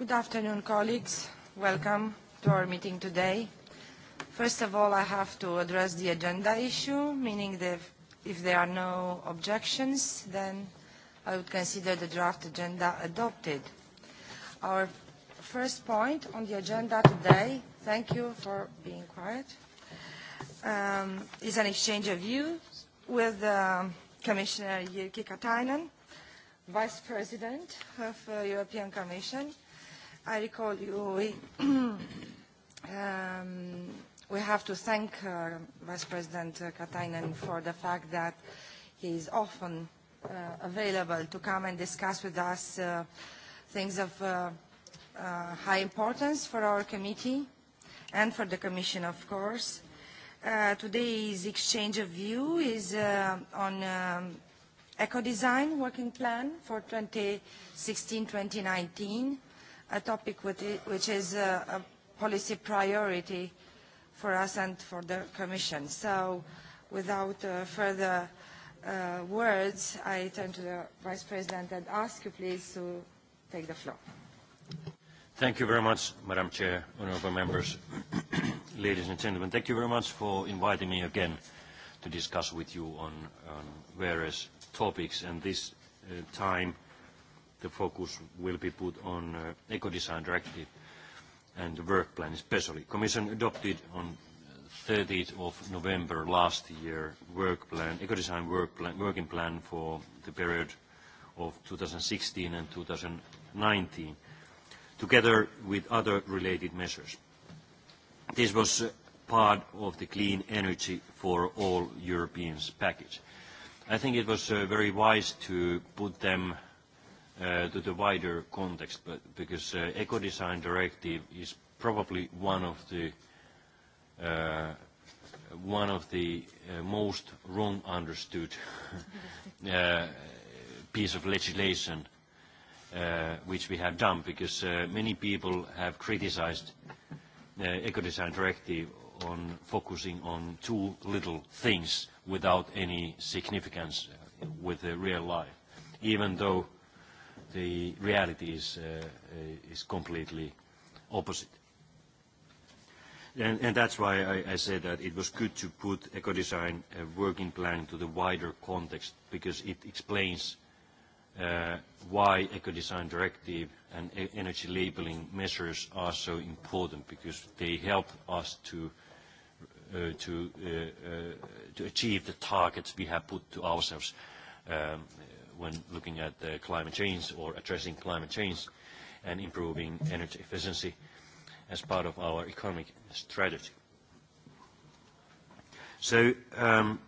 Good afternoon, colleagues. Welcome to our meeting today. First of all, I have to address the agenda issue, meaning that if there are no objections, then I would consider the draft agenda adopted. Our first point on the agenda today, thank you for being quiet, um, is an exchange of views with um, Commissioner Jyrki Katainen, Vice President of uh, European Commission, i recall you, we, um, we have to thank uh, Vice President uh, Katainen for the fact that he is often uh, available to come and discuss with us uh, things of uh, uh, high importance for our committee and for the Commission, of course. Uh, today's exchange of view is uh, on um, eco-design working plan for 2016-2019 a topic which is a policy priority for us and for the Commission. So without uh, further uh, words, I turn to the Vice President and ask you please to take the floor. Thank you very much, Madam Chair, honourable members, ladies and gentlemen. Thank you very much for inviting me again to discuss with you on, on various topics and this uh, time – the focus will be put on uh, Ecodesign Directive and the work plan especially. Commission adopted on 30th uh, of November last year work plan, Ecodesign work plan, working plan for the period of 2016 and 2019, together with other related measures. This was uh, part of the Clean Energy for All Europeans package. I think it was uh, very wise to put them Uh, to the wider context, but because uh, Eco-Design Directive is probably one of the uh, one of the uh, most wrong understood piece of legislation which we have done, because many people have criticized uh, Eco-Design Directive on focusing on too little things without any significance with the real life, even though the reality uh, uh, is, completely opposite. And, that's why I, said that it was good to put eco-design uh, working plan to the wider context, because it explains why eco-design directive and e-, energy labeling measures are so important, because they help us to, achieve the targets we have put to ourselves um, when looking at uh, climate change or addressing climate change and improving energy efficiency as part of our economic strategy. So um,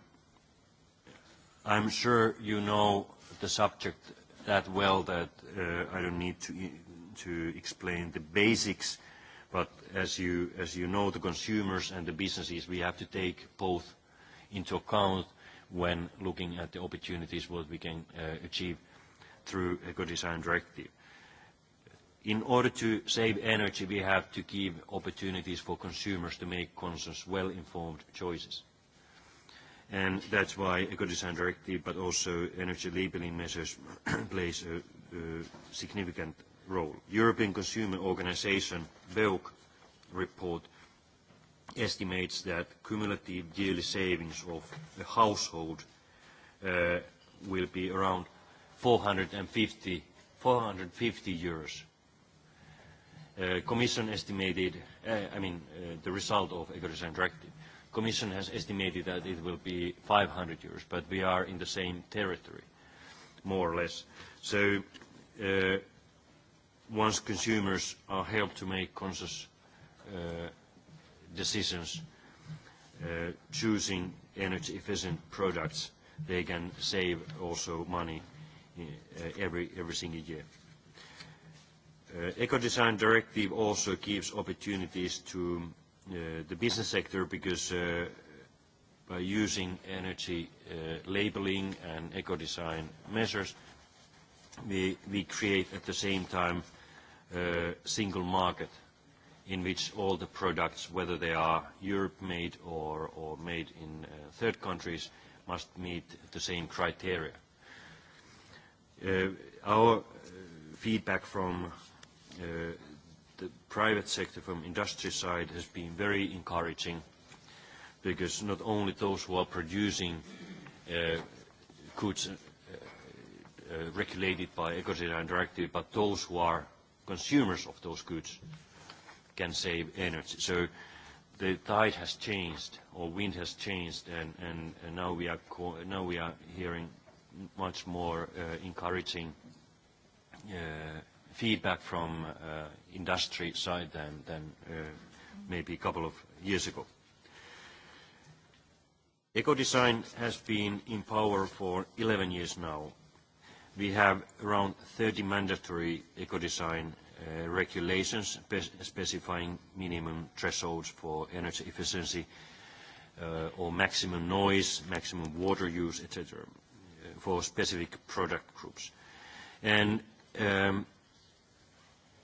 I'm sure you know the subject that well that uh, I don't need to, e-, to explain the basics, but as you, as you know, the consumers and the businesses, we have to take both into account when looking at the opportunities what we can uh, achieve through good Design Directive. In order to save energy, we have to give opportunities for consumers to make conscious, well-informed choices. And that's why good Design Directive, but also energy labeling measures plays a, a significant role. European Consumer Organization, BEUC report estimates that cumulative yearly savings of the household uh, will be around 450, 450 euros. Uh, Commission estimated, uh, I mean, uh, the result of Ecodesign Directive. Commission has estimated that it will be 500 euros, but we are in the same territory, more or less. So uh, once consumers are helped to make conscious uh, decisions uh, choosing energy efficient products, they can save also money uh, every, every single year. Uh, Eco-design directive also gives opportunities to uh, the business sector because uh, by using energy uh, labeling and eco-design measures, we, we create at the same time a uh, single market in which all the products, whether they are Europe-made or, made in uh, third countries, must meet the same criteria. Uh, our uh, feedback from the private sector, from industry side, has been very encouraging because not only those who are producing goods regulated by Ecodesign's Directive, but those who are consumers of those goods can save energy. So the tide has changed or wind has changed and, and, and now, we are co now we are hearing much more uh, encouraging uh, feedback from uh, industry side than, than uh, maybe a couple of years ago. Eco-design has been in power for 11 years now. We have around 30 mandatory eco-design Uh, regulations specifying minimum thresholds for energy efficiency uh, or maximum noise, maximum water use, etc., uh, for specific product groups. And, um,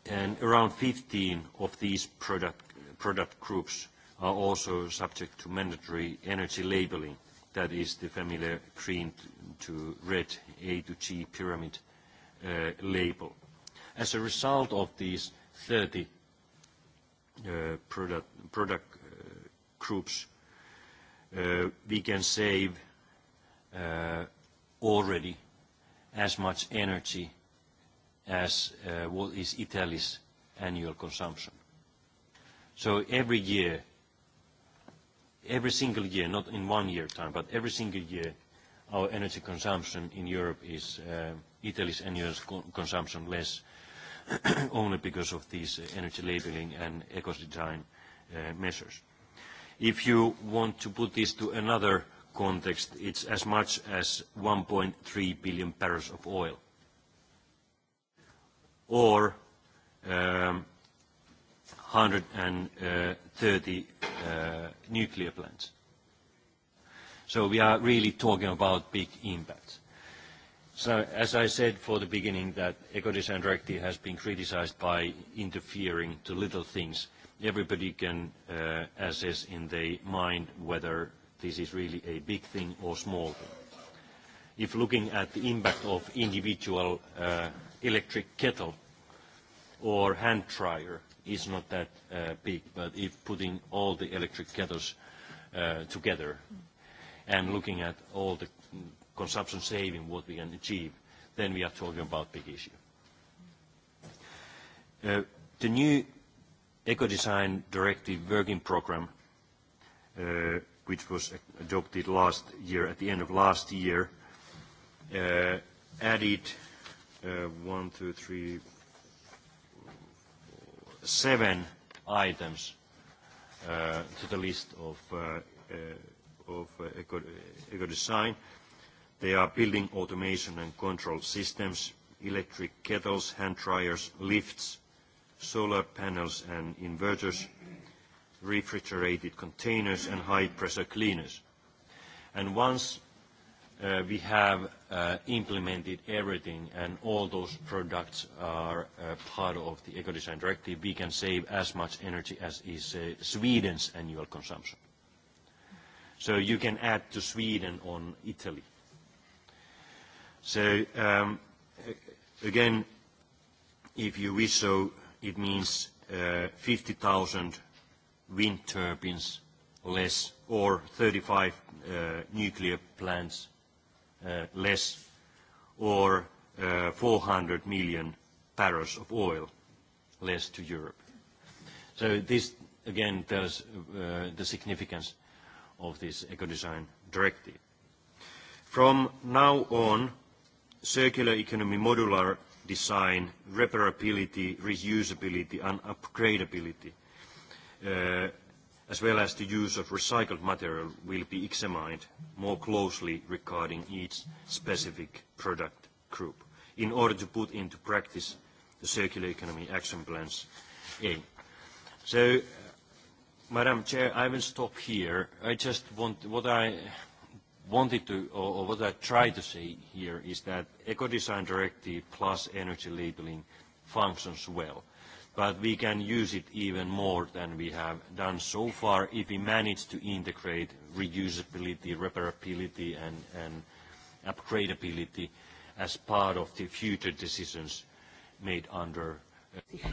and around 15 of these product, product groups are also subject to mandatory energy labeling. That is the familiar green to red A to G pyramid uh, label. As a result of these 30 uh, product, uh, groups, uh, we can save already as much energy as what is Italy's annual consumption. So every year, every single year, not in one year time, but every single year, our energy consumption in Europe is Italy's annual consumption less only because of these energy labeling and eco-design uh, measures. If you want to put this to another context, it's as much as 1.3 billion barrels of oil, or um, 130 uh, nuclear plants. So we are really talking about big impact as I said for the beginning, that Ecodesign Directive has been criticized by interfering to little things. Everybody can uh, assess in their mind whether this is really a big thing or small thing. If looking at the impact of individual uh, electric kettle or hand dryer is not that uh, big, but if putting all the electric kettles together and looking at all the consumption saving, what we can achieve, then we are talking about big issue. Uh, the new Ecodesign Directive Working Programme, uh, which was adopted last year, at the end of last year, uh, added uh, one, two, three, four, seven items uh, to the list of, uh, of eco design. They are building automation and control systems, electric kettles, hand dryers, lifts, solar panels and inverters, refrigerated containers, and high-pressure cleaners. And Once uh, we have uh, implemented everything and all those products are uh, part of the Ecodesign Directive, we can save as much energy as is uh, Sweden's annual consumption. So You can add to Sweden on Italy So um, again, if you wish so, it means uh, 50,000 wind turbines less or 35 uh, nuclear plants uh, less or uh, 400 million barrels of oil less to Europe. So this again tells uh, the significance of this eco-design directive. From now on, circular economy modular design, repairability, reusability and upgradability, uh, as well as the use of recycled material will be examined more closely regarding each specific product group in order to put into practice the circular economy action plans A. So, uh, Madam Chair, I will stop here. I just want what I wanted to, or, what I tried to say here is that Ecodesign Directive plus energy labeling functions well. But we can use it even more than we have done so far if we manage to integrate reusability, reparability, and, and upgradability as part of the future decisions made under uh,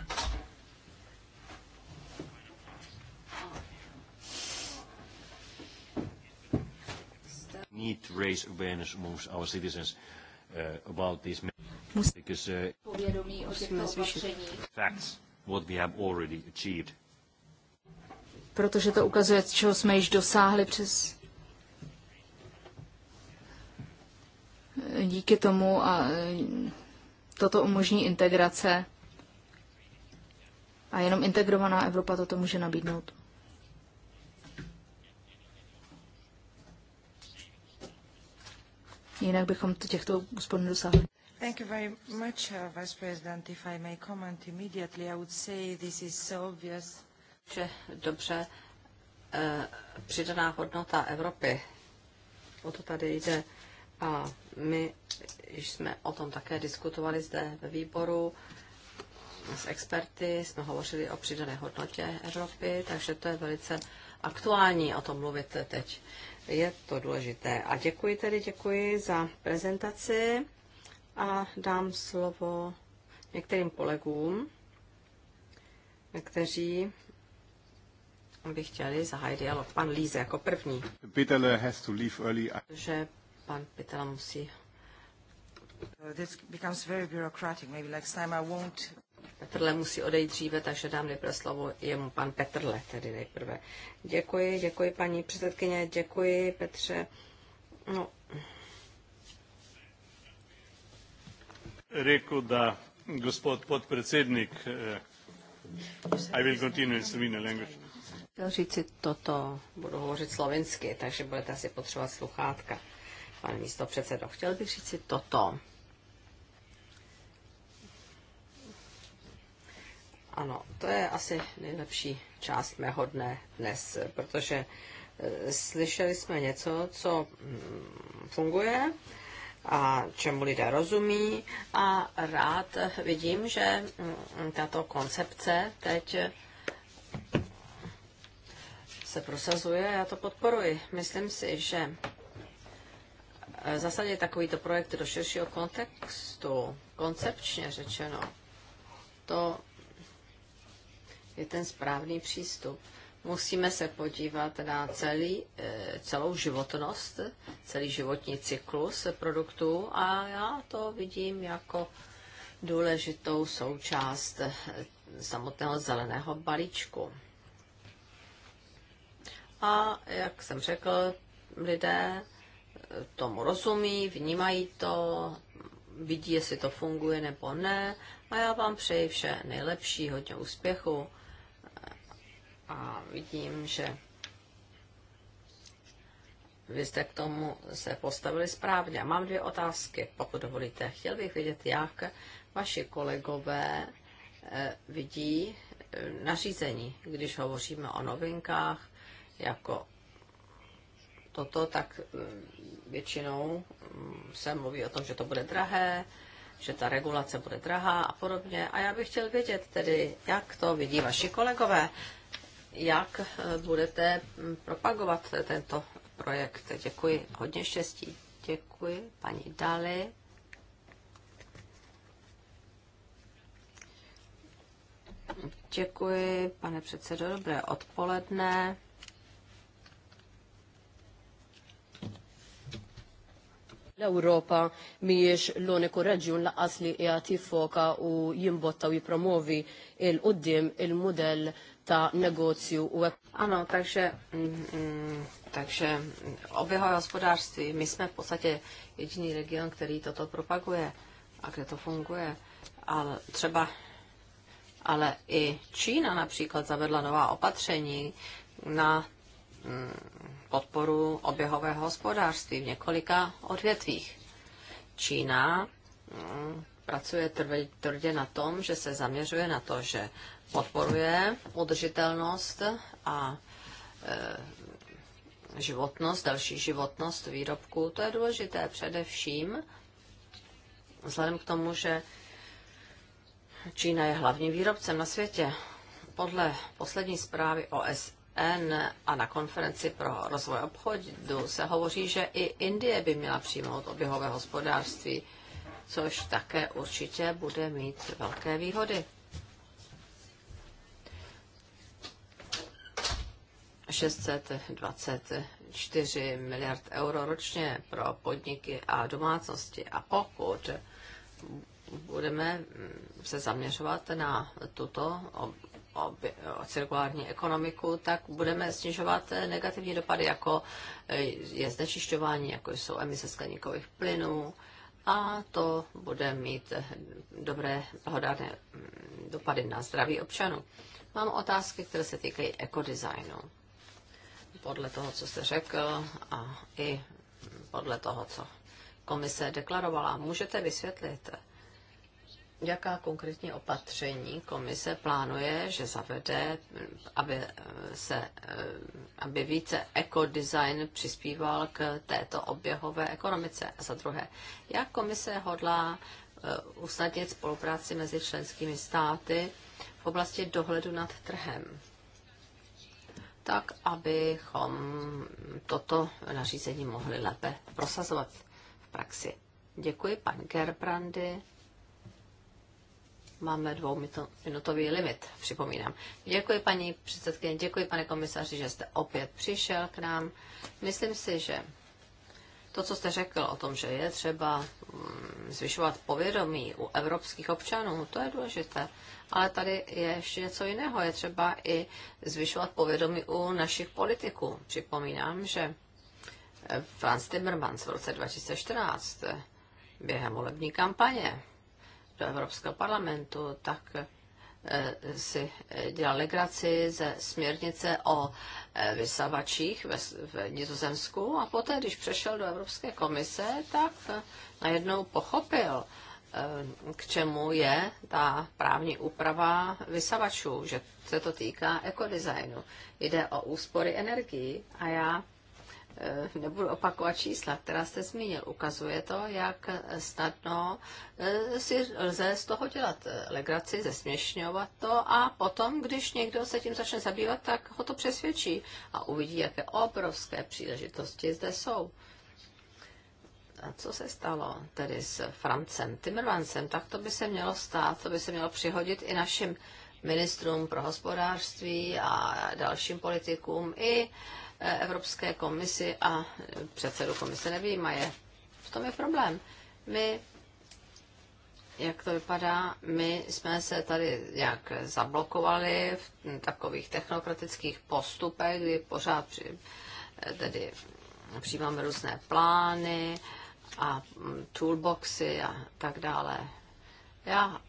need to raise awareness amongst our citizens uh, about these measures because uh, facts what we have already achieved. Protože to ukazuje, čeho jsme již dosáhli přes eh, díky tomu a eh, toto umožní integrace a jenom integrovaná Evropa toto může nabídnout. Jinak bychom těchto úspor nedosáhli. Thank you very much, uh, Vice President. If I may comment immediately, I would say this is so obvious. Že dobře, eh, přidaná hodnota Evropy, o to tady jde. A my jsme o tom také diskutovali zde ve výboru s experty, jsme hovořili o přidané hodnotě Evropy, takže to je velice aktuální o tom mluvit teď. Je to důležité. A děkuji tedy, děkuji za prezentaci a dám slovo některým kolegům, kteří by chtěli zahájit dialog. Pan Líze jako první. Pitele has to leave early. Že pan Pitela musí. This becomes very bureaucratic. Maybe next time I won't Petrle musí odejít dříve, takže dám nejprve slovo jemu pan Petrle, tedy nejprve. Děkuji, děkuji paní předsedkyně, děkuji Petře. No. Řekl, da gospod podpredsednik, eh, I will continue in Slovenian language. Chtěl si toto, budu hovořit slovensky, takže budete asi potřebovat sluchátka. Pane místo předsedo, chtěl bych si toto Ano, to je asi nejlepší část mého dne dnes, protože eh, slyšeli jsme něco, co mm, funguje a čemu lidé rozumí a rád vidím, že mm, tato koncepce teď eh, se prosazuje a já to podporuji. Myslím si, že eh, zasadě takovýto projekt do širšího kontextu, koncepčně řečeno, to je ten správný přístup. Musíme se podívat na celý, eh, celou životnost, celý životní cyklus produktů a já to vidím jako důležitou součást eh, samotného zeleného balíčku. A jak jsem řekl, lidé eh, tomu rozumí, vnímají to, vidí, jestli to funguje nebo ne. A já vám přeji vše nejlepší, hodně úspěchu a vidím, že vy jste k tomu se postavili správně. mám dvě otázky, pokud dovolíte. Chtěl bych vědět, jak vaši kolegové eh, vidí eh, nařízení, když hovoříme o novinkách, jako toto, tak eh, většinou mm, se mluví o tom, že to bude drahé, že ta regulace bude drahá a podobně. A já bych chtěl vědět tedy, jak to vidí vaši kolegové, jak eh, budete mm, propagovat tento projekt. Děkuji, hodně štěstí. Děkuji, paní Dali. Děkuji, pane předsedo, dobré odpoledne. l-Europa miex l-uniku reġjun laqas li qiegħed jiffoka u jimbotta u jipromovi il-qudiem il-mudell ta negociu u Ano, takže, mm, mm, takže oběhové hospodářství, my jsme v podstatě jediný region, který toto propaguje a kde to funguje. Ale třeba ale i Čína například zavedla nová opatření na mm, podporu oběhového hospodářství v několika odvětvích. Čína mm, pracuje tvrdě na tom, že se zaměřuje na to, že podporuje udržitelnost a e, životnost, další životnost výrobku. To je důležité především vzhledem k tomu, že Čína je hlavním výrobcem na světě. Podle poslední zprávy OSN a na konferenci pro rozvoj obchodu se hovoří, že i Indie by měla přijmout oběhové hospodářství, což také určitě bude mít velké výhody. 624 miliard euro ročně pro podniky a domácnosti. A pokud budeme se zaměřovat na tuto cirkulární ekonomiku, tak budeme snižovat negativní dopady, jako je znečišťování, jako jsou emise skleníkových plynů, a to bude mít dobré pohodárné dopady na zdraví občanů. Mám otázky, které se týkají ekodesignu podle toho, co jste řekl a i podle toho, co komise deklarovala. Můžete vysvětlit, jaká konkrétní opatření komise plánuje, že zavede, aby, se, aby více ekodesign přispíval k této oběhové ekonomice? A za druhé, jak komise hodlá eh, usnadnit spolupráci mezi členskými státy v oblasti dohledu nad trhem? tak abychom toto nařízení mohli lépe prosazovat v praxi. Děkuji, pan Gerbrandy. Máme dvouminutový limit, připomínám. Děkuji, paní předsedkyně, děkuji, pane komisaři, že jste opět přišel k nám. Myslím si, že to, co jste řekl o tom, že je třeba Mm, zvyšovat povědomí u evropských občanů, to je důležité. Ale tady je ještě něco jiného. Je třeba i zvyšovat povědomí u našich politiků. Připomínám, že Franz Timmermans v roce 2014 během volební kampaně do Evropského parlamentu, tak Eh, si eh, dělal legraci ze směrnice o eh, vysavačích ve, v Nizozemsku a poté, když přešel do Evropské komise, tak najednou pochopil, k čemu je ta právní úprava vysavačů, že se to týká ekodesignu. Jde o úspory energií a já Eh, nebudu opakovat čísla, která jste zmínil, ukazuje to, jak snadno eh, si lze z toho dělat eh, legraci, zesměšňovat to a potom, když někdo se tím začne zabývat, tak ho to přesvědčí a uvidí, jaké obrovské příležitosti zde jsou. A co se stalo tedy s Francem Timmermansem, tak to by se mělo stát, to by se mělo přihodit i našim ministrům pro hospodářství a dalším politikům, i uh, Eh, Evropské komisi a eh, předsedu komise nevýjímaje. V tom je problém. My, jak to vypadá, my jsme se tady jak zablokovali v takových technokratických postupech, kdy pořád při, eh, tedy přijímáme různé plány a mm, toolboxy a tak dále. Já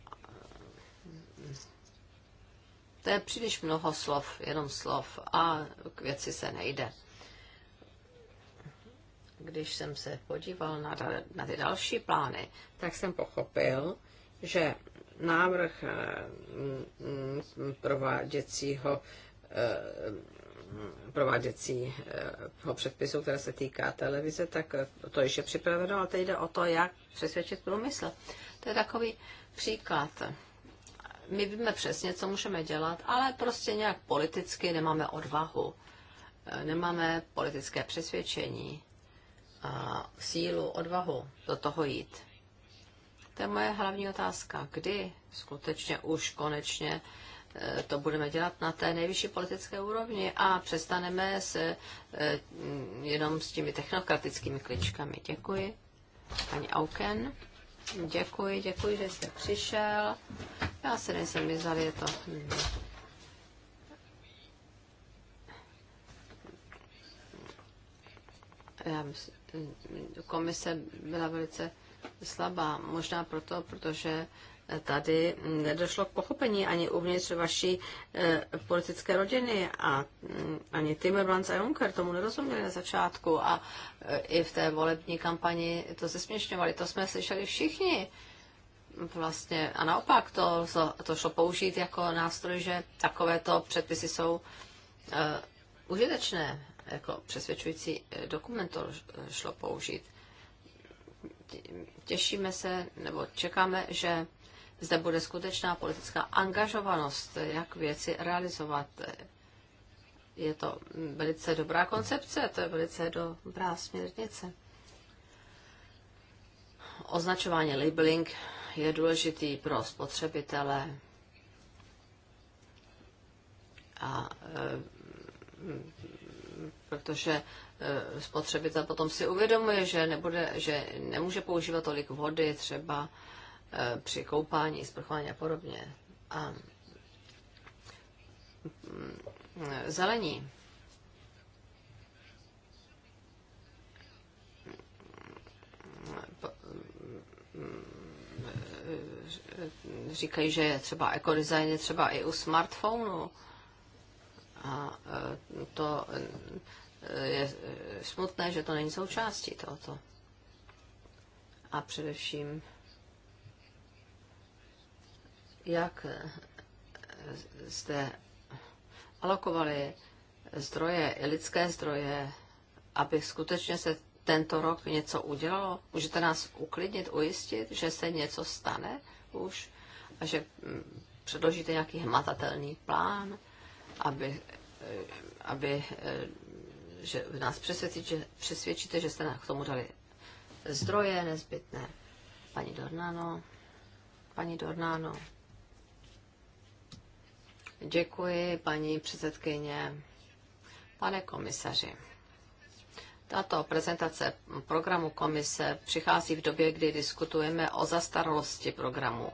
To je příliš mnoho slov, jenom slov a k věci se nejde. Když jsem se podíval na, na ty další plány, tak jsem pochopil, že návrh eh, mm, prováděcího eh, prováděcího předpisu, které se týká televize, tak to již je připraveno, ale teď jde o to, jak přesvědčit průmysl. To je takový příklad my víme přesně, co můžeme dělat, ale prostě nějak politicky nemáme odvahu, e, nemáme politické přesvědčení, a sílu, odvahu do toho jít. To je moje hlavní otázka. Kdy skutečně už konečně e, to budeme dělat na té nejvyšší politické úrovni a přestaneme se e, jenom s těmi technokratickými kličkami. Děkuji. Pani Auken. Děkuji, děkuji, že jste přišel. Já se nejsem vyzal, je to... Já myslím, komise byla velice slabá. Možná proto, protože tady nedošlo k pochopení ani uvnitř vaší eh, politické rodiny a mm, ani Timmermans a Juncker tomu nerozuměli na začátku a eh, i v té volební kampani to zesměšňovali. To jsme slyšeli všichni vlastně a naopak to, to šlo použít jako nástroj, že takovéto předpisy jsou uh, užitečné, jako přesvědčující dokument to šlo použít. Těšíme se, nebo čekáme, že zde bude skutečná politická angažovanost, jak věci realizovat. Je to velice dobrá koncepce, to je velice dobrá směrnice. Označování labeling je důležitý pro spotřebitele a eh, protože eh, spotřebitel potom si uvědomuje, že, nebude, že nemůže používat tolik vody třeba Eh, při koupání, sprchování a podobně. A mm, eh, zelení mm, eh, říkají, že je třeba ekodesign je třeba i u smartphonu. A to je smutné, že to není součástí tohoto. A především jak eh, jste alokovali zdroje, lidské zdroje, aby skutečně se tento rok něco udělalo? Můžete nás uklidnit, ujistit, že se něco stane už a že mm, předložíte nějaký hmatatelný plán, aby, eh, aby eh, že nás přesvědčíte, že, přesvědčíte, že jste k tomu dali zdroje nezbytné. Paní Dornáno, paní Dornáno. Děkuji, paní předsedkyně. Pane komisaři, tato prezentace programu komise přichází v době, kdy diskutujeme o zastaralosti programu,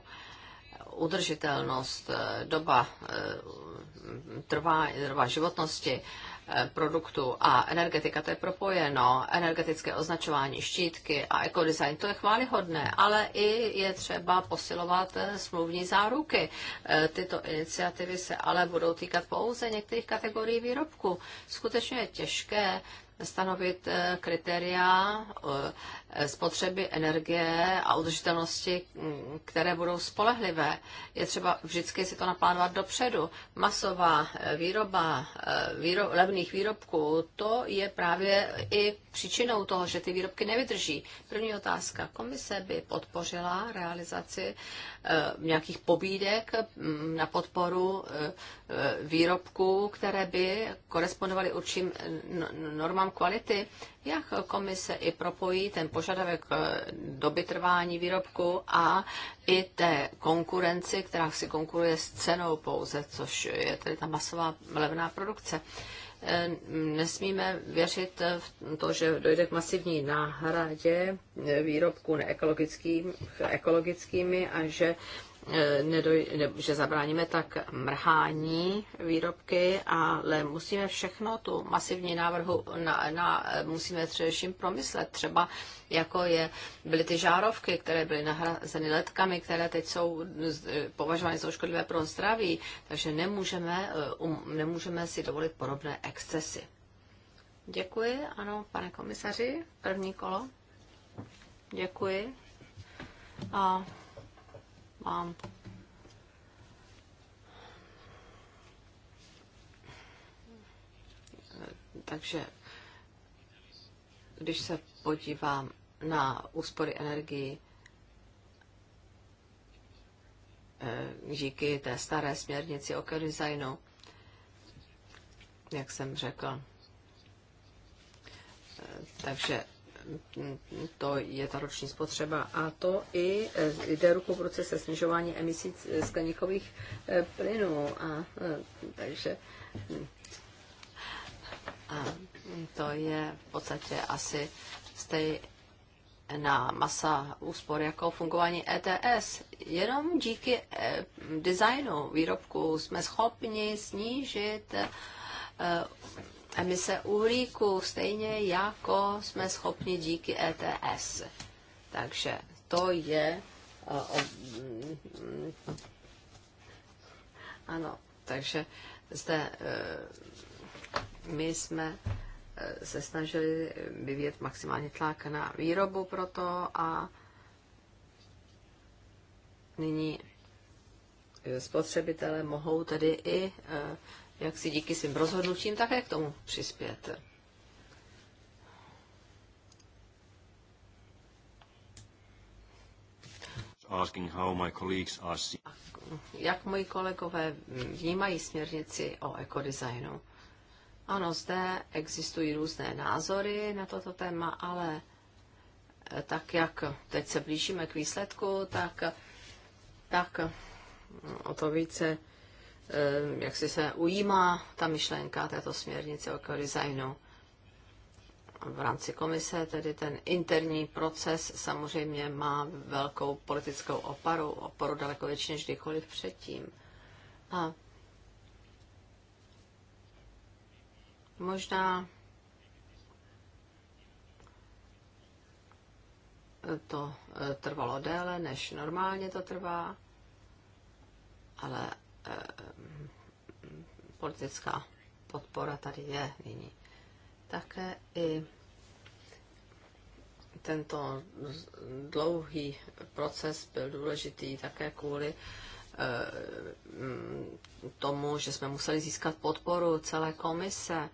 udržitelnost, doba eh, trvá, trvá životnosti Eh, produktu a energetika, to je propojeno, energetické označování štítky a ekodesign, to je chválihodné, ale i je třeba posilovat eh, smluvní záruky. Eh, tyto iniciativy se ale budou týkat pouze některých kategorií výrobků. Skutečně je těžké stanovit eh, kritéria eh, spotřeby energie a udržitelnosti, mm, které budou spolehlivé. Je třeba vždycky si to naplánovat dopředu. Masová eh, výroba levných výrobků, to je právě i příčinou toho, že ty výrobky nevydrží. První otázka. Komise by podpořila realizaci eh, nějakých pobídek mm, na podporu eh, eh, výrobků, které by korespondovaly určitým normám kvality. Jak komise i propojí ten požadavek doby trvání výrobku a i té konkurenci, která si konkuruje s cenou pouze, což je tedy ta masová levná produkce. Uh, Eh, nesmíme věřit v to, že dojde k masivní náhradě výrobků neekologickými, a že Eh, nedoj, ne, že zabráníme tak mrhání výrobky, ale musíme všechno tu masivní návrhu na, na, eh, musíme především promyslet. Třeba jako je, byly ty žárovky, které byly nahrazeny letkami, které teď jsou eh, považovány za škodlivé pro zdraví, takže nemůžeme, um, nemůžeme si dovolit podobné excesy. Děkuji, ano, pane komisaři, první kolo. Děkuji. A vám. Takže když se podívám na úspory energii eh, díky té staré směrnici o designu, jak jsem řekl. Eh, takže to je ta roční spotřeba a to i e, jde ruku v ruce se snižování emisí skleníkových e, plynů. A, e, takže a to je v podstatě asi stej na masa úspor jako fungování ETS. Jenom díky designu výrobku jsme schopni snížit emise uhlíku, stejně jako jsme schopni díky ETS. Takže to je. Eh, mm, ano, takže zde eh, my jsme eh, se snažili vyvíjet maximálně tlak na výrobu proto a nyní spotřebitelé mohou tedy i jak si díky svým rozhodnutím také k tomu přispět. Asking how my colleagues are Jak moji kolegové vnímají směrnici o ekodesignu? Ano, zde existují různé názory na toto téma, ale eh, tak jak teď se blížíme k výsledku, tak, tak mm, o to více Ehm, jak si se ujímá ta myšlenka této směrnice o designu v rámci komise, tedy ten interní proces samozřejmě má velkou politickou oparu, oporu daleko větší než kdykoliv předtím. A možná eh, to eh, trvalo déle, než normálně to trvá, ale Eh, politická podpora tady je nyní. Také i tento dlouhý proces byl důležitý také kvůli eh, tomu, že jsme museli získat podporu celé komise.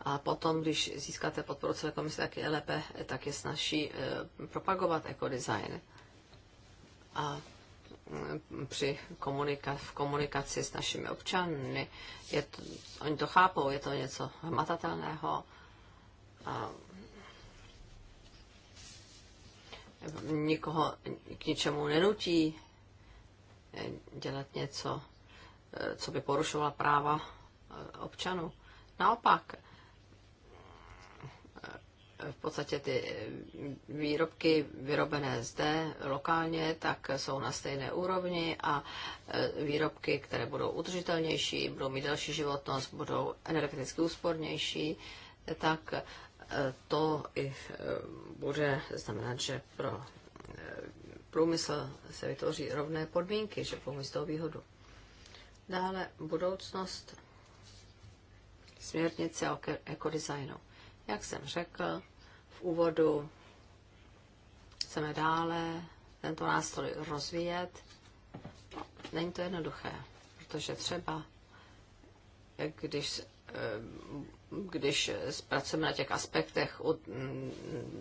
A potom, když získáte podporu celé komise, tak je lépe, tak je snaží eh, propagovat ekodesign. A při komunika- v komunikaci s našimi občany. Je to, oni to chápou, je to něco hmatatelného. A nikoho k ničemu nenutí dělat něco, co by porušovala práva občanů. Naopak, v podstatě ty výrobky vyrobené zde lokálně, tak jsou na stejné úrovni a e, výrobky, které budou udržitelnější, budou mít další životnost, budou energeticky úspornější, tak e, to i e, bude znamenat, že pro průmysl se vytvoří rovné podmínky, že budou mít z toho výhodu. Dále budoucnost směrnice o ekodesignu. Jak jsem řekl v úvodu, chceme dále tento nástroj rozvíjet. No, není to jednoduché, protože třeba, když, eh, když zpracujeme na těch aspektech mm,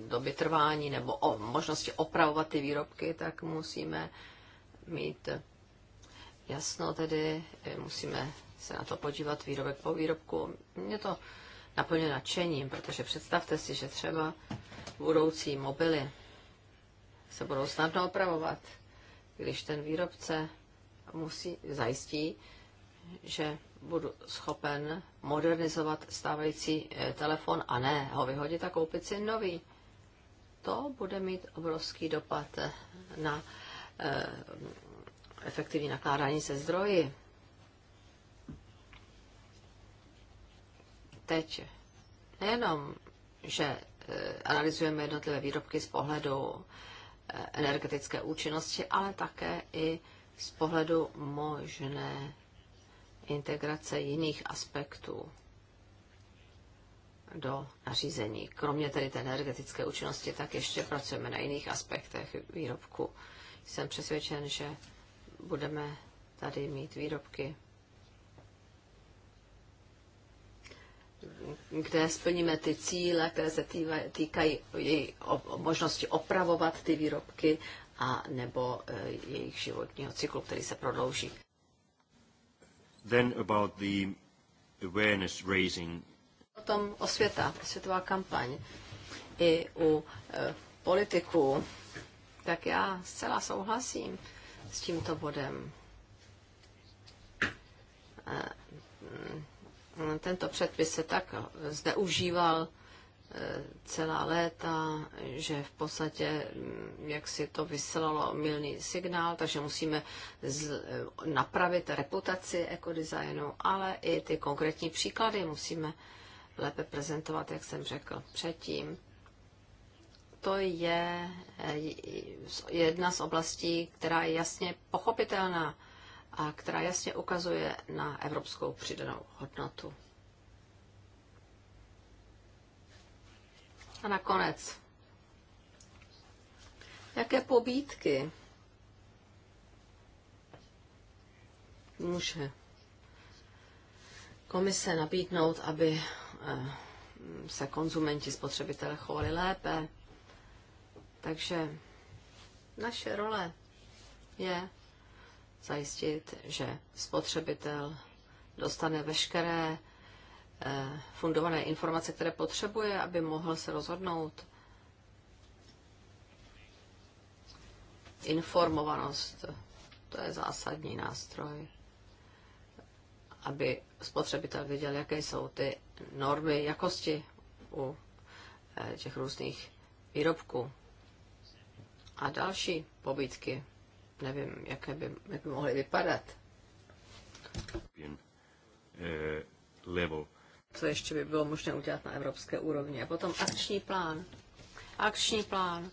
doby trvání nebo o možnosti opravovat ty výrobky, tak musíme mít jasno tedy, eh, musíme se na to podívat výrobek po výrobku. Mě to naplňuje nadšením, protože představte si, že třeba budoucí mobily se budou snadno opravovat, když ten výrobce musí zajistí, že budu schopen modernizovat stávající eh, telefon a ne ho vyhodit a koupit si nový. To bude mít obrovský dopad eh, na eh, efektivní nakládání se zdroji teď nejenom, že e, analyzujeme jednotlivé výrobky z pohledu e, energetické účinnosti, ale také i z pohledu možné integrace jiných aspektů do nařízení. Kromě tedy té energetické účinnosti, tak ještě pracujeme na jiných aspektech výrobku. Jsem přesvědčen, že budeme tady mít výrobky kde splníme ty cíle, které se týkají její možnosti opravovat ty výrobky a nebo e, jejich životního cyklu, který se prodlouží. Then about the awareness raising. Potom osvěta, osvětová kampaň i u e, politiků, tak já zcela souhlasím s tímto bodem. E, tento předpis se tak zneužíval eh, celá léta, že v podstatě mm, jak si to vyslalo milný signál, takže musíme z, eh, napravit reputaci ekodesignu, ale i ty konkrétní příklady musíme lépe prezentovat, jak jsem řekl předtím. To je eh, jedna z oblastí, která je jasně pochopitelná a která jasně ukazuje na evropskou přidanou hodnotu. A nakonec, jaké pobídky může komise nabídnout, aby eh, se konzumenti, spotřebitele chovali lépe. Takže naše role je zajistit, že spotřebitel dostane veškeré eh, fundované informace, které potřebuje, aby mohl se rozhodnout. Informovanost, to je zásadní nástroj, aby spotřebitel viděl, jaké jsou ty normy jakosti u eh, těch různých výrobků. A další pobídky nevím, jaké by, jak by mohly vypadat. Eh, Co ještě by bylo možné udělat na evropské úrovni? A potom akční plán. Akční plán.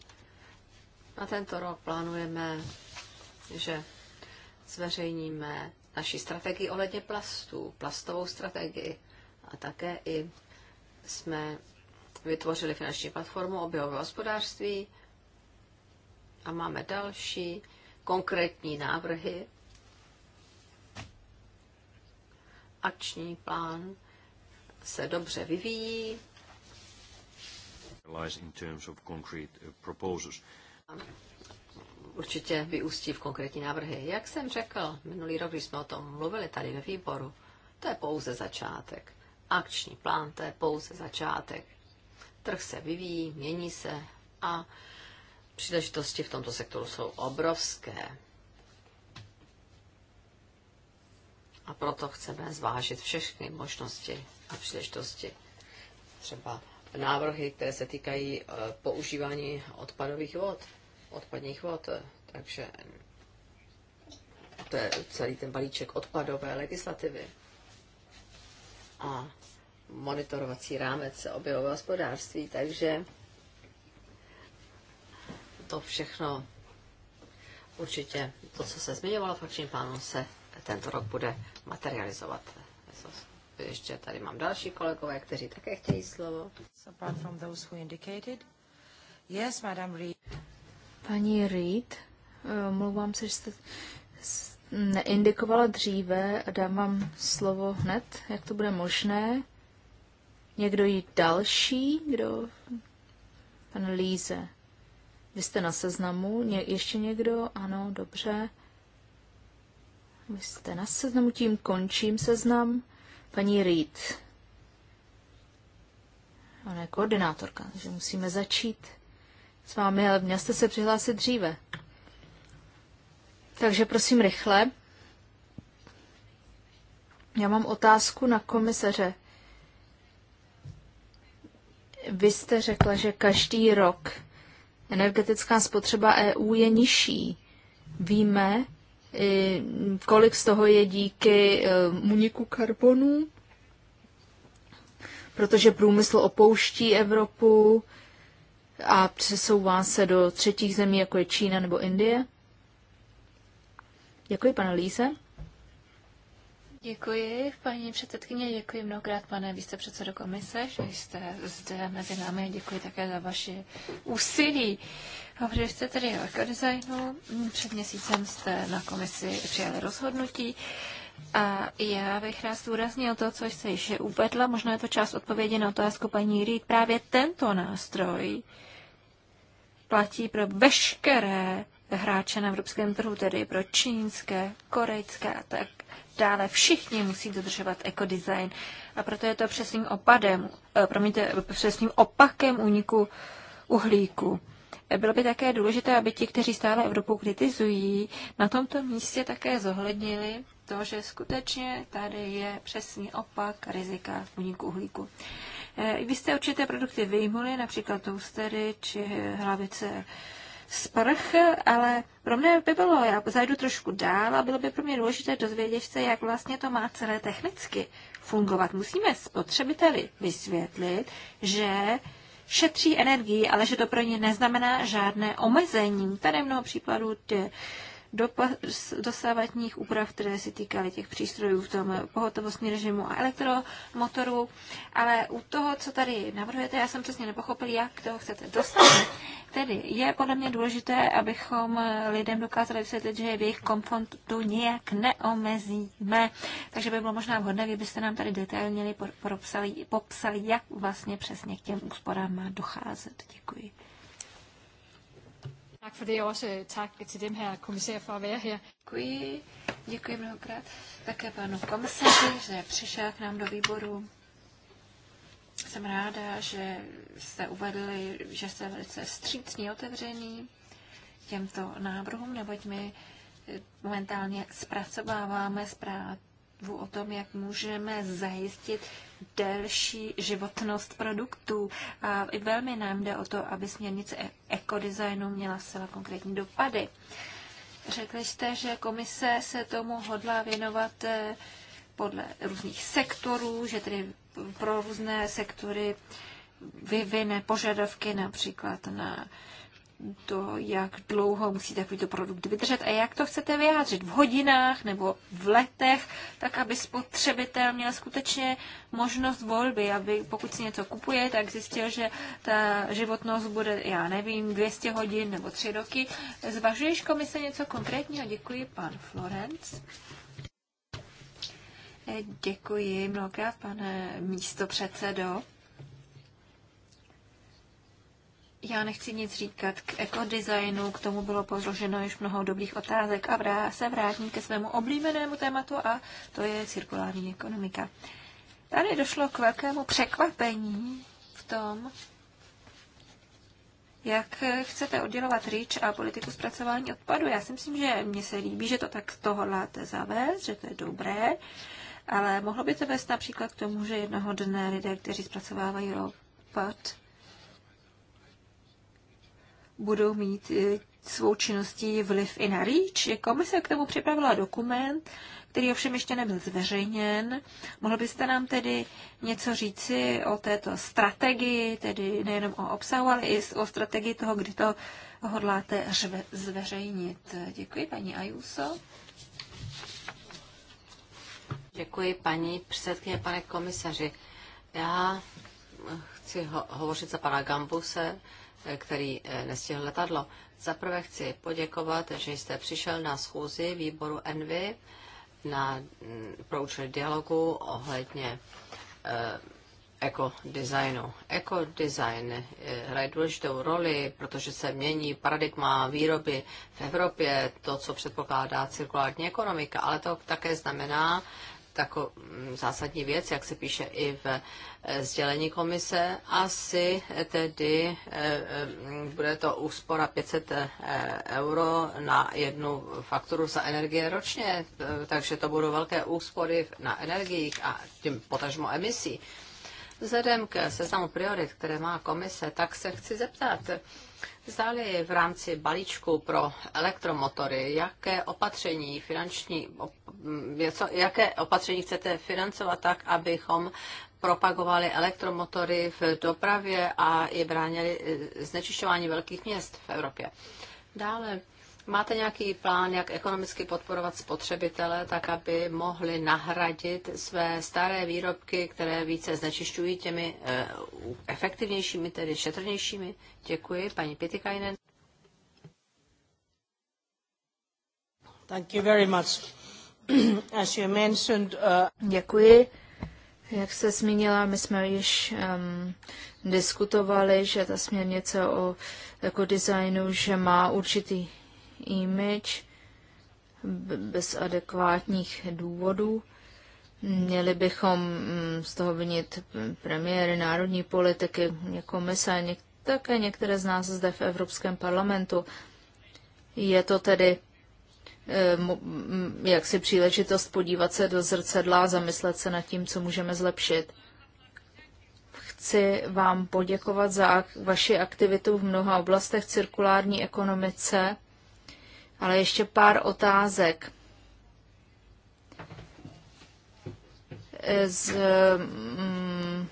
Na tento rok plánujeme, že zveřejníme naši strategii ohledně plastů, plastovou strategii. A také i jsme vytvořili finanční platformu objevového hospodářství a máme další konkrétní návrhy, akční plán se dobře vyvíjí. Uh, určitě vyústí v konkrétní návrhy. Jak jsem řekl, minulý rok, když jsme o tom mluvili tady ve výboru, to je pouze začátek. Akční plán, to je pouze začátek. Trh se vyvíjí, mění se a Příležitosti v tomto sektoru jsou obrovské. A proto chceme zvážit všechny možnosti a příležitosti. Třeba návrhy, které se týkají eh, používání odpadových vod, odpadních vod. Takže to je celý ten balíček odpadové legislativy. A monitorovací rámec objevového hospodářství, takže to všechno určitě, to, co se zmiňovalo v akčním plánu, se tento rok bude materializovat. Ještě tady mám další kolegové, kteří také chtějí slovo. Paní Reed, eh, mluvám se, že jste neindikovala dříve a dám vám slovo hned, jak to bude možné. Někdo jí další? Kdo? Pan Líze. Vy jste na seznamu. Ně, ještě někdo? Ano, dobře. Vy jste na seznamu, tím končím seznam. Paní Reed. Ona je koordinátorka, takže musíme začít s vámi, ale měl jste se přihlásit dříve. Takže prosím rychle. Já mám otázku na komisaře. Vy jste řekla, že každý rok energetická spotřeba EU je nižší. Víme, kolik z toho je díky e, muniku karbonu, protože průmysl opouští Evropu a přesouvá se do třetích zemí, jako je Čína nebo Indie. Děkuji, pane Líze. Děkuji, paní předsedkyně, děkuji mnohokrát, pane vicepředsedo komise, že jste zde mezi námi a děkuji také za vaše úsilí. Hovořili jste tedy o ekodesignu, před měsícem jste na komisi přijali rozhodnutí a já bych rád zúraznil to, co jste již uvedla, možná je to část odpovědi na otázku paní Reed, právě tento nástroj platí pro veškeré hráče na evropském trhu, tedy pro čínské, korejské a tak dále. Všichni musí dodržovat ekodesign a proto je to přesným opadem, eh, promiňte, přesným opakem úniku uhlíku. Eh, bylo by také důležité, aby ti, kteří stále Evropu kritizují, na tomto místě také zohlednili to, že skutečně tady je přesný opak rizika uniku uhlíku. Eh, vy jste určité produkty vyjmuli, například toastery či hlavice sprch, ale pro mě by bylo, já zajdu trošku dál a bylo by pro mě důležité dozvědět se, jak vlastně to má celé technicky fungovat. Musíme spotřebiteli vysvětlit, že šetří energii, ale že to pro ně neznamená žádné omezení. Tady mnoho případů ty dosávatních úprav, které se týkaly těch přístrojů v tom pohotovostní režimu a elektromotorů. Ale u toho, co tady navrhujete, já jsem přesně nepochopil, jak to chcete dostat. Tedy je podle mě důležité, abychom lidem dokázali vysvětlit, že v jejich komfortu nějak neomezíme. Takže by bylo možná vhodné, kdybyste nám tady detailně popsali, popsali, jak vlastně přesně k těm úsporám má docházet. Děkuji. Tak for det er også øh, tak til dem her komisér for at være her. Děkuji, děkuji mnohokrát také panu komisaři, že přišel k nám do výboru. Jsem ráda, že jste uvedli, že jste velice střícní otevření těmto návrhům, neboť my eh, momentálně zpracováváme zprávu o tom, jak můžeme zajistit delší životnost produktů. A velmi nám jde o to, aby směrnice e- ekodesignu měla zcela konkrétní dopady. Řekli jste, že komise se tomu hodlá věnovat eh, podle různých sektorů, že tedy pro různé sektory vyvine požadavky například na to, jak dlouho musí takovýto produkt vydržet a jak to chcete vyjádřit v hodinách nebo v letech, tak aby spotřebitel měl skutečně možnost volby, aby pokud si něco kupuje, tak zjistil, že ta životnost bude, já nevím, 200 hodin nebo 3 roky. Zvažuješ komise něco konkrétního? Děkuji, pan Florenc. Děkuji mnohokrát, pane místo předsedo. Já nechci nic říkat k ekodesignu, k tomu bylo položeno již mnoho dobrých otázek a vrá, se vrátím ke svému oblíbenému tématu a to je cirkulární ekonomika. Tady došlo k velkému překvapení v tom, jak chcete oddělovat rýč a politiku zpracování odpadu. Já si myslím, že mně se líbí, že to tak toho láte zavést, že to je dobré, ale mohlo by to vést například k tomu, že jednoho dne lidé, kteří zpracovávají odpad, budou mít eh, svou činností vliv i na REACH. Komise k tomu připravila dokument, který ovšem ještě nebyl zveřejněn. Mohl byste nám tedy něco říci o této strategii, tedy nejenom o obsahu, ale i o strategii toho, kdy to hodláte zveřejnit. Děkuji, paní Ajuso. Děkuji, paní předsedkyně, pane komisaři. Já chci ho- hovořit za pana Gambuse který eh, nestihl letadlo. Zaprvé chci poděkovat, že jste přišel na schůzi výboru Envy na mm, proučili dialogu ohledně eh, ekodesignu. Ekodesign eh, hraje důležitou roli, protože se mění paradigma výroby v Evropě, to, co předpokládá cirkulární ekonomika, ale to také znamená, tako mm, zásadní věc, jak se píše i v eh, sdělení komise. Asi tedy eh, eh, bude to úspora 500 euro na jednu fakturu za energie ročně, takže to budou velké úspory na energiích a tím potažmo emisí. Vzhledem k seznamu priorit, které má komise, tak se chci zeptat, Zdali v rámci balíčku pro elektromotory, jaké opatření finanční, mm, jaké opatření chcete financovat tak, abychom propagovali elektromotory v dopravě a i bránili e, znečišťování velkých měst v Evropě. Dále Máte nějaký plán, jak ekonomicky podporovat spotřebitele, tak aby mohli nahradit své staré výrobky, které více znečišťují těmi e, efektivnějšími, tedy šetrnějšími? Děkuji, paní Pitikainen. Thank you very much. As you mentioned, uh... Děkuji. Jak se zmínila, my jsme již um, diskutovali, že ta směrnice o designu, že má určitý image bez adekvátních důvodů. Měli bychom mm, z toho vinit premiéry národní politiky, komise, něk- také některé z nás zde v Evropském parlamentu. Je to tedy eh, mm, jak si příležitost podívat se do zrcadla a zamyslet se nad tím, co můžeme zlepšit. Chci vám poděkovat za vaši aktivitu v mnoha oblastech cirkulární ekonomice ale ještě pár otázek. Z, mm,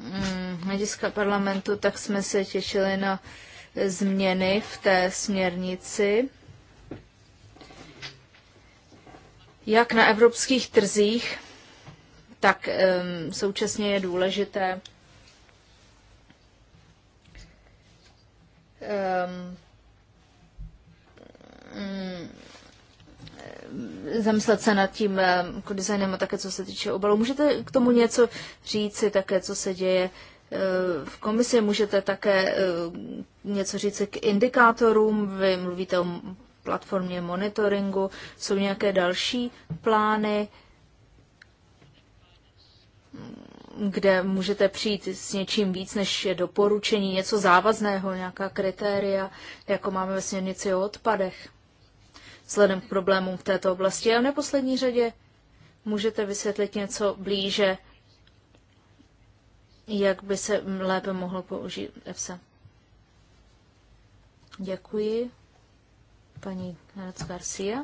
mm, hlediska parlamentu, tak jsme se těšili na změny v té směrnici. Jak na evropských trzích, tak um, současně je důležité um, zamyslet se nad tím ehm, jako designem a také co se týče obalu. Můžete k tomu něco říci také, co se děje eh, v komisi? Můžete také eh, něco říci k indikátorům? Vy mluvíte o platformě monitoringu. Jsou nějaké další plány? kde můžete přijít s něčím víc než je doporučení, něco závazného, nějaká kritéria, jako máme ve směrnici o odpadech, vzhledem k problémům v této oblasti. A v neposlední řadě můžete vysvětlit něco blíže, jak by se lépe mohlo použít EFSA. Děkuji. Paní Hradec Garcia.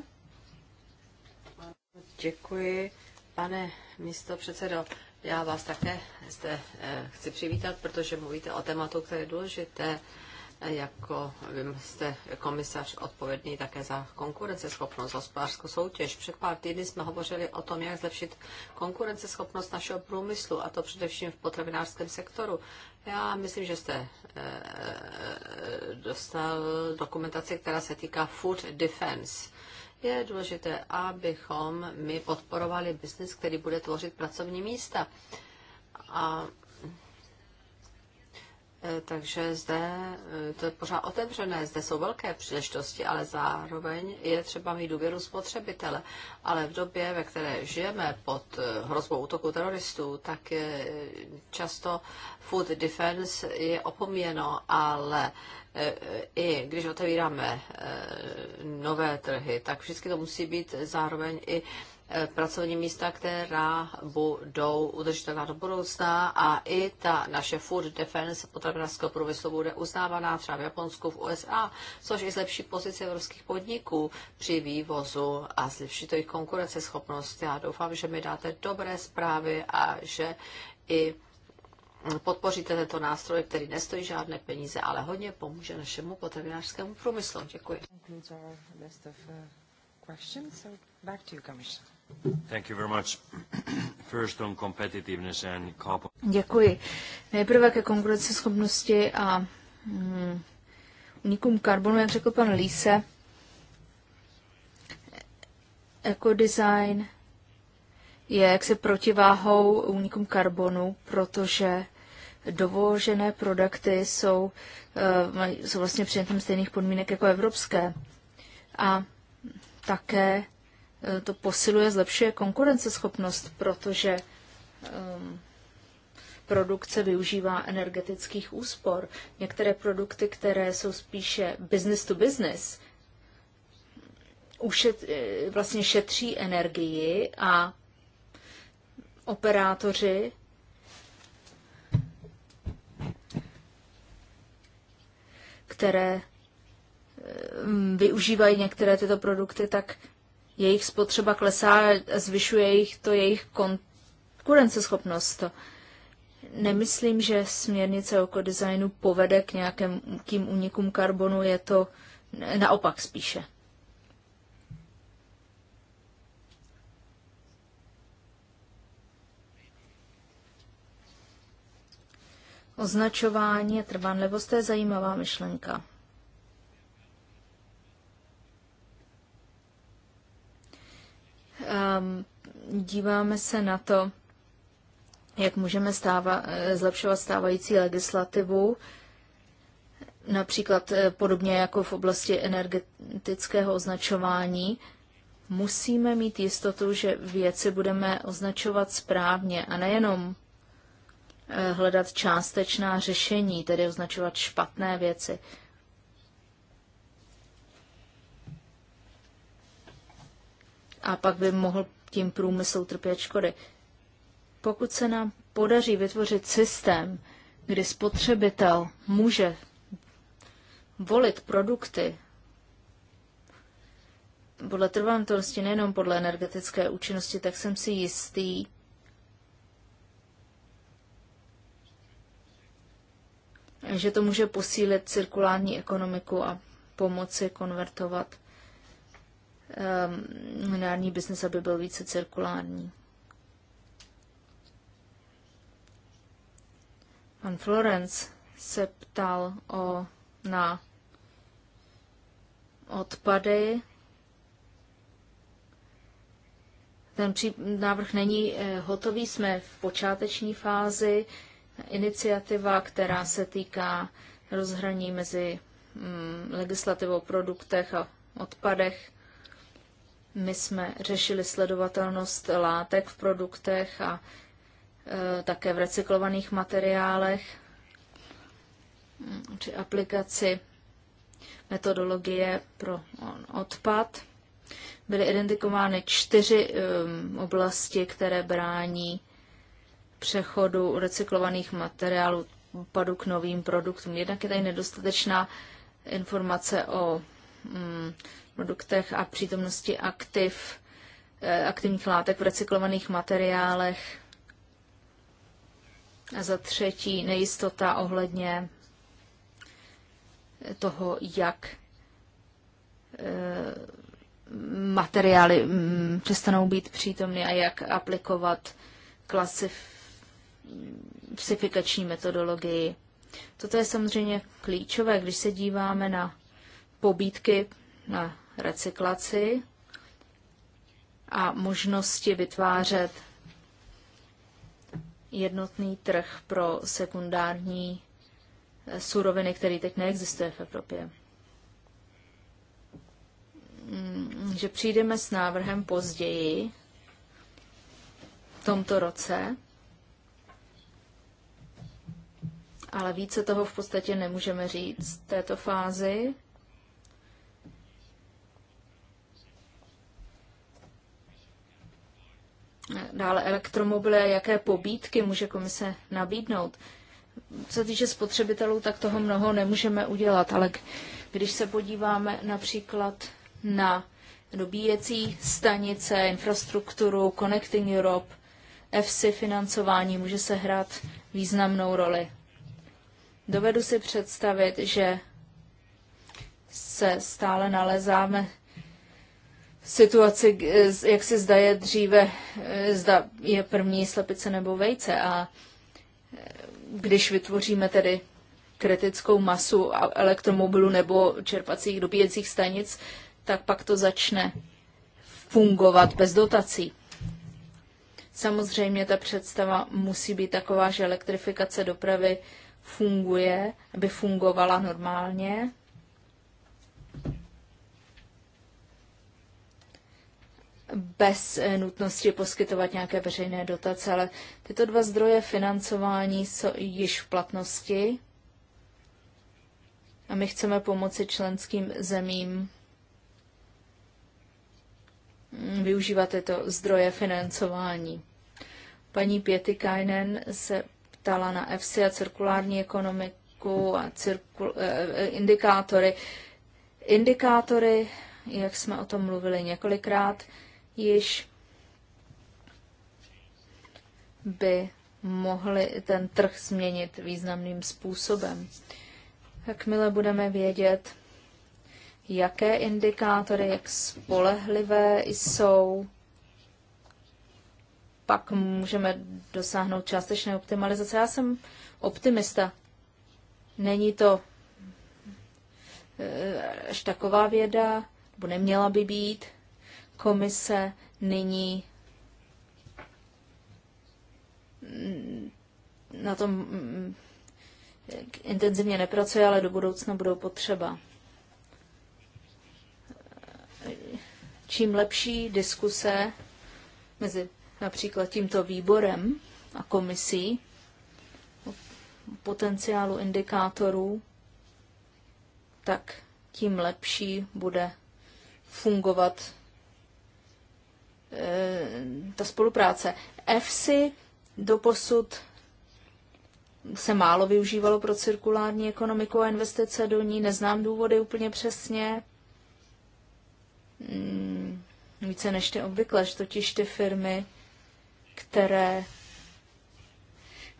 Děkuji, pane místo předsedo. Já vás také zde eh, chci přivítat, protože mluvíte o tématu, které je důležité. Eh, jako vím, jste komisař odpovědný také za konkurenceschopnost, hospodářskou soutěž. Před pár týdny jsme hovořili o tom, jak zlepšit konkurenceschopnost našeho průmyslu, a to především v potravinářském sektoru. Já myslím, že jste eh, dostal dokumentaci, která se týká Food Defense je důležité, abychom my podporovali biznis, který bude tvořit pracovní místa. A e, takže zde e, to je pořád otevřené, zde jsou velké příležitosti, ale zároveň je třeba mít důvěru spotřebitele. Ale v době, ve které žijeme pod e, hrozbou útoku teroristů, tak často food defense je opomíjeno, ale E, e, i když otevíráme e, nové trhy, tak vždycky to musí být zároveň i pracovní místa, která budou udržitelná do budoucna a i ta naše food defense potravinářského průmyslu bude uznávaná třeba v Japonsku, v USA, což i zlepší pozici evropských podniků při vývozu a zlepší to jejich konkurenceschopnost. Já doufám, že mi dáte dobré zprávy a že i podpoříte tento nástroj, který nestojí žádné peníze, ale hodně pomůže našemu potravinářskému průmyslu. Děkuji. Uh, Děkuji. Nejprve ke konkurenceschopnosti a mm, unikům karbonu, jak řekl pan Líse, ekodesign je jaksi protiváhou unikům karbonu, protože dovožené produkty jsou, eh, jsou vlastně přijetem stejných podmínek jako evropské. A také eh, to posiluje, zlepšuje konkurenceschopnost, protože ehm, produkce využívá energetických úspor. Některé produkty, které jsou spíše business to business, ušet, eh, vlastně šetří energii a operátoři které eh, využívají některé tyto produkty, tak jejich spotřeba klesá a zvyšuje jich to jejich konkurenceschopnost. Nemyslím, že směrnice o kodesignu povede k nějakým unikům karbonu, je to naopak spíše. Označování a trvanlivost, to je zajímavá myšlenka. Um, díváme se na to, jak můžeme stáva, eh, zlepšovat stávající legislativu, například eh, podobně jako v oblasti energetického označování, musíme mít jistotu, že věci budeme označovat správně a nejenom Eh, hledat částečná řešení, tedy označovat špatné věci. A pak by mohl tím průmysl trpět škody. Pokud se nám podaří vytvořit systém, kdy spotřebitel může volit produkty podle trvantosti, nejenom podle energetické účinnosti, tak jsem si jistý, že to může posílit cirkulární ekonomiku a pomoci konvertovat ehm, lineární um, biznes, aby byl více cirkulární. Pan Florence se ptal o, na odpady. Ten pří, návrh není eh, hotový, jsme v počáteční fázi iniciativa, která se týká rozhraní mezi mm, legislativou o produktech a odpadech. My jsme řešili sledovatelnost látek v produktech a e, také v recyklovaných materiálech či mm, aplikaci metodologie pro odpad. Byly identifikovány čtyři e, oblasti, které brání přechodu recyklovaných materiálů padu k novým produktům. Jednak je tady nedostatečná informace o mm, produktech a přítomnosti aktiv, eh, aktivních látek v recyklovaných materiálech. A za třetí nejistota ohledně toho, jak eh, materiály mm, přestanou být přítomny a jak aplikovat klasif psifikační metodologii. Toto je samozřejmě klíčové, když se díváme na pobídky na recyklaci a možnosti vytvářet jednotný trh pro sekundární eh, suroviny, který teď neexistuje v Evropě. Mm, že přijdeme s návrhem později v tomto roce, ale více toho v podstatě nemůžeme říct v této fázi. Dále elektromobily a jaké pobídky může komise nabídnout. Co se týče spotřebitelů, tak toho mnoho nemůžeme udělat, ale když se podíváme například na dobíjecí stanice, infrastrukturu, Connecting Europe, FC financování může se hrát významnou roli. Dovedu si představit, že se stále nalezáme v situaci, eh, jak si zda je dříve, eh, zda je první slepice nebo vejce. A eh, když vytvoříme tedy kritickou masu elektromobilů nebo čerpacích dobíjecích stanic, tak pak to začne fungovat bez dotací. Samozřejmě ta představa musí být taková, že elektrifikace dopravy funguje, aby fungovala normálně. bez eh, nutnosti poskytovat nějaké veřejné dotace, ale tyto dva zdroje financování jsou již v platnosti a my chceme pomoci členským zemím mm, využívat tyto zdroje financování. Paní Pěty Kajnen se ptala na EFSI a cirkulární ekonomiku a cirkul, e, e, indikátory. Indikátory, jak jsme o tom mluvili několikrát, již by mohli ten trh změnit významným způsobem. Jakmile budeme vědět, jaké indikátory, jak spolehlivé jsou, pak můžeme dosáhnout částečné optimalizace. Já jsem optimista. Není to eh, až taková věda, nebo neměla by být. Komise nyní mm, na tom mm, intenzivně nepracuje, ale do budoucna budou potřeba. Čím lepší diskuse mezi například tímto výborem a komisí o potenciálu indikátorů, tak tím lepší bude fungovat e, ta spolupráce. EFSI doposud se málo využívalo pro cirkulární ekonomiku a investice do ní. Neznám důvody úplně přesně. Hmm, více než ty obvykle, že totiž ty firmy které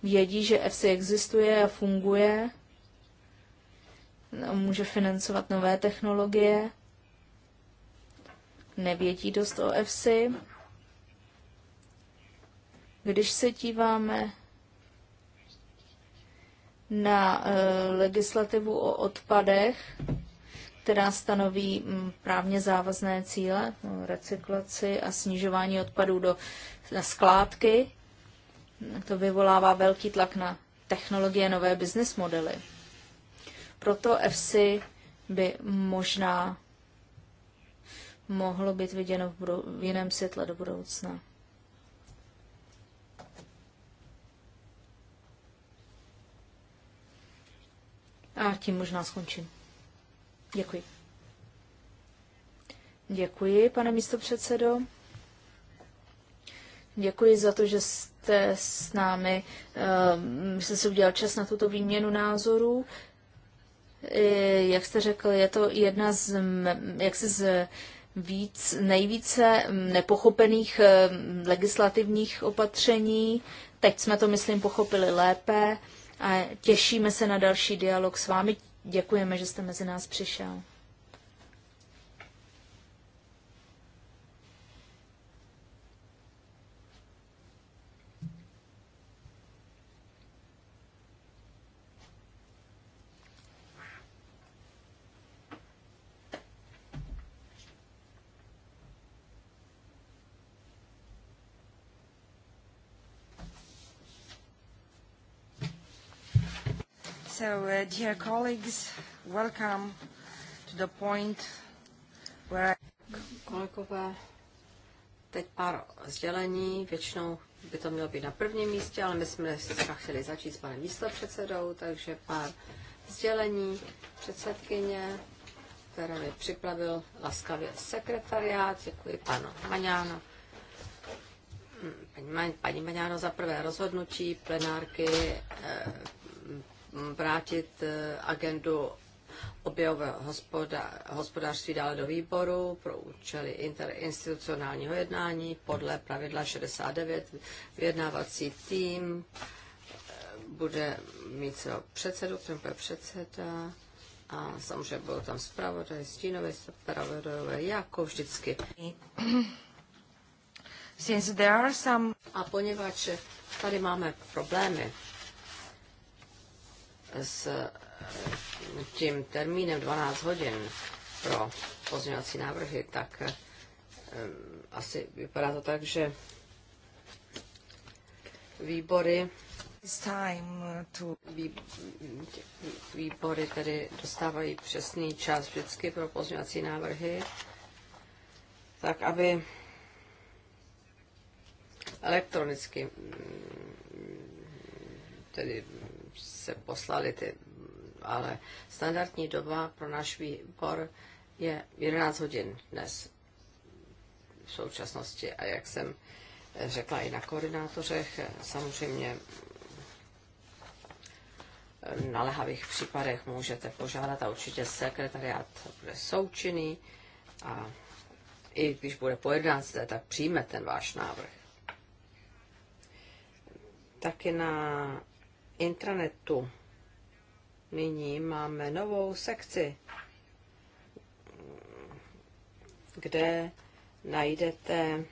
vědí, že EFSI existuje a funguje, může financovat nové technologie, nevědí dost o EFSI. Když se díváme na eh, legislativu o odpadech, která stanoví mm, právně závazné cíle, no, recyklaci a snižování odpadů do na skládky. To vyvolává velký tlak na technologie nové business modely. Proto FC by možná mohlo být viděno v, budou- v jiném světle do budoucna. A tím možná skončím. Děkuji. Děkuji, pane místopředsedo. Děkuji za to, že jste s námi, um, jste si udělal čas na tuto výměnu názorů. Jak jste řekl, je to jedna z, jak se z víc, nejvíce nepochopených ehm, legislativních opatření. Teď jsme to, myslím, pochopili lépe a těšíme se na další dialog s vámi. Děkujeme, že jste mezi nás přišel. So, uh, dear colleagues, welcome to the point where... Kolegové, teď pár sdělení. Většinou by to mělo být na prvním místě, ale my jsme dneska chtěli začít s panem místopředsedou, takže pár sdělení předsedkyně, které mi připravil laskavě sekretariát. Děkuji panu Maňáno. Mm, paní, paní Maňáno za prvé rozhodnutí plenárky eh, Mm, vrátit eh, agendu objevového hospodářství dále do výboru pro účely interinstitucionálního jednání podle pravidla 69. Vyjednávací tým eh, bude mít svého předsedu, kterým bude předseda a samozřejmě budou tam zpravodaj, stínové zpravodajové, jako vždycky. Since there are some... A poněvadž tady máme problémy, s tím termínem 12 hodin pro pozměňovací návrhy, tak eh, asi vypadá to tak, že výbory výbory tedy dostávají přesný čas vždycky pro pozměňovací návrhy, tak aby elektronicky mm, tedy se poslali ty, ale standardní doba pro náš výbor je 11 hodin dnes v současnosti a jak jsem řekla i na koordinátořech, samozřejmě na lehavých případech můžete požádat a určitě sekretariát bude součinný a i když bude po 11, tak přijme ten váš návrh. Taky na intranetu. Nyní máme novou sekci, kde najdete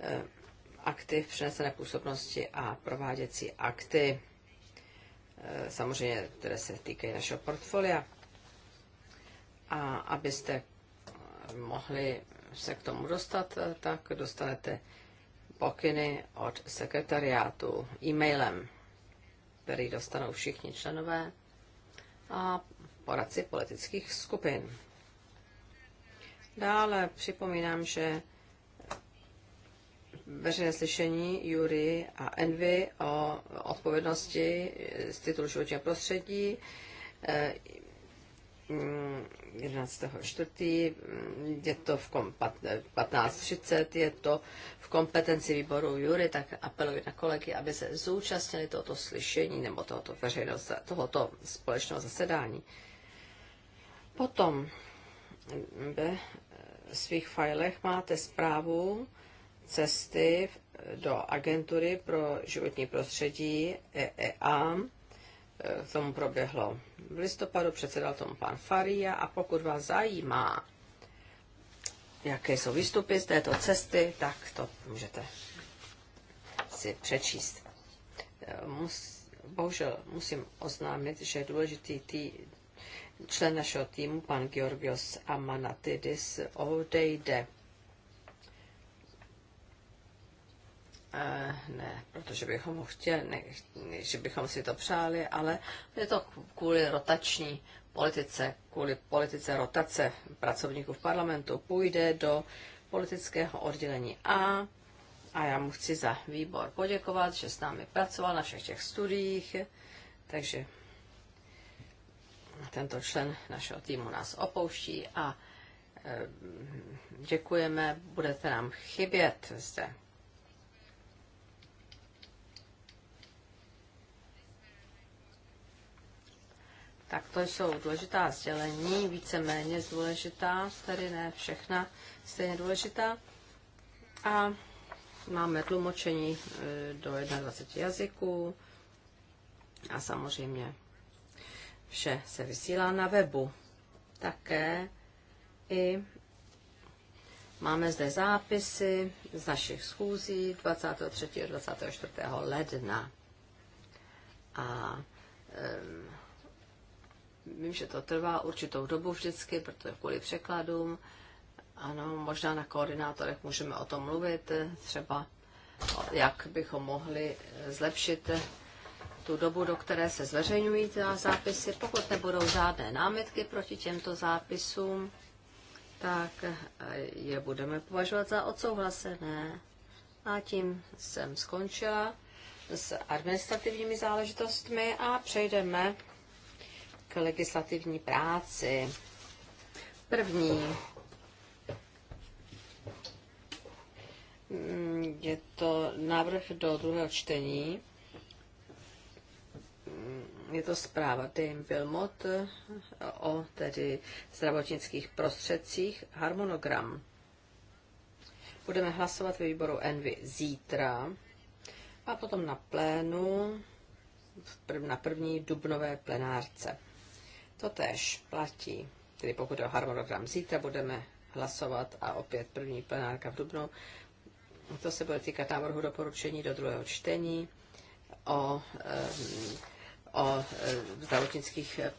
eh, akty v přenesené působnosti a prováděcí akty, eh, samozřejmě, které se týkají našeho portfolia. A abyste mohli se k tomu dostat, eh, tak dostanete pokyny od sekretariátu e-mailem který dostanou všichni členové a poradci politických skupin. Dále připomínám, že veřejné slyšení Jury a Envy o odpovědnosti z titulu životního prostředí eh, 11.4. je to v 15.30, je to v kompetenci výboru Jury, tak apeluji na kolegy, aby se zúčastnili tohoto slyšení nebo tohoto, veřejného, tohoto společného zasedání. Potom ve svých filech máte zprávu cesty do agentury pro životní prostředí EEA Eh, tomu proběhlo. V listopadu předsedal tomu pan Faria a pokud vás zajímá, jaké jsou výstupy z této cesty, tak to můžete si přečíst. Eh, mus, bohužel musím oznámit, že důležitý tý, člen našeho týmu, pan Georgios Amanatidis, odejde Eh, ne, protože bychom ho chtěli, ne, že bychom si to přáli, ale je to kvůli rotační politice, kvůli politice rotace pracovníků v parlamentu, půjde do politického oddělení A a já mu chci za výbor poděkovat, že s námi pracoval na všech těch studiích, takže tento člen našeho týmu nás opouští a e, děkujeme, budete nám chybět zde. Tak to jsou důležitá sdělení, víceméně důležitá, tedy ne všechna stejně důležitá. A máme tlumočení e, do 21 jazyků a samozřejmě vše se vysílá na webu. Také i máme zde zápisy z našich schůzí 23. a 24. ledna. A um, vím, že to trvá určitou dobu vždycky, protože kvůli překladům, ano, možná na koordinátorech můžeme o tom mluvit, třeba jak bychom mohli zlepšit tu dobu, do které se zveřejňují ty zápisy. Pokud nebudou žádné námitky proti těmto zápisům, tak je budeme považovat za odsouhlasené. A tím jsem skončila s administrativními záležitostmi a přejdeme k legislativní práci. První mm, je to návrh do druhého čtení. Mm, je to zpráva Dame Wilmot eh, o tedy zdravotnických prostředcích harmonogram. Budeme hlasovat ve výboru Envy zítra a potom na plénu na první dubnové plenárce. To tež platí. Tedy pokud o harmonogram zítra, budeme hlasovat a opět první plenárka v Dubnu. To se bude týkat návrhu doporučení do druhého čtení o, eh, o eh, zdravotnických eh,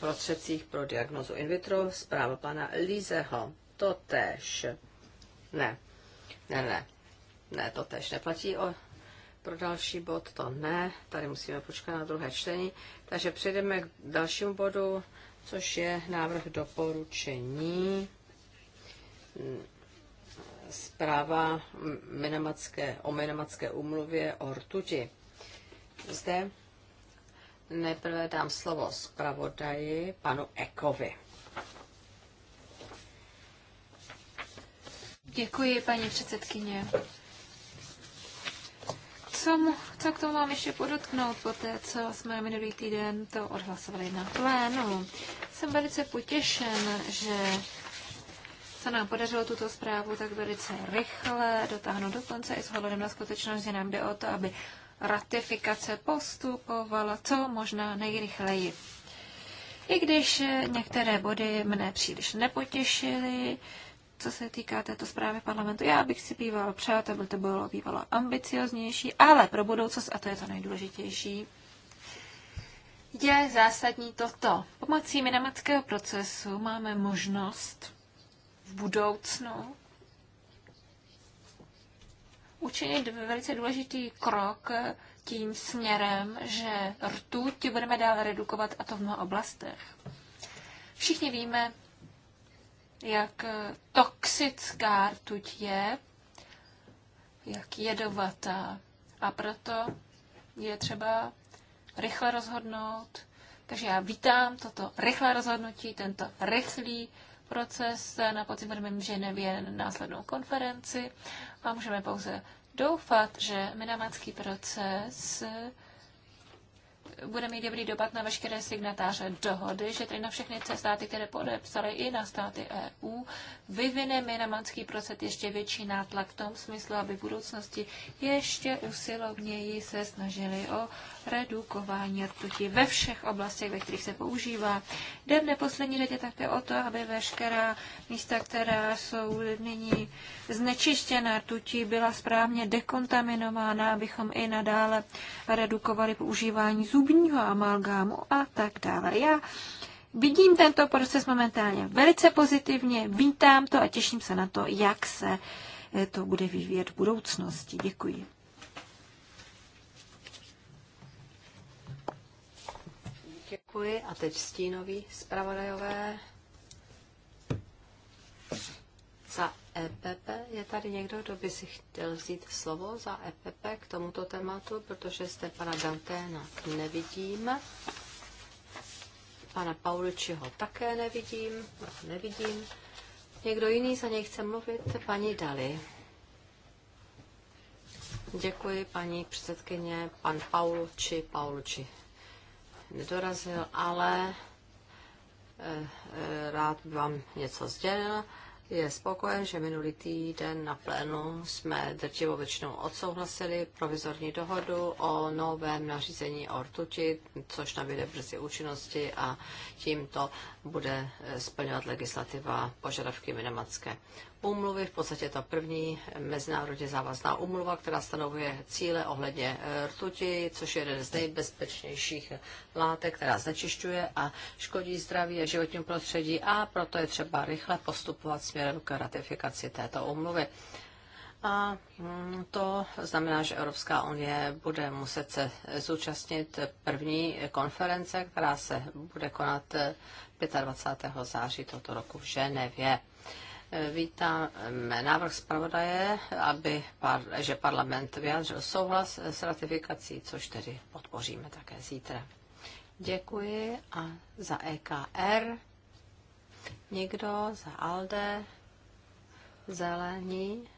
prostředcích pro diagnozu in vitro. Zpráva pana Lízeho. To tež, Ne, ne, ne. Ne, to tež neplatí o pro další bod to ne, tady musíme počkat na druhé čtení. Takže přejdeme k dalšímu bodu, což je návrh doporučení zpráva Minamatské, o Minamatské umluvě o rtuti. Zde nejprve dám slovo zpravodaji panu Ekovi. Děkuji, paní předsedkyně. Co, mu, co k tomu mám ještě podotknout po té, co jsme minulý týden to odhlasovali na plénu? Jsem velice potěšen, že se nám podařilo tuto zprávu tak velice rychle dotáhnout do konce i s ohledem na skutečnost, že nám jde o to, aby ratifikace postupovala co možná nejrychleji. I když některé body mne příliš nepotěšily, co se týká této zprávy parlamentu. Já bych si bývala přát, aby to bylo bývalo ambicioznější, ale pro budoucnost, a to je to nejdůležitější, je zásadní toto. Pomocí minamackého procesu máme možnost v budoucnu učinit velice důležitý krok tím směrem, že rtuť budeme dále redukovat a to v mnoha oblastech. Všichni víme, jak eh, toxická rtuť je, jak jedovatá. A proto je třeba rychle rozhodnout. Takže já vítám toto rychlé rozhodnutí, tento rychlý proces. Na podzim budeme mít v Ženevě následnou konferenci a můžeme pouze doufat, že minamatský proces bude mít dobrý dopad na veškeré signatáře dohody, že tedy na všechny státy, které podepsaly i na státy EU, vyvine minamanský proces ještě větší nátlak v tom smyslu, aby v budoucnosti ještě usilovněji se snažili o redukování rtuti ve všech oblastech, ve kterých se používá. Jde v neposlední řadě také o to, aby veškerá místa, která jsou nyní znečištěná rtutí, byla správně dekontaminována, abychom i nadále redukovali používání zubního amalgámu a tak dále. Já Vidím tento proces momentálně velice pozitivně, vítám to a těším se na to, jak se to bude vyvíjet v budoucnosti. Děkuji. Děkuji. A teď stínový zpravodajové. Za EPP je tady někdo, kdo by si chtěl vzít slovo za EPP k tomuto tématu, protože jste pana Danténa nevidím. Pana Pauličiho také nevidím, no, nevidím. Někdo jiný za něj chce mluvit? Paní Dali. Děkuji, paní předsedkyně. Pan Pauluči, Pauluči nedorazil, ale eh, eh, rád by vám něco sdělil. Je spokojen, že minulý týden na plénu jsme drtivou většinou odsouhlasili provizorní dohodu o novém nařízení o rtuti, což nabíde brzy účinnosti a tímto bude eh, splňovat legislativa požadavky minimatické úmluvy, v podstatě ta první mezinárodně závazná úmluva, která stanovuje cíle ohledně eh, rtuti, což je jeden z nejbezpečnějších látek, která znečišťuje a škodí zdraví a životnímu prostředí a proto je třeba rychle postupovat směrem k ratifikaci této úmluvy. A mm, to znamená, že Evropská unie bude muset se zúčastnit první konference, která se bude konat eh, 25. září tohoto roku v Ženevě. Vítáme návrh zpravodaje, aby par, že parlament vyjádřil souhlas s ratifikací, což tedy podpoříme také zítra. Děkuji a za EKR. Nikdo za ALDE, zelení.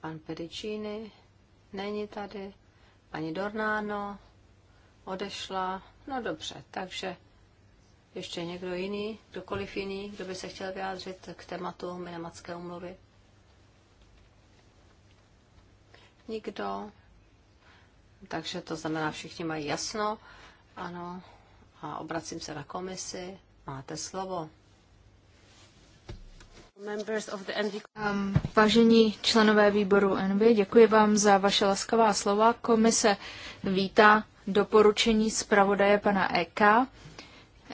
Pan Pedicini není tady. Paní Dornáno odešla. No dobře, takže ještě někdo jiný, kdokoliv jiný, kdo by se chtěl vyjádřit k tématu Minamatské umluvy? Nikdo. Takže to znamená, všichni mají jasno. Ano. A obracím se na komisi. Máte slovo. Um, vážení členové výboru NB, děkuji vám za vaše laskavá slova. Komise vítá doporučení zpravodaje pana EK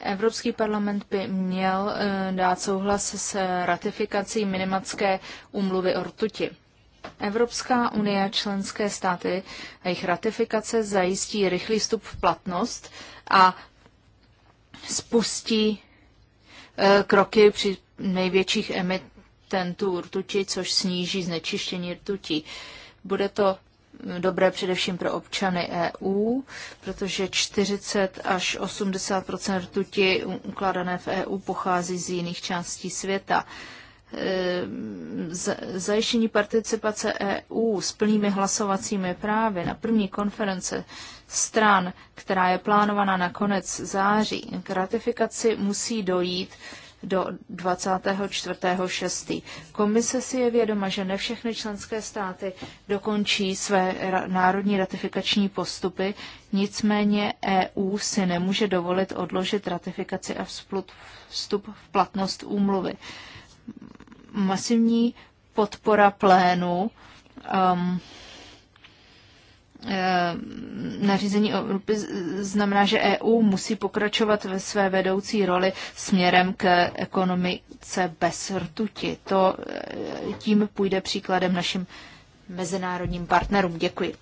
Evropský parlament by měl eh, dát souhlas s ratifikací minimatské úmluvy o rtuti. Evropská unie a členské státy a jejich ratifikace zajistí rychlý vstup v platnost a spustí eh, kroky při největších emitentů rtuti, což sníží znečištění rtutí. Bude to dobré především pro občany EU, protože 40 až 80 rtuti ukládané v EU pochází z jiných částí světa. Ehm, zajištění participace EU s plnými hlasovacími právy na první konference stran, která je plánovaná na konec září, k ratifikaci musí dojít do 24.6. Komise si je vědoma, že ne všechny členské státy dokončí své národní ratifikační postupy, nicméně EU si nemůže dovolit odložit ratifikaci a vstup v platnost úmluvy. Masivní podpora plénu um, Eh, nařízení Evropy znamená, že EU musí pokračovat ve své vedoucí roli směrem k ekonomice bez rtuti. To eh, tím půjde příkladem našim mezinárodním partnerům. Děkuji.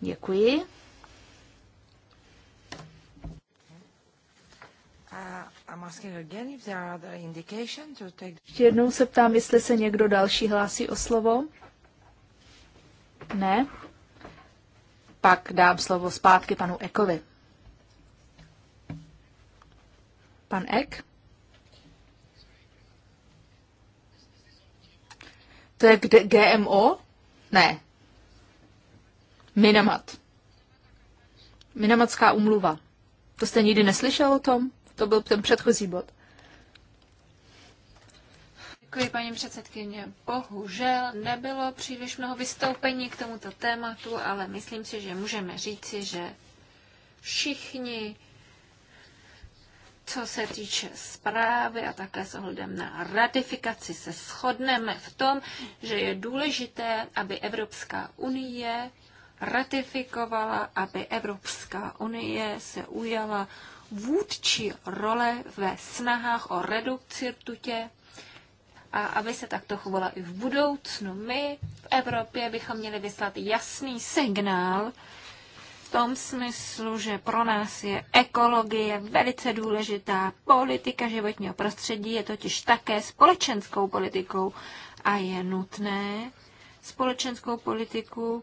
Děkuji. Uh, Ještě jednou se ptám, jestli se někdo další hlásí o slovo. Ne? Pak dám slovo zpátky panu Ekovi. Pan Ek? To je kde, GMO? Ne. Minamat. Minamatská umluva. To jste nikdy neslyšel o tom? To byl ten předchozí bod. Děkuji, paní předsedkyně. Bohužel nebylo příliš mnoho vystoupení k tomuto tématu, ale myslím si, že můžeme říci, že všichni, co se týče zprávy a také s ohledem na ratifikaci, se shodneme v tom, že je důležité, aby Evropská unie ratifikovala, aby Evropská unie se ujala vůdčí role ve snahách o redukci rtutě a aby se takto chovala i v budoucnu. My v Evropě bychom měli vyslat jasný signál v tom smyslu, že pro nás je ekologie velice důležitá. Politika životního prostředí je totiž také společenskou politikou a je nutné společenskou politiku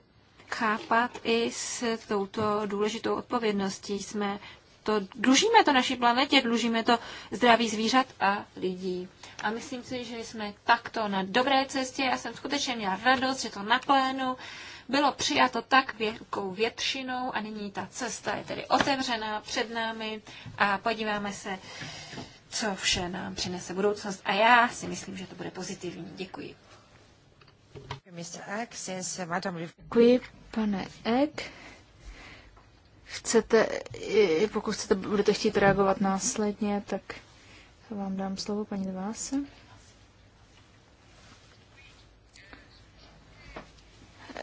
chápat i s touto důležitou odpovědností. Jsme to, dlužíme to naší planetě, dlužíme to zdraví zvířat a lidí. A myslím si, že jsme takto na dobré cestě. Já jsem skutečně měla radost, že to na plénu bylo přijato tak velkou většinou a nyní ta cesta je tedy otevřená před námi a podíváme se, co vše nám přinese budoucnost. A já si myslím, že to bude pozitivní. Děkuji. Děkuji, pane Ek chcete, pokud chcete, budete chtít reagovat následně, tak vám dám slovo, paní Dváse.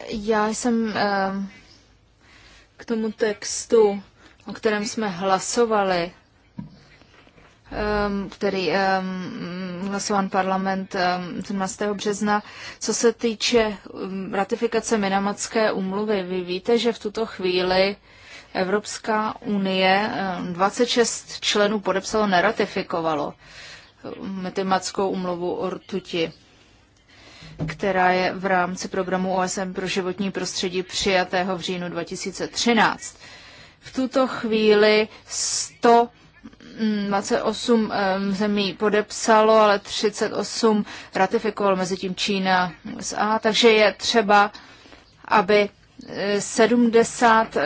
Já jsem ehm, k tomu textu, o kterém jsme hlasovali, ehm, který ehm, hlasován parlament 17. března. Co se týče ratifikace Minamatské úmluvy, vy víte, že v tuto chvíli Evropská unie 26 eh, členů podepsalo, neratifikovalo eh, matematickou umluvu o rtuti, která je v rámci programu OSM pro životní prostředí přijatého v říjnu 2013. V tuto chvíli 128 mm, eh, zemí podepsalo, ale 38 ratifikovalo mezi tím Čína USA, takže je třeba, aby 70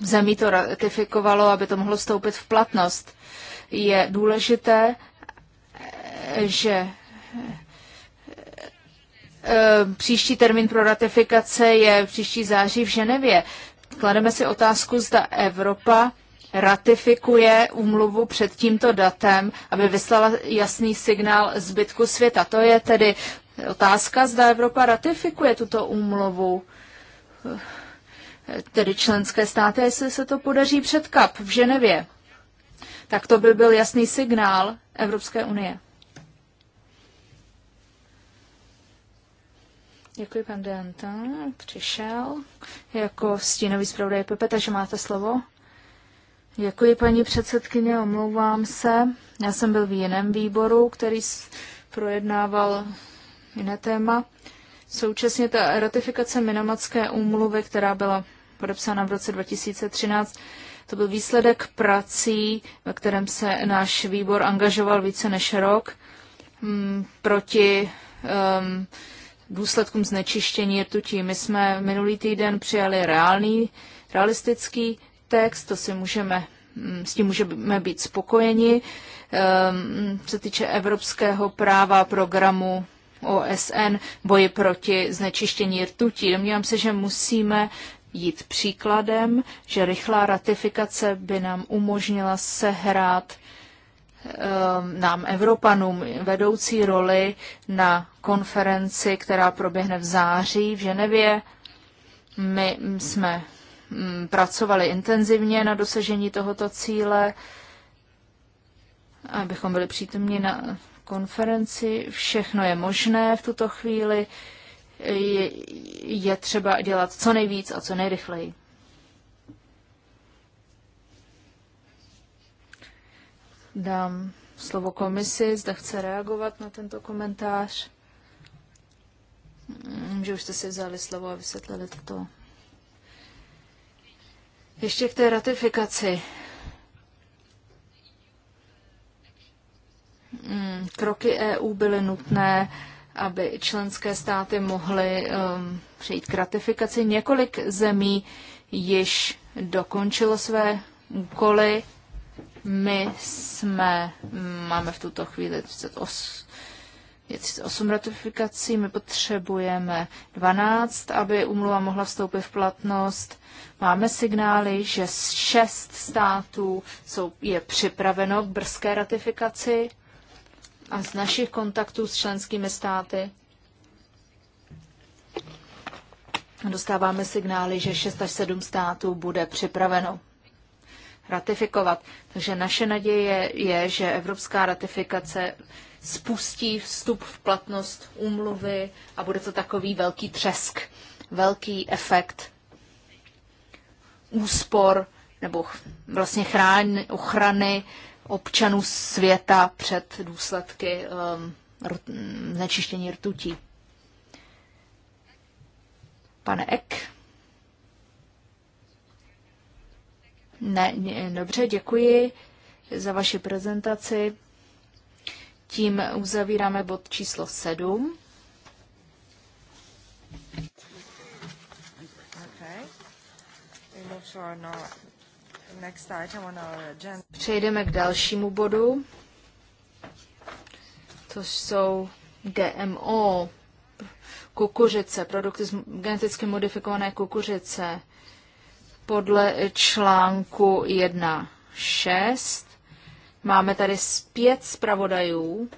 zemí to ratifikovalo, aby to mohlo stoupit v platnost. Je důležité, že eh, příští termín pro ratifikace je příští září v Ženevě. Klademe si otázku, zda Evropa ratifikuje úmluvu před tímto datem, aby vyslala jasný signál zbytku světa. To je tedy otázka, zda Evropa ratifikuje tuto úmluvu tedy členské státy, jestli se to podaří před kap v Ženevě. Tak to by byl jasný signál Evropské unie. Děkuji, pan Deanta. Přišel jako stínový zpravodaj Pepe, takže máte slovo. Děkuji, paní předsedkyně, omlouvám se. Já jsem byl v jiném výboru, který projednával jiné téma. Současně ta ratifikace Minamatské úmluvy, která byla podepsána v roce 2013. To byl výsledek prací, ve kterém se náš výbor angažoval více než rok m, mm, proti um, důsledkům znečištění rtutí. My jsme minulý týden přijali reálný, realistický text, to si můžeme, mm, s tím můžeme být spokojeni. Um, se týče evropského práva programu OSN boji proti znečištění rtutí. Domnívám se, že musíme jít příkladem, že rychlá ratifikace by nám umožnila sehrát ehm, nám Evropanům vedoucí roli na konferenci, která proběhne v září v Ženevě. My jsme mm, pracovali intenzivně na dosažení tohoto cíle, abychom byli přítomni na konferenci. Všechno je možné v tuto chvíli je, je třeba dělat co nejvíc a co nejrychleji. Dám slovo komisi, zda chce reagovat na tento komentář. Mm, že už jste si vzali slovo a vysvětlili toto. Ještě k té ratifikaci. Mm, kroky EU byly nutné aby členské státy mohly um, přejít k ratifikaci. Několik zemí již dokončilo své úkoly. My jsme, máme v tuto chvíli 38, 38 ratifikací, my potřebujeme 12, aby umluva mohla vstoupit v platnost. Máme signály, že z šest států jsou, je připraveno k brzké ratifikaci a z našich kontaktů s členskými státy dostáváme signály, že 6 až 7 států bude připraveno ratifikovat. Takže naše naděje je, že evropská ratifikace spustí vstup v platnost úmluvy a bude to takový velký třesk, velký efekt úspor nebo vlastně chrán, ochrany občanů světa před důsledky um, znečištění rtutí. Pane Ek? Ne, dobře, děkuji za vaši prezentaci. Tím uzavíráme bod číslo 7. Okay. Přejdeme k dalšímu bodu, To jsou GMO, kukuřice, produkty z geneticky modifikované kukuřice podle článku 1.6. Máme tady zpět zpravodajů.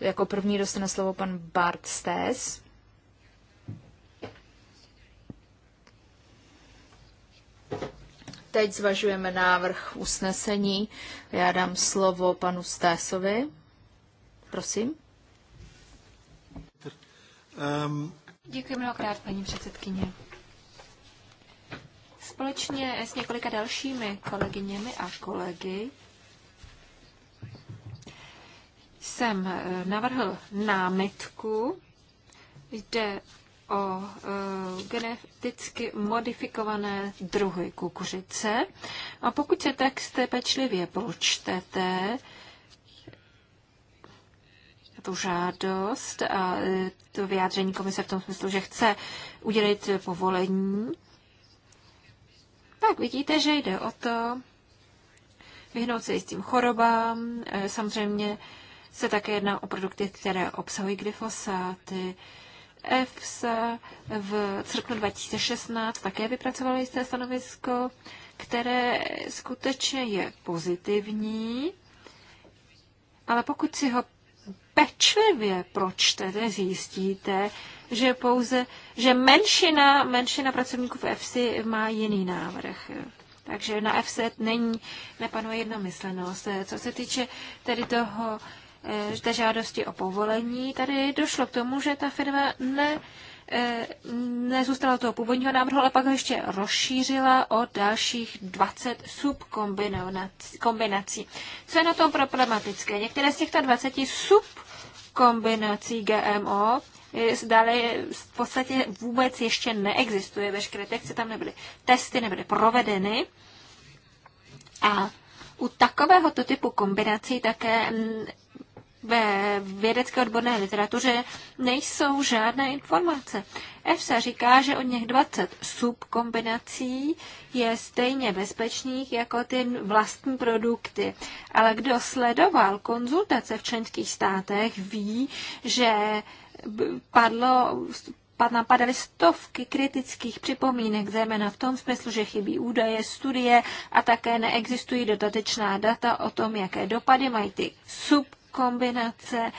Jako první dostane slovo pan Bart Stes. Teď zvažujeme návrh usnesení. Já dám slovo panu Stásovi. Prosím. Um, Děkuji mnohokrát, paní předsedkyně. Společně s několika dalšími kolegyněmi a kolegy jsem eh, navrhl námitku, jde o e, geneticky modifikované druhy kukuřice. A pokud se texty pečlivě pročtete, tu žádost a e, to vyjádření komise v tom smyslu, že chce udělit povolení, tak vidíte, že jde o to vyhnout se jistým chorobám. E, samozřejmě se také jedná o produkty, které obsahují glyfosáty. EFSA v srpnu 2016 také vypracovalo jisté stanovisko, které skutečně je pozitivní, ale pokud si ho pečlivě pročtete, zjistíte, že pouze, že menšina, menšina pracovníků v EFSI má jiný návrh. Takže na EFSET není, nepanuje jednomyslenost. Co se týče tedy toho E, té žádosti o povolení, tady došlo k tomu, že ta firma ne, e, nezůstala toho původního návrhu, ale pak ho ještě rozšířila o dalších 20 subkombinací. Co je na tom problematické? Některé z těchto 20 subkombinací GMO e, dále v podstatě vůbec ještě neexistuje. Veškeré texty tam nebyly. Testy nebyly provedeny. A u takovéhoto typu kombinací také ve vědecké odborné literatuře nejsou žádné informace. EFSA říká, že od něch 20 subkombinací je stejně bezpečných jako ty vlastní produkty. Ale kdo sledoval konzultace v členských státech, ví, že padlo napadaly stovky kritických připomínek, zejména v tom smyslu, že chybí údaje, studie a také neexistují dodatečná data o tom, jaké dopady mají ty sub kombinace,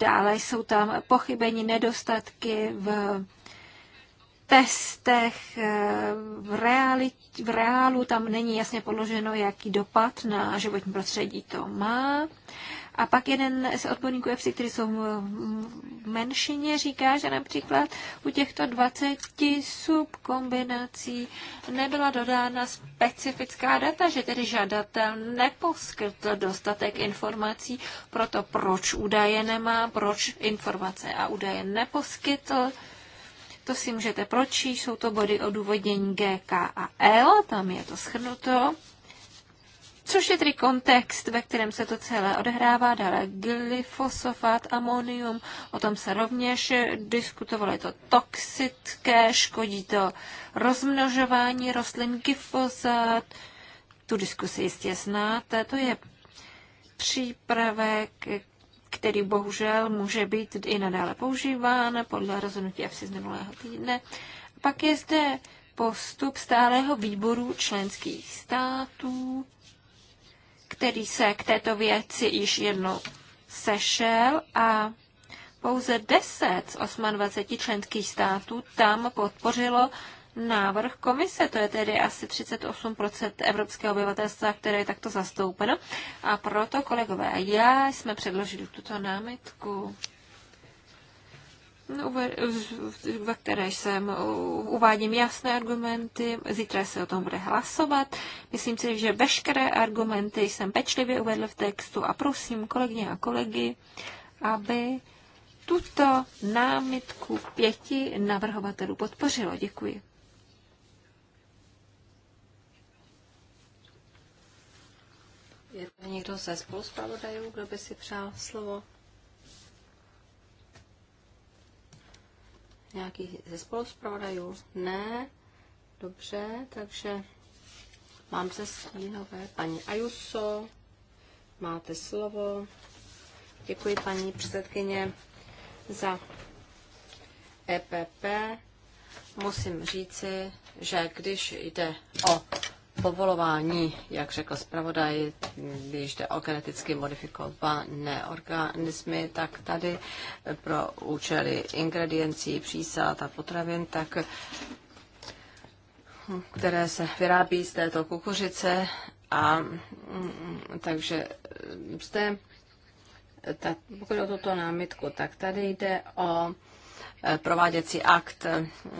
dále jsou tam pochybení, nedostatky v testech, eh, v, reali, v reálu tam není jasně podloženo, jaký dopad na životní prostředí to má. A pak jeden z odborníků EFSI, který jsou v menšině, říká, že například u těchto 20 subkombinací nebyla dodána specifická data, že tedy žadatel neposkytl dostatek informací pro to, proč údaje nemá, proč informace a údaje neposkytl. To si můžete pročíst, jsou to body odůvodnění G, K a L, tam je to schrnuto. Což je tedy kontext, ve kterém se to celé odehrává. Dále glyfosofat, amonium, o tom se rovněž diskutovalo. Je to toxické, škodí to rozmnožování rostlin glyfosat, Tu diskusi jistě znáte. To je přípravek, který bohužel může být i nadále používán podle rozhodnutí AFSI z minulého týdne. Pak je zde postup stálého výboru členských států, který se k této věci již jednou sešel a pouze 10 z 28 členských států tam podpořilo návrh komise, to je tedy asi 38% evropského obyvatelstva, které je takto zastoupeno. A proto, kolegové, já jsme předložili tuto námitku ve které jsem uvádím jasné argumenty, zítra se o tom bude hlasovat. Myslím si, že veškeré argumenty jsem pečlivě uvedl v textu a prosím kolegyně a kolegy, aby tuto námitku pěti navrhovatelů podpořilo. Děkuji. Je to někdo ze spoluzpravodajů, kdo by si přál slovo? Nějaký ze spoluzpravodajů? Ne. Dobře, takže mám se stínové. Paní Ajuso, máte slovo. Děkuji paní předsedkyně za EPP. Musím říci, že když jde o povolování, jak řekl zpravodaj, když jde o geneticky modifikované organismy, tak tady pro účely ingrediencí, přísad a potravin, tak hm, které se vyrábí z této kukuřice a hm, takže zde, ta, pokud o tuto námitku, tak tady jde o prováděcí akt,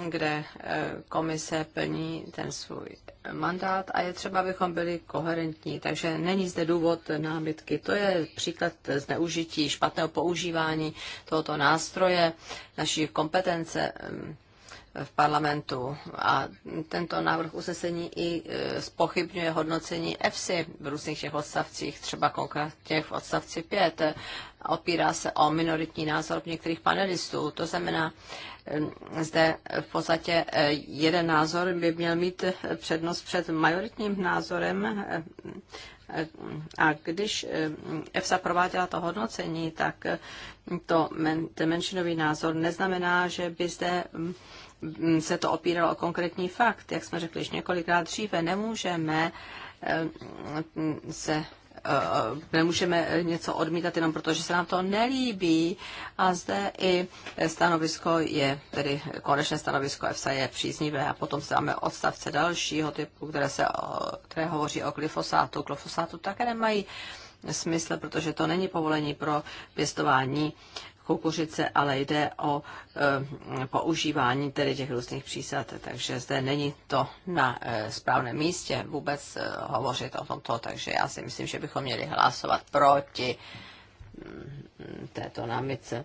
kde eh, komise plní ten svůj mandát a je třeba, abychom byli koherentní. Takže není zde důvod námitky. To je příklad zneužití, špatného používání tohoto nástroje, naší kompetence eh, v parlamentu. A tento návrh usnesení i eh, spochybňuje hodnocení EFSI v různých těch odstavcích, třeba konkrétně v odstavci 5 opírá se o minoritní názor některých panelistů. To znamená, zde v podstatě e, jeden názor by měl mít přednost před majoritním názorem. E, e, a když EFSA prováděla to hodnocení, tak to, ten menšinový názor neznamená, že by zde se to opíralo o konkrétní fakt. Jak jsme řekli již několikrát dříve, nemůžeme se Eh, nemůžeme něco odmítat jenom proto, že se nám to nelíbí. A zde i stanovisko je, tedy konečné stanovisko EFSA je příznivé. A potom se máme odstavce dalšího typu, které, se, které hovoří o glyfosátu. Glyfosátu také nemají smysl, protože to není povolení pro pěstování kukuřice, ale jde o e, používání tedy těch různých přísad, takže zde není to na e, správném místě vůbec e, hovořit o tomto, takže já si myslím, že bychom měli hlasovat proti mm, této námice.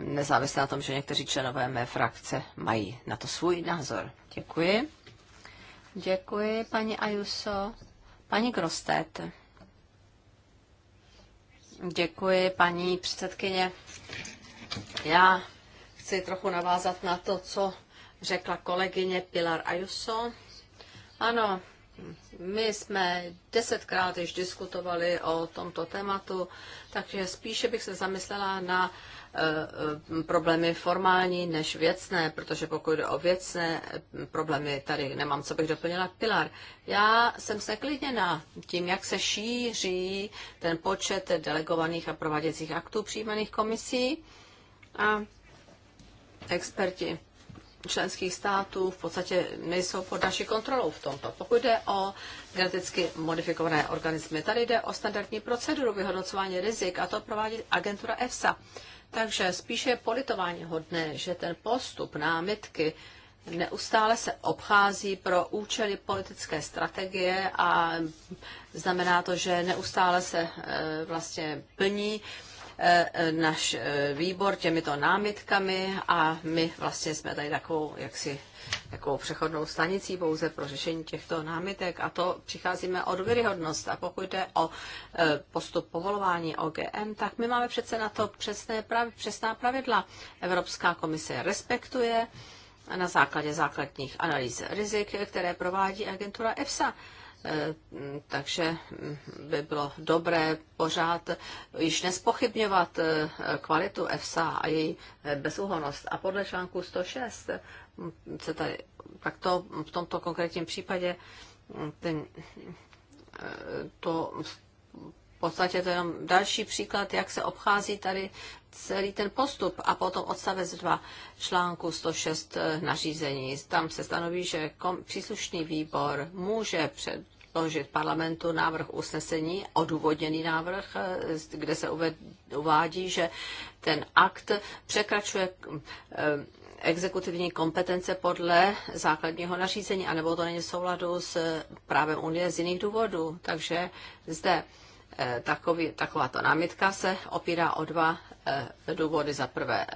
Nezávisle na tom, že někteří členové mé frakce mají na to svůj názor. Děkuji. Děkuji, paní Ajuso. Paní Grostet. Děkuji, paní předsedkyně. Já chci trochu navázat na to, co řekla kolegyně Pilar Ayuso. Ano, my jsme desetkrát již diskutovali o tomto tématu, takže spíše bych se zamyslela na Eh, problémy formální než věcné, protože pokud jde o věcné problémy, tady nemám, co bych doplnila Pilar. Já jsem na tím, jak se šíří ten počet delegovaných a prováděcích aktů přijímaných komisí a experti členských států v podstatě nejsou pod naší kontrolou v tomto. Pokud jde o geneticky modifikované organismy, tady jde o standardní proceduru vyhodnocování rizik a to provádí agentura EFSA. Takže spíše je politování hodné, že ten postup námitky neustále se obchází pro účely politické strategie a znamená to, že neustále se eh, vlastně plní Eh, náš eh, výbor těmito námitkami a my vlastně jsme tady takovou, jaksi, takovou přechodnou stanicí pouze pro řešení těchto námitek a to přicházíme od důvěryhodnost. A pokud jde o eh, postup povolování OGM, tak my máme přece na to přesné prav, přesná pravidla. Evropská komise respektuje na základě základních analýz rizik, které provádí agentura EFSA. Eh, takže hm, by bylo dobré pořád již nespochybňovat eh, kvalitu EFSA a její eh, bezúhonost. A podle článku 106 hm, se tady, tak to v tomto konkrétním případě hm, ten, to v podstatě to je jenom další příklad, jak se obchází tady celý ten postup. A potom odstavec 2 článku 106 nařízení. Tam se stanoví, že kom, příslušný výbor může před, předložit parlamentu návrh usnesení, odůvodněný návrh, eh, kde se uvádí, že ten akt překračuje eh, exekutivní kompetence podle základního nařízení, anebo to není v souladu s eh, právem Unie z jiných důvodů. Takže zde takový, takováto námitka se opírá o dva důvody. Za prvé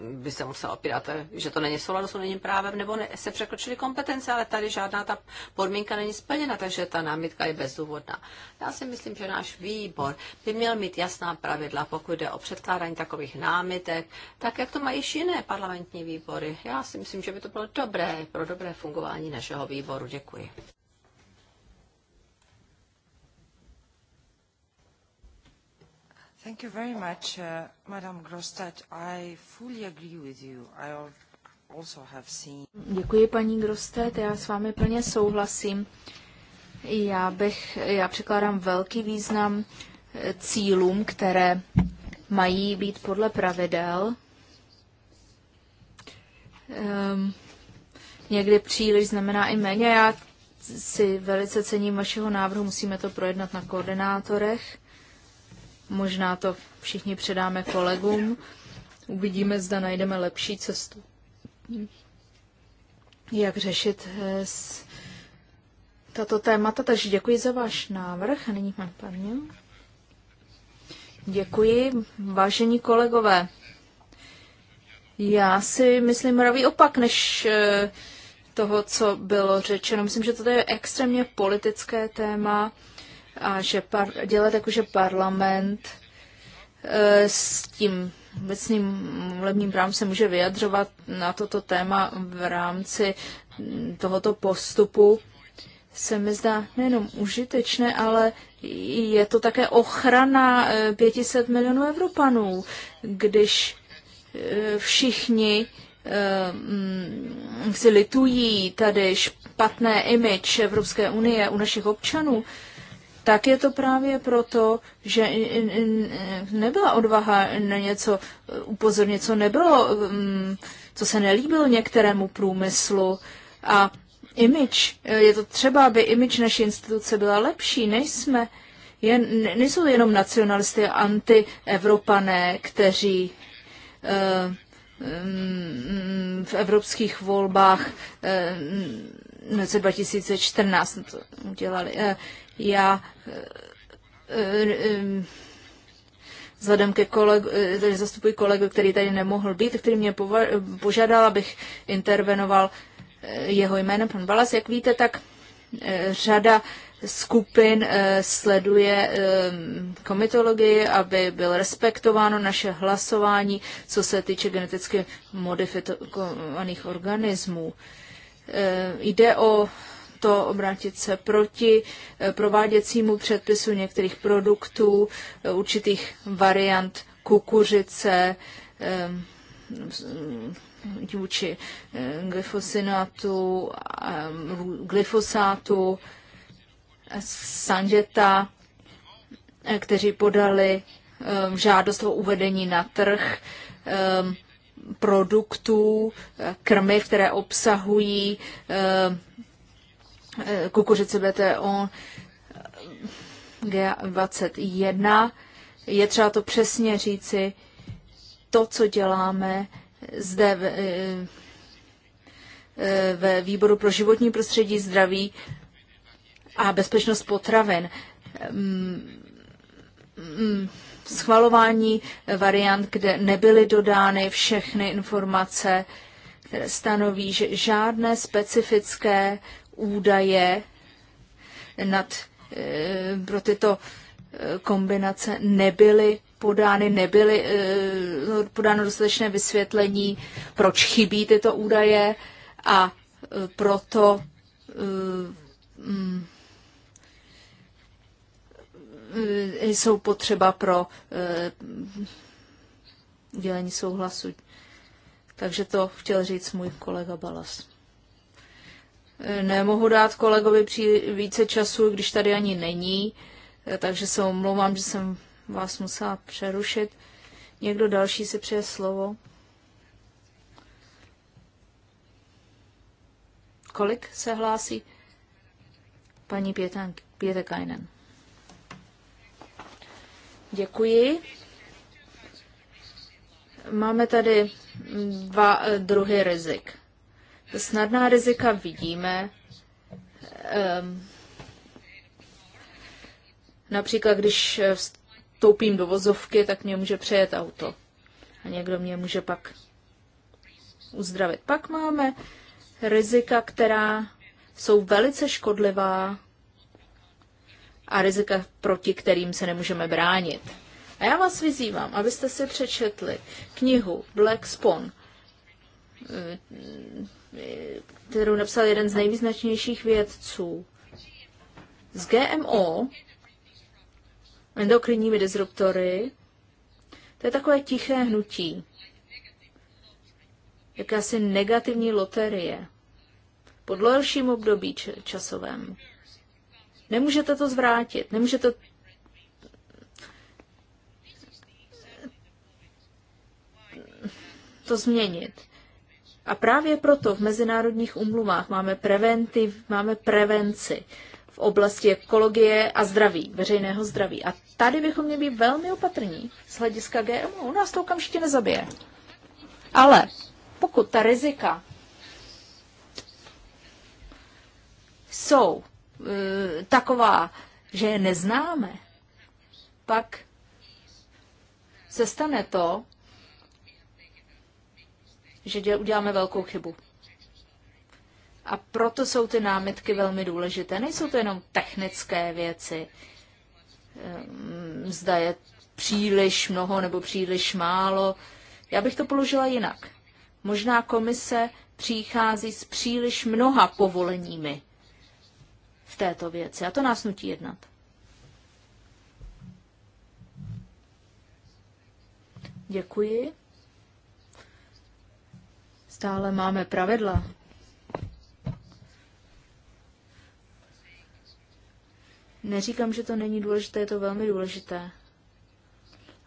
by se musela opírat, eh, že to není v souladu s unijním právem, nebo ne, se překročily kompetence, ale tady žádná ta podmínka není splněna, takže ta námitka je bezdůvodná. Já si myslím, že náš výbor by měl mít jasná pravidla, pokud jde o předkládání takových námitek, tak jak to mají již jiné parlamentní výbory. Já si myslím, že by to bylo dobré pro dobré fungování našeho výboru. Děkuji. Thank you very much, uh, Madam Grostat. I fully agree with you. I also have seen... Děkuji, paní Grostet, já s vámi plně souhlasím. Já bych, já překládám velký význam eh, cílům, které mají být podle pravidel. Um, někdy příliš znamená i méně. Já si velice cením vašeho návrhu, musíme to projednat na koordinátorech. Možná to všichni předáme kolegům. Uvidíme, zda najdeme lepší cestu. Jak řešit eh, s tato témata, takže děkuji za váš návrh. A nyní pan Parňo. Děkuji, vážení kolegové. Já si myslím pravý opak, než eh, toho, co bylo řečeno. Myslím, že toto je extrémně politické téma a že par- dělat jakože parlament eh, s tím obecným volebním právem se může vyjadřovat na toto téma v rámci mm, tohoto postupu, se mi zdá nejenom užitečné, ale je to také ochrana 500 eh, milionů Evropanů, když eh, všichni mm, si litují tady špatné image Evropské unie u našich občanů, tak je to právě proto, že nebyla odvaha na něco eh, upozornit, co nebylo, mm, co se nelíbilo některému průmyslu a image, eh, je to třeba, aby image naší instituce byla lepší, než jsme Je, nejsou jenom nacionalisty a antievropané, kteří eh, mm, v evropských volbách mm, v roce 2014 to udělali. Já eh, eh, vzhledem ke kolegu, takže eh, zastupuji kolegu, který tady nemohl být, který mě požádal, abych intervenoval jeho jménem, pan Balas. Jak víte, tak řada skupin sleduje komitologii, aby bylo respektováno naše hlasování, co se týče geneticky modifikovaných organismů. Jde o to obrátit se proti eh, prováděcímu předpisu některých produktů, eh, určitých variant kukuřice, eh, mm, vůči glyfosinatu, glyfosátu, Sanjeta, kteří podali žádost o uvedení na trh produktů, krmy, které obsahují Eh, kukuřici BTO G21. Je třeba to přesně říci, to, co děláme zde eh, eh, ve výboru pro životní prostředí, zdraví a bezpečnost potravin. Mm, mm, schvalování variant, kde nebyly dodány všechny informace, stanoví, že žádné specifické údaje nad, eh, pro tyto eh, kombinace nebyly podány, nebyly eh, podáno dostatečné vysvětlení, proč chybí tyto údaje a proto mm, jsou potřeba pro dělení souhlasu. Takže to chtěl říct můj kolega Balas. E, nemohu dát kolegovi při více času, když tady ani není, e, takže se omlouvám, že jsem vás musela přerušit. Někdo další si přeje slovo? Kolik se hlásí? Paní Pětekainen. Děkuji. Máme tady dva eh, druhy rizik. Snadná rizika vidíme. Ehm, například, když eh, vstoupím do vozovky, tak mě může přejet auto. A někdo mě může pak uzdravit. Pak máme rizika, která jsou velice škodlivá a rizika, proti kterým se nemůžeme bránit. A já vás vyzývám, abyste si přečetli knihu Black Spawn, kterou napsal jeden z nejvýznačnějších vědců. Z GMO, endokrinními disruptory, to je takové tiché hnutí, jakási negativní loterie po delším období časovém. Nemůžete to zvrátit, nemůžete to změnit. A právě proto v mezinárodních umluvách máme preventiv, máme prevenci v oblasti ekologie a zdraví, veřejného zdraví. A tady bychom měli být velmi opatrní z hlediska GMO. U nás to okamžitě nezabije. Ale pokud ta rizika jsou e, taková, že je neznáme, pak se stane to, že uděláme velkou chybu. A proto jsou ty námitky velmi důležité. Nejsou to jenom technické věci, ehm, zda je příliš mnoho nebo příliš málo. Já bych to položila jinak. Možná komise přichází s příliš mnoha povoleními v této věci a to nás nutí jednat. Děkuji stále máme pravidla. Neříkám, že to není důležité, je to velmi důležité.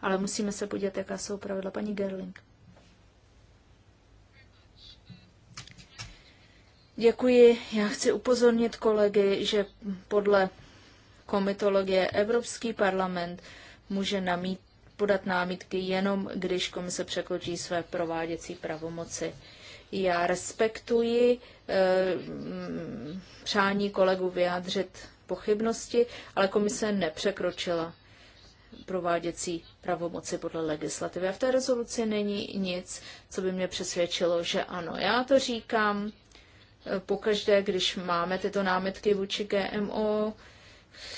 Ale musíme se podívat, jaká jsou pravidla. Paní Gerling. Děkuji. Já chci upozornit kolegy, že podle komitologie Evropský parlament může namít, podat námitky jenom, když komise překročí své prováděcí pravomoci. Já respektuji eh, mm, přání kolegu vyjádřit pochybnosti, ale komise nepřekročila prováděcí pravomoci podle legislativy. A v té rezoluci není nic, co by mě přesvědčilo, že ano. Já to říkám eh, pokaždé, když máme tyto námitky vůči GMO,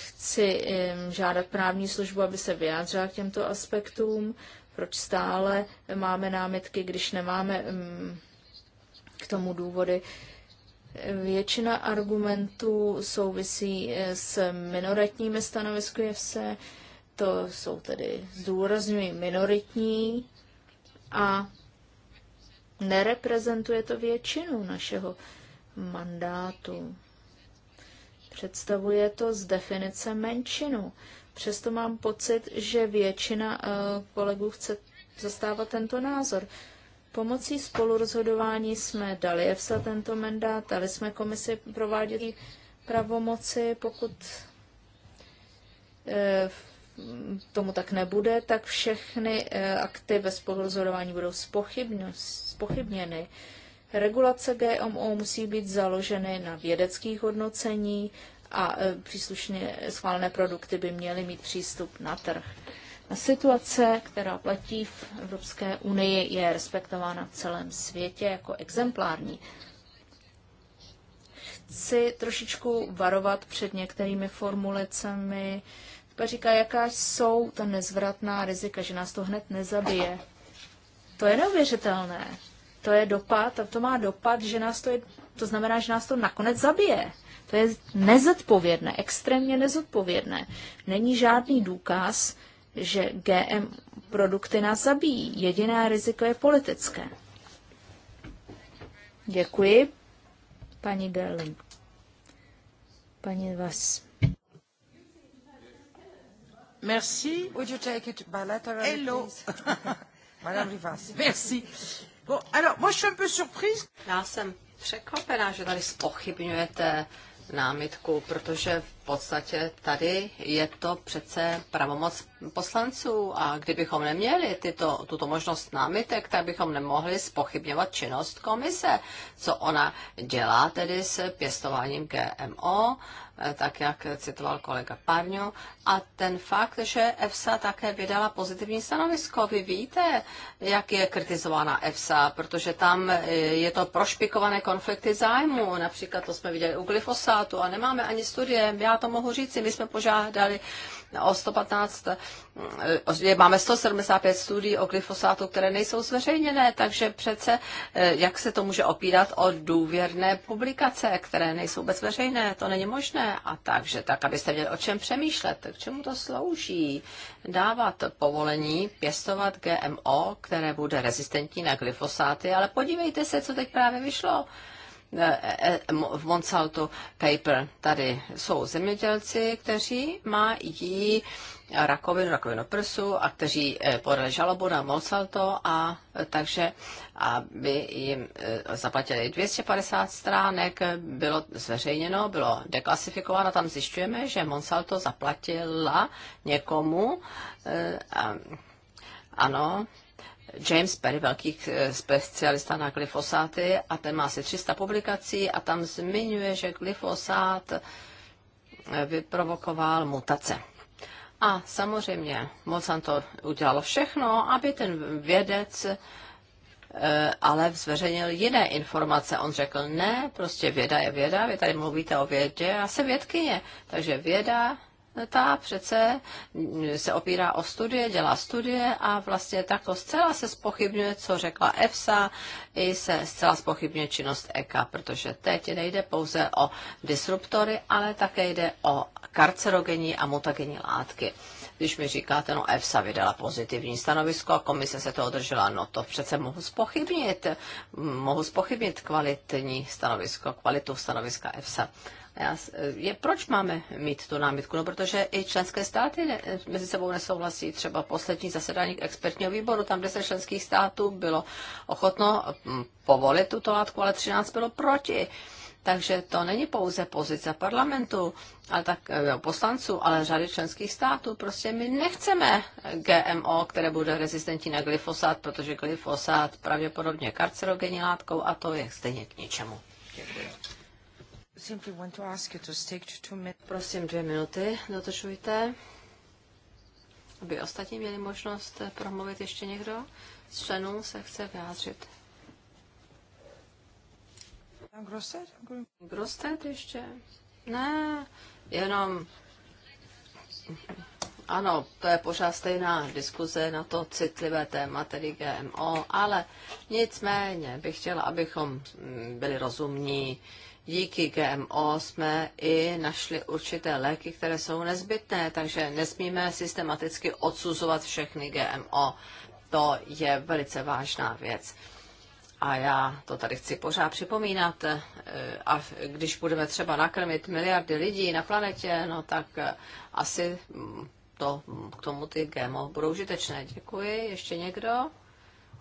chci žádat právní službu, aby se vyjádřila k těmto aspektům, proč stále máme námitky, když nemáme k tomu důvody. Většina argumentů souvisí eh, s minoritními stanovisky FC, to jsou tedy, zdůrazňují minoritní a nereprezentuje to většinu našeho mandátu. Představuje to z definice menšinu. Přesto mám pocit, že většina eh, kolegů chce zastávat tento názor. Pomocí spolurozhodování jsme dali EFSA tento mandát, dali jsme komisi provádět pravomoci, pokud eh, tomu tak nebude, tak všechny eh, akty ve spolurozhodování budou spochybněny. Regulace GMO musí být založeny na vědeckých hodnocení a eh, příslušně schválené produkty by měly mít přístup na trh. Situace, která platí v Evropské unii, je respektována v celém světě jako exemplární. Chci trošičku varovat před některými formulicemi, Teďka říká, jaká jsou ta nezvratná rizika, že nás to hned nezabije. To je neuvěřitelné. To je dopad, a to má dopad, že nás to, je, to znamená, že nás to nakonec zabije. To je nezodpovědné, extrémně nezodpovědné. Není žádný důkaz, že GM produkty nás zabíjí. Jediné riziko je politické. Děkuji, paní Gerling. Paní Vas. Merci. Would you take it bilaterally, Hello. Madame Rivas. Merci. Bon, alors, moi, je suis un peu surprise. Já jsem překvapená, že tady spochybňujete námitku, protože v podstatě tady je to přece pravomoc poslanců a kdybychom neměli tyto, tuto možnost námitek, tak bychom nemohli spochybňovat činnost komise, co ona dělá tedy s pěstováním GMO Eh, tak jak citoval kolega Parňo. A ten fakt, že EFSA také vydala pozitivní stanovisko. Vy víte, jak je kritizována EFSA, protože tam eh, je to prošpikované konflikty zájmu. Například to jsme viděli u glyfosátu a nemáme ani studie. Já to mohu říci, my jsme požádali o 115, eh, máme 175 studií o glyfosátu, které nejsou zveřejněné, takže přece eh, jak se to může opírat o důvěrné publikace, které nejsou vůbec veřejné, to není možné. A takže tak, abyste měli o čem přemýšlet, k čemu to slouží, dávat povolení pěstovat GMO, které bude rezistentní na glyfosáty, ale podívejte se, co teď právě vyšlo. Eh, eh, eh, v Monsalto Paper. Tady jsou zemědělci, kteří mají rakovinu, rakovinu prsu a kteří podali žalobu na Monsalto a takže, aby jim zaplatili 250 stránek, bylo zveřejněno, bylo deklasifikováno, tam zjišťujeme, že Monsalto zaplatila někomu, ano, James Perry, velký eh, specialista na glyfosáty, a ten má asi 300 publikací a tam zmiňuje, že glyfosát eh, vyprovokoval mutace. A samozřejmě Monsanto udělalo všechno, aby ten vědec eh, ale zveřejnil jiné informace. On řekl, ne, prostě věda je věda, vy tady mluvíte o vědě, já jsem vědkyně. Takže věda ta přece se opírá o studie, dělá studie a vlastně takto zcela se spochybňuje, co řekla EFSA, i se zcela spochybňuje činnost EKA, protože teď nejde pouze o disruptory, ale také jde o karcerogenní a mutagenní látky. Když mi říkáte, no EFSA vydala pozitivní stanovisko a komise se to održela, no to přece mohu spochybnit. Mohu spochybnit kvalitní stanovisko, kvalitu stanoviska EFSA. Já, je, proč máme mít tu námitku? No, protože i členské státy ne, mezi sebou nesouhlasí. Třeba poslední zasedání expertního výboru, tam 10 členských států bylo ochotno mm, povolit tuto látku, ale 13 bylo proti. Takže to není pouze pozice parlamentu, ale tak, jo, eh, poslanců, ale řady členských států. Prostě my nechceme GMO, které bude rezistentní na glyfosát, protože glyfosát pravděpodobně karcerogenní látkou a to je stejně k ničemu. Prosím, dvě minuty dotržujte, aby ostatní měli možnost promluvit ještě někdo. Z členů se chce vyjádřit. Grosset? Grostet ještě? Ne, jenom... Ano, to je pořád stejná diskuze na to citlivé téma, tedy GMO, ale nicméně bych chtěla, abychom mm, byli rozumní díky GMO jsme i našli určité léky, které jsou nezbytné, takže nesmíme systematicky odsuzovat všechny GMO. To je velice vážná věc. A já to tady chci pořád připomínat. E, a když budeme třeba nakrmit miliardy lidí na planetě, no tak e, asi mm, to, mm, k tomu ty GMO budou užitečné. Děkuji. Ještě někdo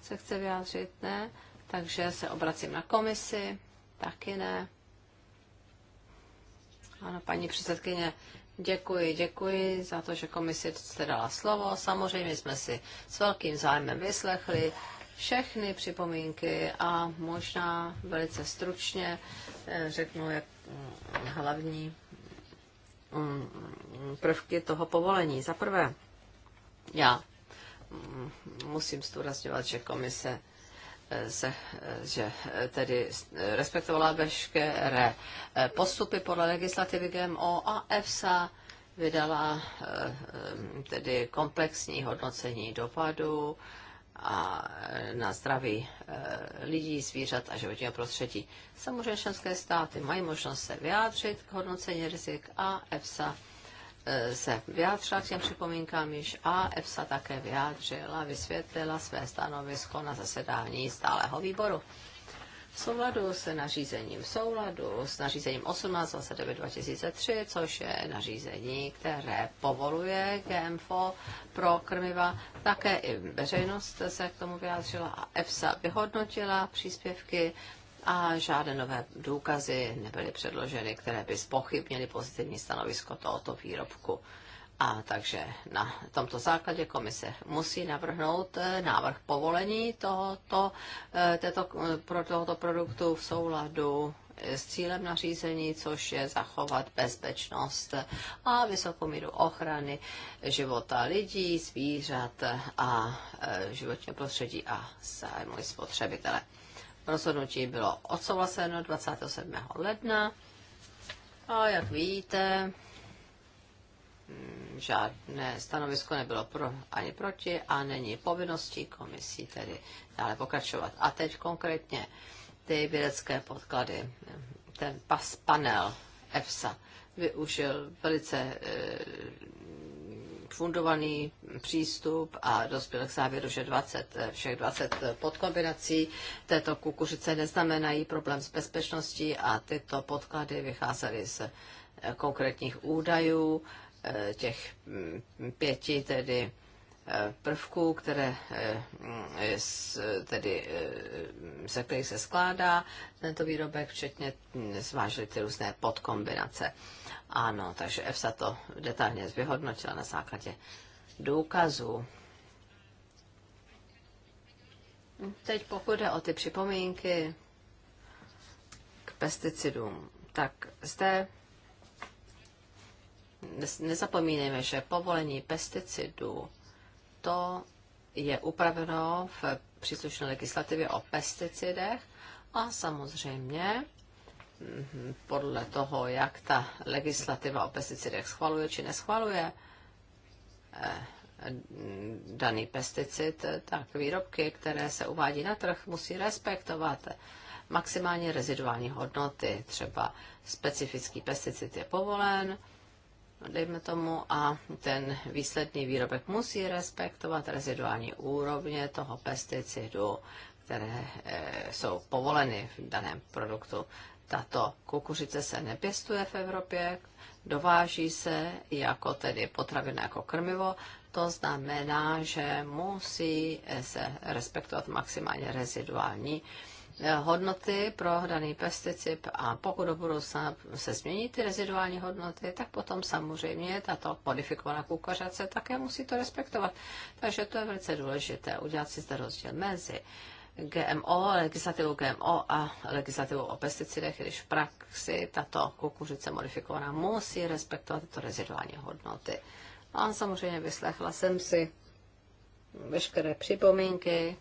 se chce vyjádřit? Ne. Takže se obracím na komisi. Taky ne. Ano, paní předsedkyně, děkuji, děkuji za to, že komisi jste dala slovo. Samozřejmě jsme si s velkým zájmem vyslechli všechny připomínky a možná velice stručně eh, řeknu, jak mm, hlavní mm, prvky toho povolení. Za prvé, já mm, musím zdůrazňovat, že komise se, že tedy respektovala veškeré postupy podle legislativy GMO a EFSA vydala eh, tedy komplexní hodnocení dopadu a na zdraví eh, lidí, zvířat a životního prostředí. Samozřejmě členské státy mají možnost se vyjádřit k hodnocení rizik a EFSA se vyjádřila k těm připomínkám již a EFSA také vyjádřila, vysvětlila své stanovisko na zasedání stáleho výboru. V souladu s nařízením v souladu s nařízením 1829-2003, což je nařízení, které povoluje GMFO pro krmiva, také i veřejnost se k tomu vyjádřila a EFSA vyhodnotila příspěvky a žádné nové důkazy nebyly předloženy, které by spochybnili pozitivní stanovisko tohoto výrobku. A takže na tomto základě komise musí navrhnout eh, návrh povolení tohoto, eh, této, eh, pro tohoto produktu v souladu s cílem nařízení, což je zachovat bezpečnost a vysokou míru ochrany života lidí, zvířat a životního prostředí a zájmu spotřebitele. Rozhodnutí bylo odsouhlaseno 27. ledna a jak víte, mm, žádné stanovisko nebylo pro, ani proti a není povinností komisí tedy dále pokračovat. A teď konkrétně ty vědecké podklady, ten pas panel EFSA využil velice eh, fundovaný přístup a dospěl k závěru, že 20, všech 20 podkombinací této kukuřice neznamenají problém s bezpečností a tyto podklady vycházely z eh, konkrétních údajů eh, těch hm, pěti tedy prvků, které eh, tedy, ze eh, kterých se skládá tento výrobek, včetně hm, zvážili ty různé podkombinace. Ano, takže EFSA to detailně vyhodnotila na základě důkazů. Teď pokud jde o ty připomínky k pesticidům, tak zde nezapomínejme, že povolení pesticidů to je upraveno v příslušné legislativě o pesticidech a samozřejmě mhm, podle toho, jak ta legislativa o pesticidech schvaluje či neschvaluje eh, daný pesticid, tak výrobky, které se uvádí na trh, musí respektovat maximálně reziduální hodnoty. Třeba specifický pesticid je povolen, dejme tomu, a ten výsledný výrobek musí respektovat reziduální úrovně toho pesticidu, které e, jsou povoleny v daném produktu. Tato kukuřice se nepěstuje v Evropě, dováží se jako tedy potravina, jako krmivo. To znamená, že musí se respektovat maximálně reziduální e, hodnoty pro daný pesticid a pokud do budoucna se změní ty reziduální hodnoty, tak potom samozřejmě tato modifikovaná kukuřace také musí to respektovat. Takže to je velice důležité, udělat si zde rozdíl mezi GMO, legislativu GMO a legislativu o pesticidech, když v praxi tato kukuřice modifikovaná musí respektovat tyto reziduální hodnoty. A samozřejmě vyslechla jsem si veškeré připomínky,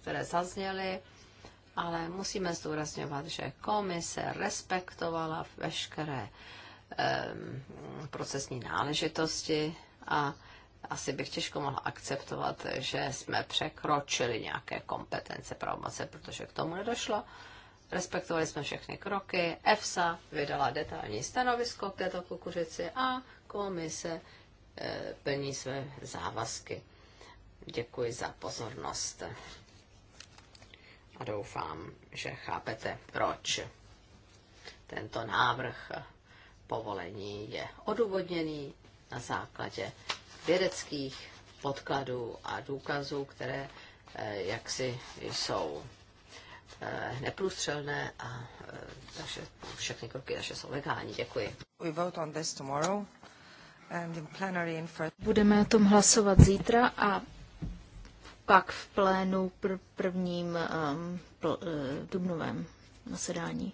které zazněly ale musíme zdůrazňovat, že komise respektovala veškeré procesní náležitosti a asi bych těžko mohla akceptovat, že jsme překročili nějaké kompetence pravomoce, protože k tomu nedošlo. Respektovali jsme všechny kroky, EFSA vydala detailní stanovisko k této kukuřici a komise eh, plní své závazky. Děkuji za pozornost a doufám, že chápete, proč tento návrh povolení je odůvodněný na základě vědeckých podkladů a důkazů, které eh, jaksi jsou eh, neprůstřelné a eh, takže všechny kroky naše jsou legální. Děkuji. We vote on this tomorrow and in plenary in Budeme o tom hlasovat zítra a pak v plénu pr- prvním um, pl- eh, dubnovém zasedání.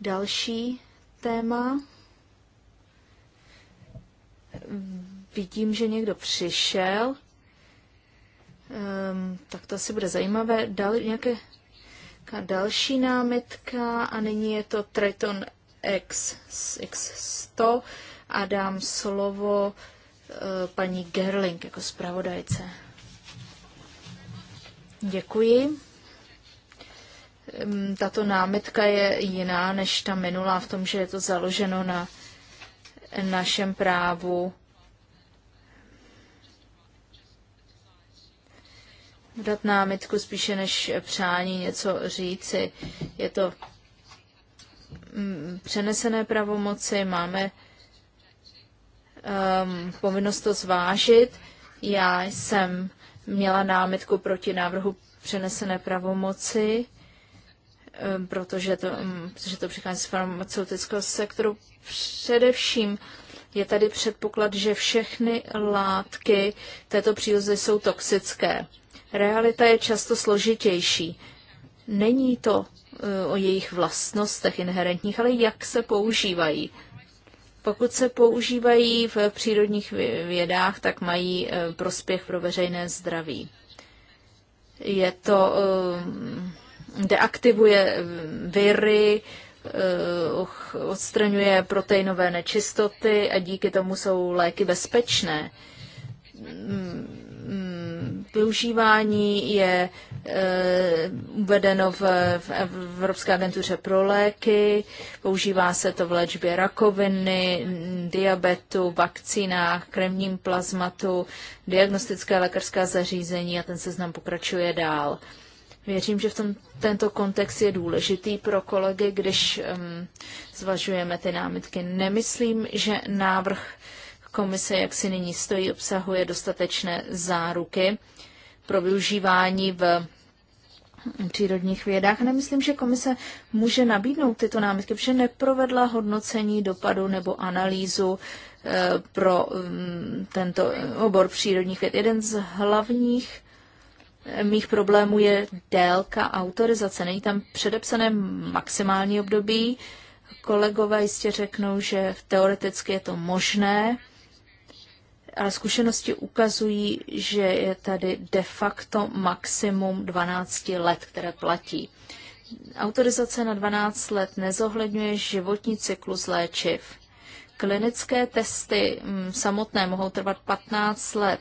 Další téma. Vidím, že někdo přišel. Um, tak to asi bude zajímavé. Dal, nějaké další námitka a nyní je to Triton X, X100 a dám slovo uh, paní Gerling jako zpravodajce. Děkuji. Tato námitka je jiná než ta minulá v tom, že je to založeno na našem právu dát námitku spíše než přání něco říci. Je to mm, přenesené pravomoci, máme um, povinnost to zvážit. Já jsem měla námitku proti návrhu přenesené pravomoci, eh, protože to, mm, protože to přichází z farmaceutického sektoru. Především je tady předpoklad, že všechny látky této příloze jsou toxické. Realita je často složitější. Není to eh, o jejich vlastnostech inherentních, ale jak se používají. Pokud se používají v přírodních vědách, tak mají eh, prospěch pro veřejné zdraví. Je to, eh, deaktivuje eh, viry, odstraňuje proteinové nečistoty a díky tomu jsou léky bezpečné mm, Využívání je e, uvedeno v, v Evropské agentuře pro léky, používá se to v léčbě rakoviny, diabetu, vakcínách, krevním plazmatu, diagnostické lékařské zařízení a ten seznam pokračuje dál. Věřím, že v tom, tento kontext je důležitý pro kolegy, když um, zvažujeme ty námitky. Nemyslím, že návrh uh, Komise, jak si nyní stojí, obsahuje dostatečné záruky pro využívání v přírodních vědách. Nemyslím, že komise může nabídnout tyto námitky, protože neprovedla hodnocení dopadu nebo analýzu eh, pro mm, tento obor přírodních věd. Jeden z hlavních eh, mých problémů je délka autorizace. Není tam předepsané maximální období. Kolegové jistě řeknou, že teoreticky je to možné, ale zkušenosti ukazují, že je tady de facto maximum 12 let, které platí. Autorizace na 12 let nezohledňuje životní cyklus léčiv. Klinické testy mm, samotné mohou trvat 15 let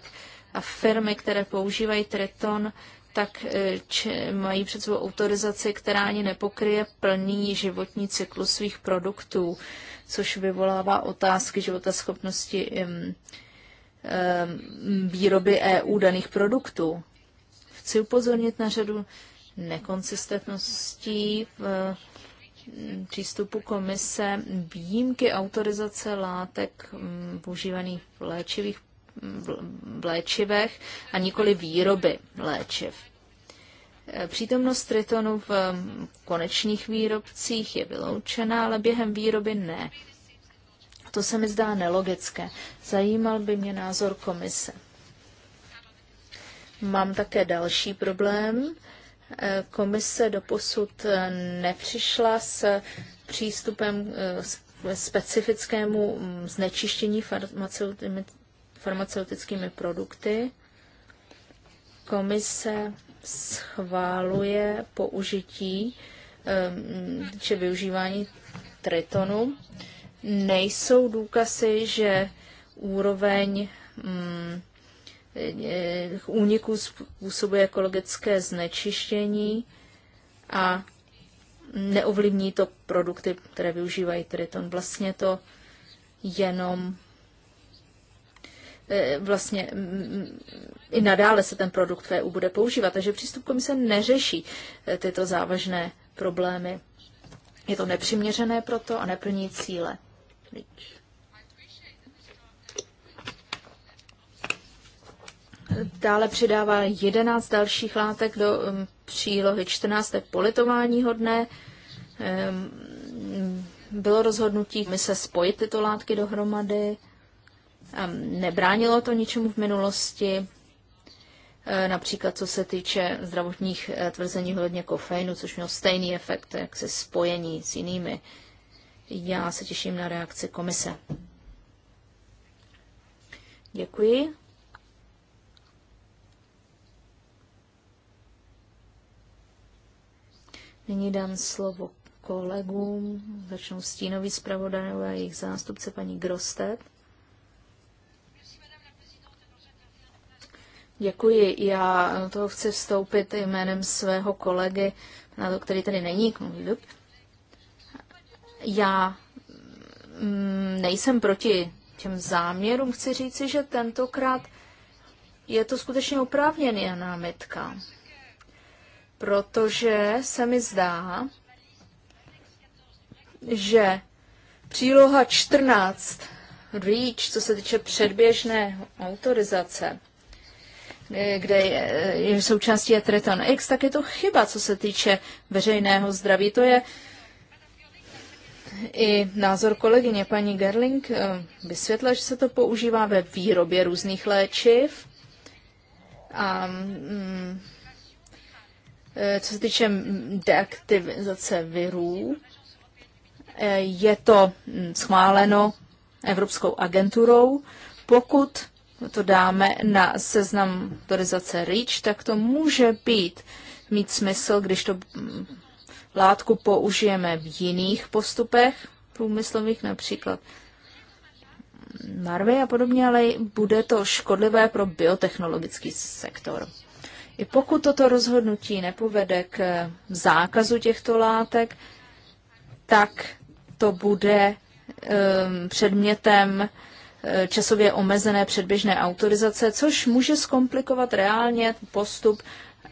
a firmy, které používají Triton, tak e, či, mají před sebou autorizaci, která ani nepokryje plný životní cyklus svých produktů, což vyvolává otázky životaschopnosti schopnosti Eh, výroby EU daných produktů. Chci upozornit na řadu nekonsistentností v eh, přístupu komise výjimky autorizace látek mm, používaných v léčivých v léčivech a nikoli výroby léčiv. Eh, přítomnost tritonu v konečných výrobcích je vyloučena, ale během výroby ne to se mi zdá nelogické. Zajímal by mě názor komise. Mám také další problém. Eh, komise doposud eh, nepřišla s eh, přístupem specifickému mm, znečištění farmaceutickými produkty. Komise schváluje použití mm, či využívání tritonu nejsou důkazy, že úroveň mm, eh, úniků způsobuje ekologické znečištění a neovlivní to produkty, které využívají triton. Vlastně to jenom eh, vlastně mm, mm, i nadále se ten produkt VU e bude používat. Takže přístup komise neřeší eh, tyto závažné problémy. Je to nepřiměřené proto a neplní cíle. Dále přidává 11 dalších látek do um, přílohy 14. politování hodné. Um, bylo rozhodnutí my se spojit tyto látky dohromady. Um, nebránilo to ničemu v minulosti, uh, například co se týče zdravotních eh, tvrzení hledně kofeinu, což mělo stejný efekt, jak se spojení s jinými já se těším na reakci komise. Děkuji. Nyní dám slovo kolegům. Začnou stínoví zpravodajové a jejich zástupce paní Grostet. Děkuji. Já to chci vstoupit jménem svého kolegy, na to, který tady není, Knudlup. Já mm, nejsem proti těm záměrům, chci říci, že tentokrát je to skutečně oprávněná námitka, protože se mi zdá, že příloha 14 REACH, co se týče předběžné autorizace, kde je, je součástí je Triton X, tak je to chyba, co se týče veřejného zdraví. To je i názor kolegyně paní Gerling eh, vysvětla, že se to používá ve výrobě různých léčiv. A mm, eh, co se týče deaktivizace virů, eh, je to mm, schváleno Evropskou agenturou. Pokud to dáme na seznam autorizace REACH, tak to může být mít smysl, když to mm, látku použijeme v jiných postupech průmyslových, například Narvy a podobně, ale bude to škodlivé pro biotechnologický sektor. I pokud toto rozhodnutí nepovede k zákazu těchto látek, tak to bude ehm, předmětem e, časově omezené předběžné autorizace, což může zkomplikovat reálně postup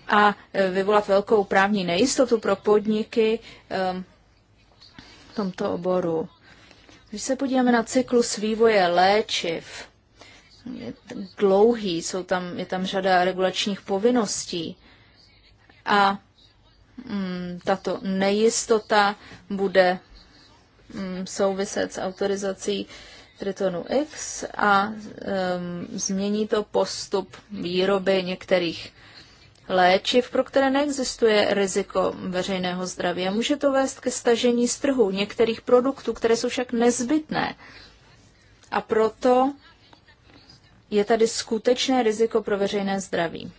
a e, vyvolat velkou právní nejistotu pro podniky e, v tomto oboru. Když se podíváme na cyklus vývoje léčiv, je dlouhý, jsou tam, je tam řada regulačních povinností a mm, tato nejistota bude mm, souviset s autorizací Tritonu X a um, změní to postup výroby některých léčiv, pro které neexistuje riziko veřejného zdraví a může to vést ke stažení z trhu některých produktů, které jsou však nezbytné. A proto je tady skutečné riziko pro veřejné zdraví.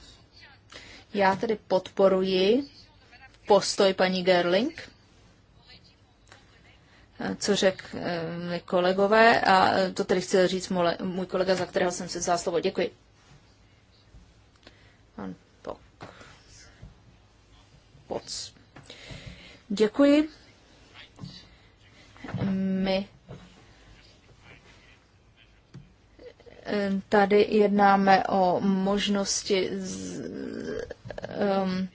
Já tedy podporuji postoj paní Gerling, co eh, mi kolegové, a to tedy chci říct můj kolega, za kterého jsem si vzal slovo. Děkuji moc. Děkuji. My eh, tady jednáme o možnosti z, um,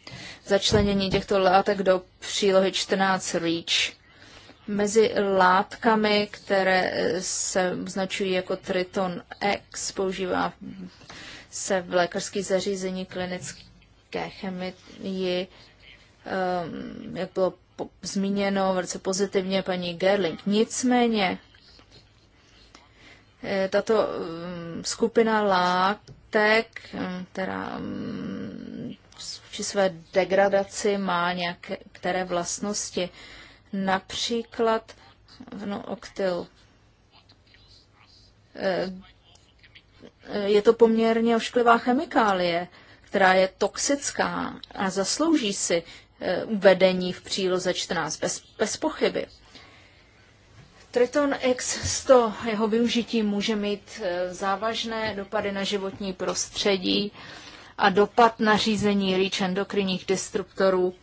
začlenění těchto látek do přílohy 14 REACH. Mezi látkami, které eh, se označují jako Triton X, používá se v lékařských zařízení klinické chemii, Ehm, jak bylo zmíněno velice pozitivně paní Gerling. Nicméně eh, tato ehm, skupina látek, ehm, která při své degradaci má nějaké které vlastnosti, například no, oktyl. Eh, eh, je to poměrně ošklivá chemikálie, která je toxická a zaslouží si Eh, uvedení v příloze 14, bez, bez pochyby. Triton X100, jeho využití může mít eh, závažné dopady na životní prostředí a dopad na řízení REACH endokrinních disruptorů,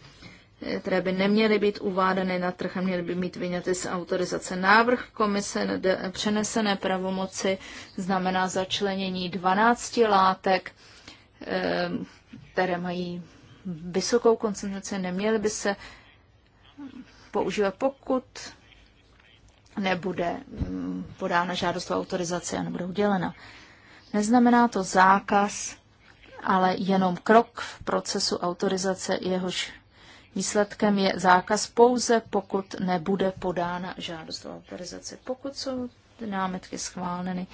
eh, které by neměly být uvádeny na trh a měly by mít vyňaty z autorizace. Návrh komise na přenesené pravomoci znamená začlenění 12 látek, které mají vysokou koncentraci, neměly by se používat, pokud nebude mm, podána žádost o autorizaci a nebude udělena. Neznamená to zákaz, ale jenom krok v procesu autorizace, jehož výsledkem je zákaz pouze, pokud nebude podána žádost o autorizaci. Pokud jsou ty námitky schváleny,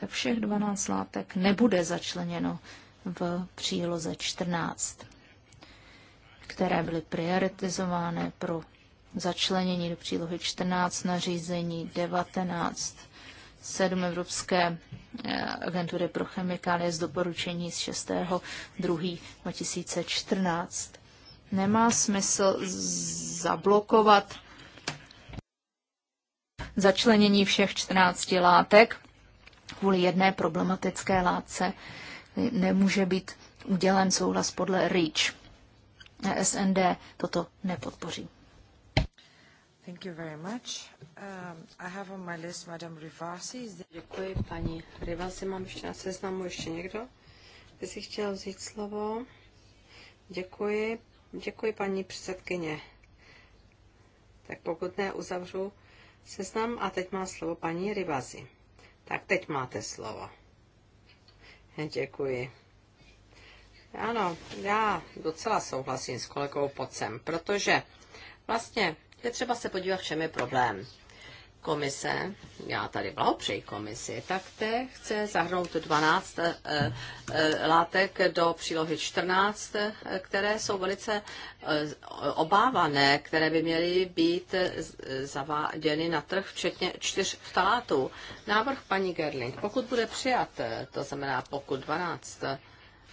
tak všech 12 látek nebude začleněno v příloze 14 které byly prioritizovány pro začlenění do přílohy 14 nařízení 19 7 Evropské eh, agentury pro chemikálie z doporučení z 6. 2. 2014. Nemá smysl zablokovat začlenění všech 14 látek kvůli jedné problematické látce nemůže být udělen souhlas podle REACH. SND toto nepodpoří. Thank you very much. Um, I have on my list Madame Rivasi. Děkuji paní Rivasi. Mám ještě na seznamu ještě někdo, by si chtěl vzít slovo. Děkuji. Děkuji paní předsedkyně. Tak pokud ne, uzavřu seznam a teď má slovo paní Rivasi. Tak teď máte slovo. Děkuji. Ano, já docela souhlasím s kolegou Pocem, protože vlastně je třeba se podívat, v čem je problém. Komise, já tady blahopřeji komisi, tak té chce zahrnout 12 e, e, látek do přílohy 14, které jsou velice e, obávané, které by měly být zaváděny na trh, včetně čtyř vtalátů. Návrh paní Gerling, pokud bude přijat, eh, to znamená pokud 12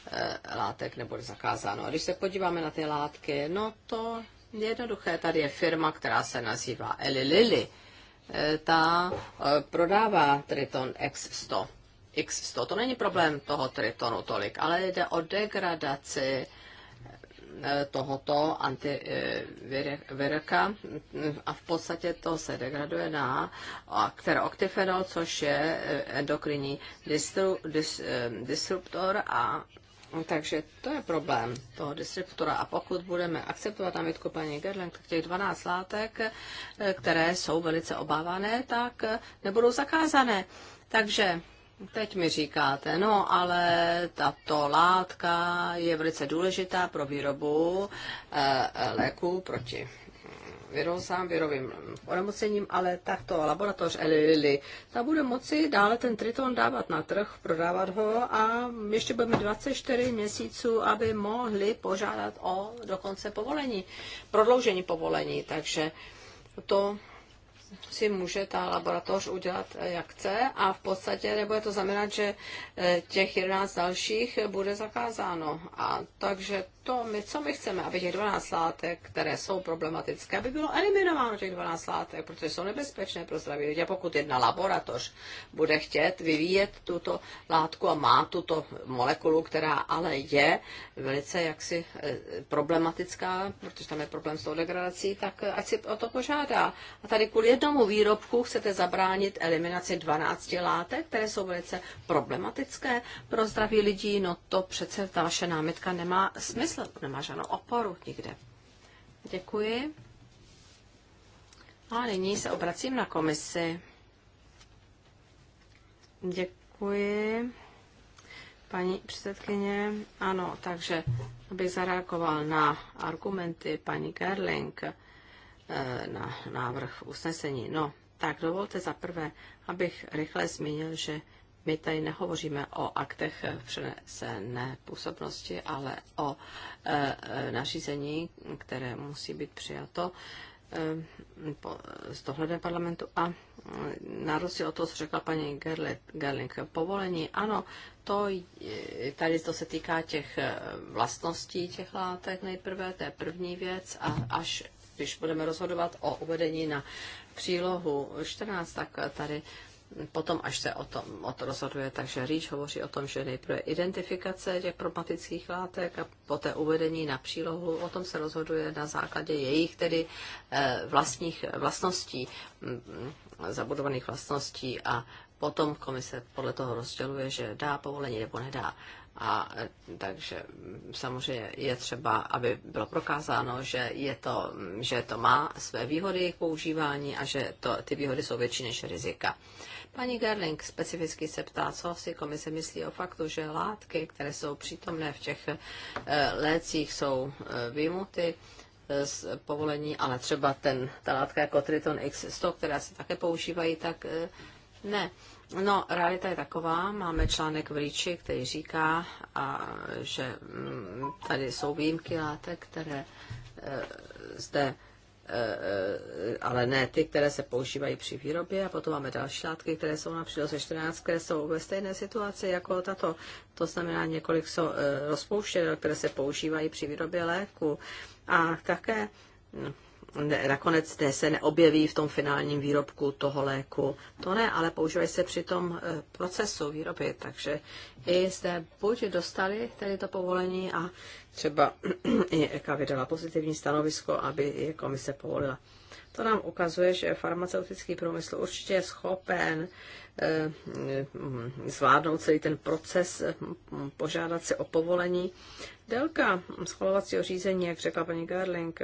Eh, látek nebude zakázáno. A když se podíváme na ty látky, no to je jednoduché. Tady je firma, která se nazývá Eli Lilly. Eh, ta eh, prodává Triton X100. X100, to není problém toho Tritonu tolik, ale jde o degradaci tohoto antivirka a v podstatě to se degraduje na kterooktifenol, což je endokrinní disruptor a takže to je problém toho distributora. A pokud budeme akceptovat námitku paní Gerlen, tak těch 12 látek, eh, které jsou velice obávané, tak eh, nebudou zakázané. Takže teď mi říkáte, no ale tato látka je velice důležitá pro výrobu eh, léků proti virozám, virovým onemocněním, ale takto laboratoř Eli ta bude moci dále ten triton dávat na trh, prodávat ho a ještě budeme 24 měsíců, aby mohli požádat o dokonce povolení, prodloužení povolení, takže to si může ta laboratoř udělat, eh, jak chce a v podstatě nebude to znamenat, že eh, těch 11 dalších bude zakázáno. A takže to my, co my chceme, aby těch 12 látek, které jsou problematické, aby bylo eliminováno těch 12 látek, protože jsou nebezpečné pro zdraví lidí. A pokud jedna laboratoř bude chtět vyvíjet tuto látku a má tuto molekulu, která ale je velice jaksi eh, problematická, protože tam je problém s tou degradací, tak ať si o to požádá. A tady kvůli jednomu výrobku chcete zabránit eliminaci 12 látek, které jsou velice problematické pro zdraví lidí, no to přece ta vaše námitka nemá smysl, nemá žádnou oporu nikde. Děkuji. A nyní se obracím na komisi. Děkuji. Paní předsedkyně, ano, takže abych zareagoval na argumenty paní Gerling Eh, na návrh usnesení. No, tak dovolte za prvé, abych rychle zmínil, že my tady nehovoříme o aktech přenesené působnosti, ale o e, nařízení, které musí být přijato eh, s dohledem parlamentu a na rozdíl toho, co řekla paní Gerling, povolení, ano, to tady to se týká těch vlastností těch látek nejprve, to je první věc a až když budeme rozhodovat o uvedení na přílohu 14, tak tady potom, až se o tom o to rozhoduje, takže Rýč hovoří o tom, že nejprve identifikace těch problematických látek a poté uvedení na přílohu, o tom se rozhoduje na základě jejich tedy eh, vlastních vlastností, mm, zabudovaných vlastností a potom komise podle toho rozděluje, že dá povolení nebo nedá. A e, takže mm, samozřejmě je třeba, aby bylo prokázáno, že, je to, mm, že to má své výhody k používání a že to, ty výhody jsou větší než rizika. Paní Gerling specificky se ptá, co si komise myslí o faktu, že látky, které jsou přítomné v těch e, lécích, jsou e, výmuty z povolení, ale třeba ten, ta látka jako Triton X100, která se také používají, tak ne. No, realita je taková, máme článek v Ríči, který říká, a, že mm, tady jsou výjimky látek, které e, zde e, e, ale ne ty, které se používají při výrobě. A potom máme další látky, které jsou na příloze 14, které jsou ve stejné situaci jako tato. To znamená několik so, e, rozpouštědel, které se používají při výrobě léku. A také ne, nakonec ne, se neobjeví v tom finálním výrobku toho léku. To ne, ale používají se při tom eh, procesu výroby, takže i zde buď dostali tedy to povolení a třeba i EKA vydala pozitivní stanovisko, aby je komise povolila. To nám ukazuje, že farmaceutický průmysl určitě je schopen eh, zvládnout celý ten proces, hm, požádat se o povolení. Délka schvalovacího řízení, jak řekla paní Gerling,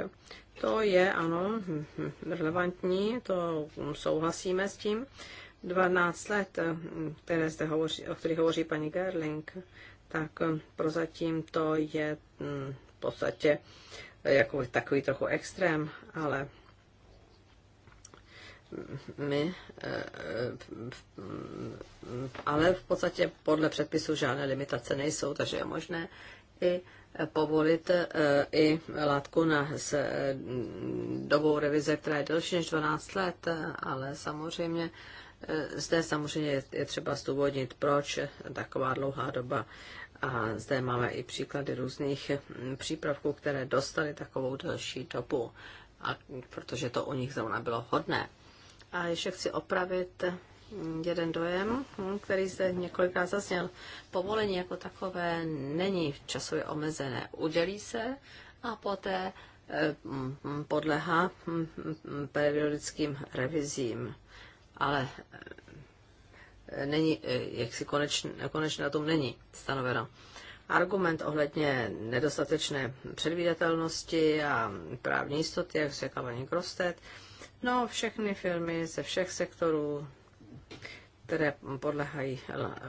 to je, ano, hm, hm, relevantní, to souhlasíme s tím. 12 let, eh, které zde hovoří, o kterých hovoří paní Gerling, tak prozatím to je v podstatě jako takový trochu extrém, ale my, eh, eh, ale v podstatě podle předpisu žádné limitace nejsou, takže je možné i povolit eh, i látku na, s dobou revize, která je delší než 12 let, ale samozřejmě zde samozřejmě je třeba zdůvodnit, proč taková dlouhá doba. A zde máme i příklady různých hm, přípravků, které dostaly takovou delší dobu, a protože to u nich zrovna bylo hodné. A ještě chci opravit mm, jeden dojem, mm, který zde několikrát zazněl. Povolení jako takové není časově omezené. Udělí se a poté eh, mm, podlehá periodickým revizím. Ale eh, není, eh, jak si konečně, konečně, na tom není stanoveno. Argument ohledně nedostatečné předvídatelnosti a právní jistoty, jak řekla paní Krostet, No, všechny firmy ze všech sektorů, které podlehají,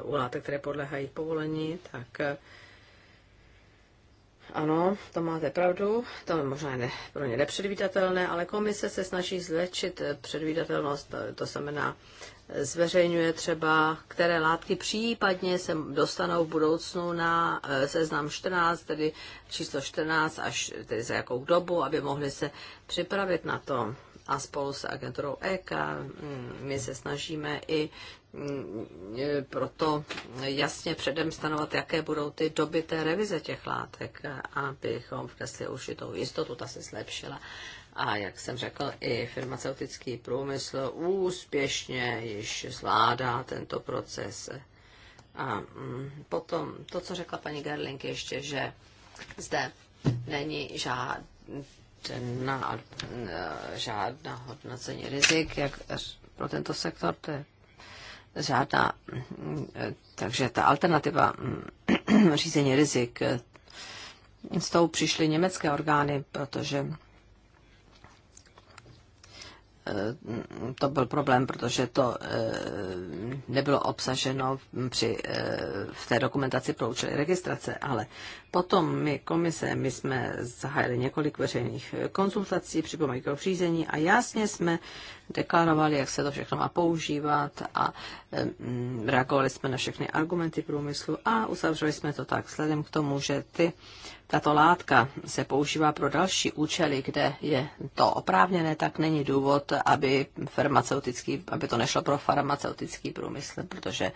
u látek, které podlehají povolení, tak eh, ano, to máte pravdu, to je možná ne, pro ně nepředvídatelné, ale komise se snaží zlečit eh, předvídatelnost, to, eh, to znamená zveřejňuje třeba, které látky případně se dostanou v budoucnu na seznam 14, tedy číslo 14, až tedy za jakou dobu, aby mohli se připravit na to a spolu s agenturou EKA mm, my se snažíme i mm, e, proto jasně předem stanovat, jaké budou ty doby té revize těch látek, abychom vnesli určitou jistotu, ta se zlepšila. A jak jsem řekl, i farmaceutický průmysl úspěšně již zvládá tento proces. A mm, potom to, co řekla paní Gerlink ještě, že zde není žádný žádná, žádná hodnocení rizik jak pro tento sektor, to je žádná. Takže ta alternativa mm, řízení rizik, s tou přišly německé orgány, protože to byl problém, protože to eh, nebylo obsaženo při, eh, v té dokumentaci pro účely registrace, ale potom my komise, my jsme zahájili několik veřejných eh, konzultací, připomínkových řízení a jasně jsme deklarovali, jak se to všechno má používat a mm, reagovali jsme na všechny argumenty průmyslu a uzavřeli jsme to tak, vzhledem k tomu, že ty tato látka se používá pro další účely, kde je to oprávněné, tak není důvod, aby, farmaceutický, aby to nešlo pro farmaceutický průmysl, protože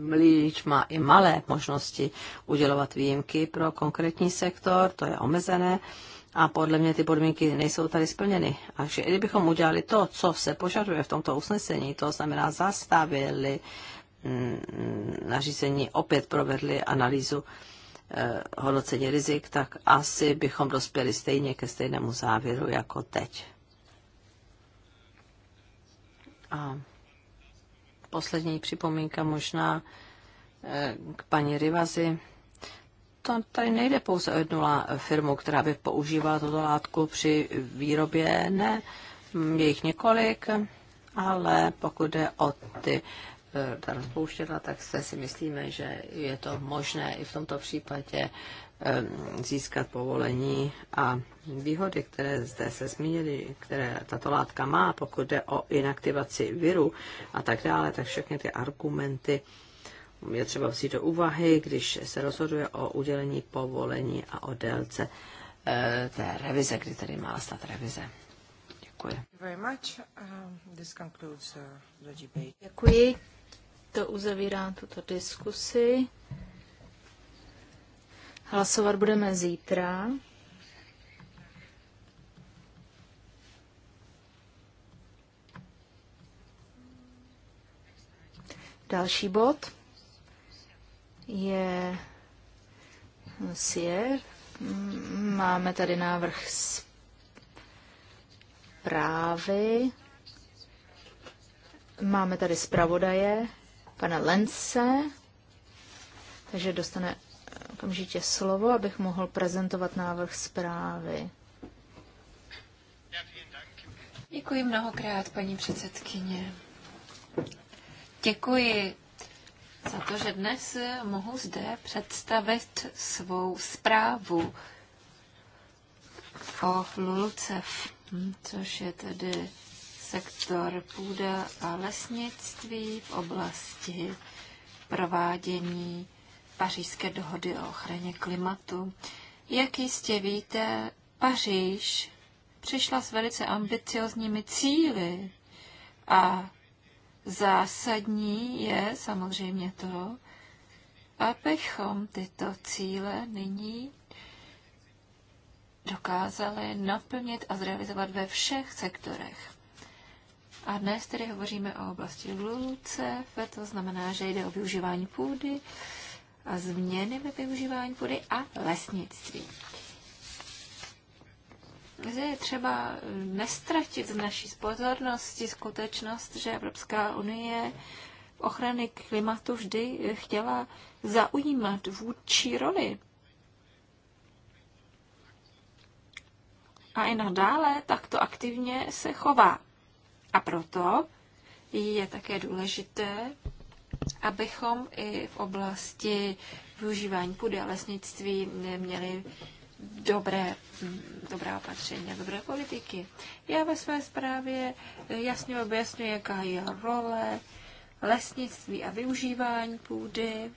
mlíč má i malé možnosti udělovat výjimky pro konkrétní sektor, to je omezené. A podle mě ty podmínky nejsou tady splněny. Takže i kdybychom udělali to, co se požaduje v tomto usnesení, to znamená zastavili mm, nařízení, opět provedli analýzu Eh, hodnocení rizik, tak asi bychom dospěli stejně ke stejnému závěru jako teď. A poslední připomínka možná eh, k paní Rivazi. To tady nejde pouze o jednu firmu, která by používala tuto látku při výrobě. Ne, je jich několik, ale pokud jde o ty Eh, rozpouštěla, tak se si myslíme, že je to možné i v tomto případě eh, získat povolení a výhody, které zde se zmínili, které tato látka má, pokud jde o inaktivaci viru a tak dále, tak všechny ty argumenty je třeba vzít do úvahy, když se rozhoduje o udělení povolení a o délce eh, té revize, kdy tady má stát revize. Děkuji. Um, uh, Děkuji. Tímto uzavírám tuto diskusi. Hlasovat budeme zítra. Další bod je Sier. Máme tady návrh zprávy. Máme tady zpravodaje pana Lence, takže dostane okamžitě slovo, abych mohl prezentovat návrh zprávy. Děkuji mnohokrát, paní předsedkyně. Děkuji za to, že dnes mohu zde představit svou zprávu o LULUCEF, což je tedy sektor půda a lesnictví v oblasti provádění pařížské dohody o ochraně klimatu. Jak jistě víte, Paříž přišla s velice ambiciozními cíly a zásadní je samozřejmě to, abychom tyto cíle nyní dokázali naplnit a zrealizovat ve všech sektorech. A dnes tedy hovoříme o oblasti LULCF, to znamená, že jde o využívání půdy a změny ve využívání půdy a lesnictví. Zde je třeba nestratit z naší pozornosti skutečnost, že Evropská unie ochrany klimatu vždy chtěla zaujímat vůdčí roli. A i nadále takto aktivně se chová. A proto je také důležité, abychom i v oblasti využívání půdy a lesnictví neměli dobré, dobrá opatření a dobré politiky. Já ve své zprávě jasně objasňuji, jaká je role lesnictví a využívání půdy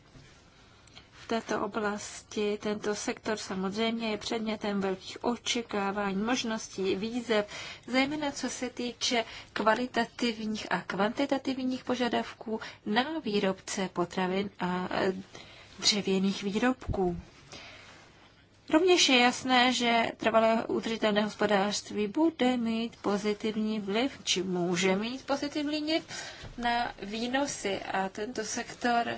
této oblasti. Tento sektor samozřejmě je předmětem velkých očekávání, možností, výzev, zejména co se týče kvalitativních a kvantitativních požadavků na výrobce potravin a eh, dřevěných výrobků. Rovněž je jasné, že trvalé udržitelné hospodářství bude mít pozitivní vliv, či může mít pozitivní vliv na výnosy a tento sektor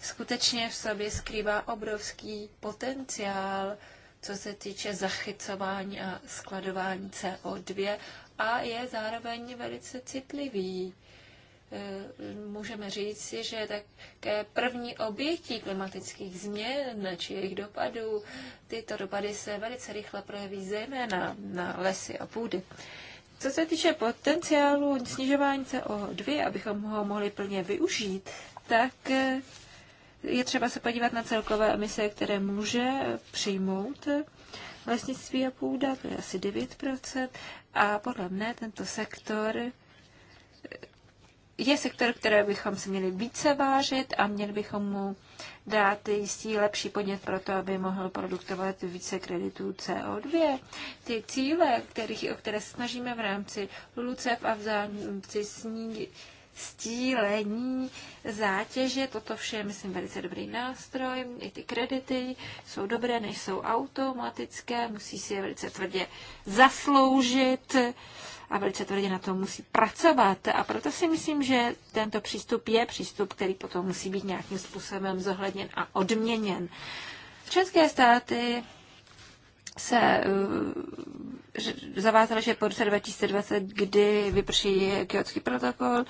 skutečně v sobě skrývá obrovský potenciál, co se týče zachycování a skladování CO2 a je zároveň velice citlivý. Eh, můžeme si, že je také první obětí klimatických změn či jejich dopadů. Tyto dopady se velice rychle projeví zejména na lesy a půdy. Co se týče potenciálu snižování CO2, abychom ho mohli plně využít, tak eh, je třeba se podívat na celkové emise, které může přijmout lesnictví a půda, to je asi 9%. A podle mne tento sektor je sektor, které bychom si měli více vážit a měli bychom mu dát jistý lepší podnět pro to, aby mohl produktovat více kreditů CO2. Ty cíle, kterých, o které snažíme v rámci LUCEF a v rámci sní, stílení zátěže. Toto vše je, myslím, velice dobrý nástroj. I ty kredity jsou dobré, nejsou automatické, musí si je velice tvrdě zasloužit a velice tvrdě na to musí pracovat. A proto si myslím, že tento přístup je přístup, který potom musí být nějakým způsobem zohledněn a odměněn. České státy se eh, zavázala, že po roce 2020, kdy vyprší kyotský protokol, eh,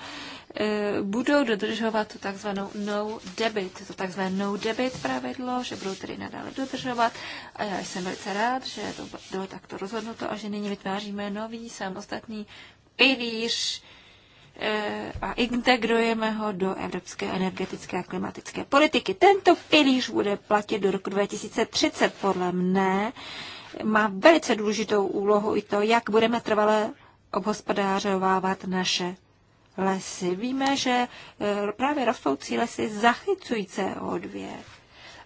budou dodržovat tu takzvanou no debit, to takzvané no debit pravidlo, že budou tedy nadále dodržovat. A já jsem velice rád, že to bylo takto rozhodnuto a že nyní vytváříme nový samostatný pilíř eh, a integrujeme ho do evropské energetické a klimatické politiky. Tento pilíř bude platit do roku 2030, podle mne má velice důležitou úlohu i to, jak budeme trvale obhospodářovávat naše lesy. Víme, že eh, právě rostoucí lesy zachycují CO2.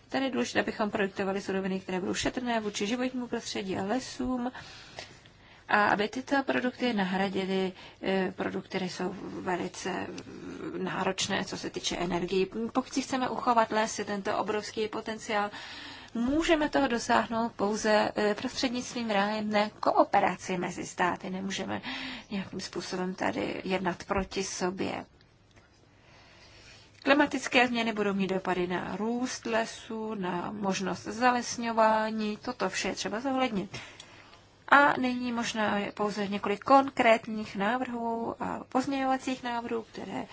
Tady je důležité, abychom projektovali suroviny, které budou šetrné vůči životnímu prostředí a lesům a aby tyto produkty nahradily eh, produkty, které jsou velice náročné, co se týče energii. Pokud si chceme uchovat lesy, tento obrovský potenciál, Můžeme toho dosáhnout pouze eh, prostřednictvím rájemné kooperaci mezi státy. Nemůžeme nějakým způsobem tady jednat proti sobě. Klimatické změny budou mít dopady na růst lesů, na možnost zalesňování, toto vše je třeba zohlednit. A nyní možná pouze několik konkrétních návrhů a pozměňovacích návrhů, které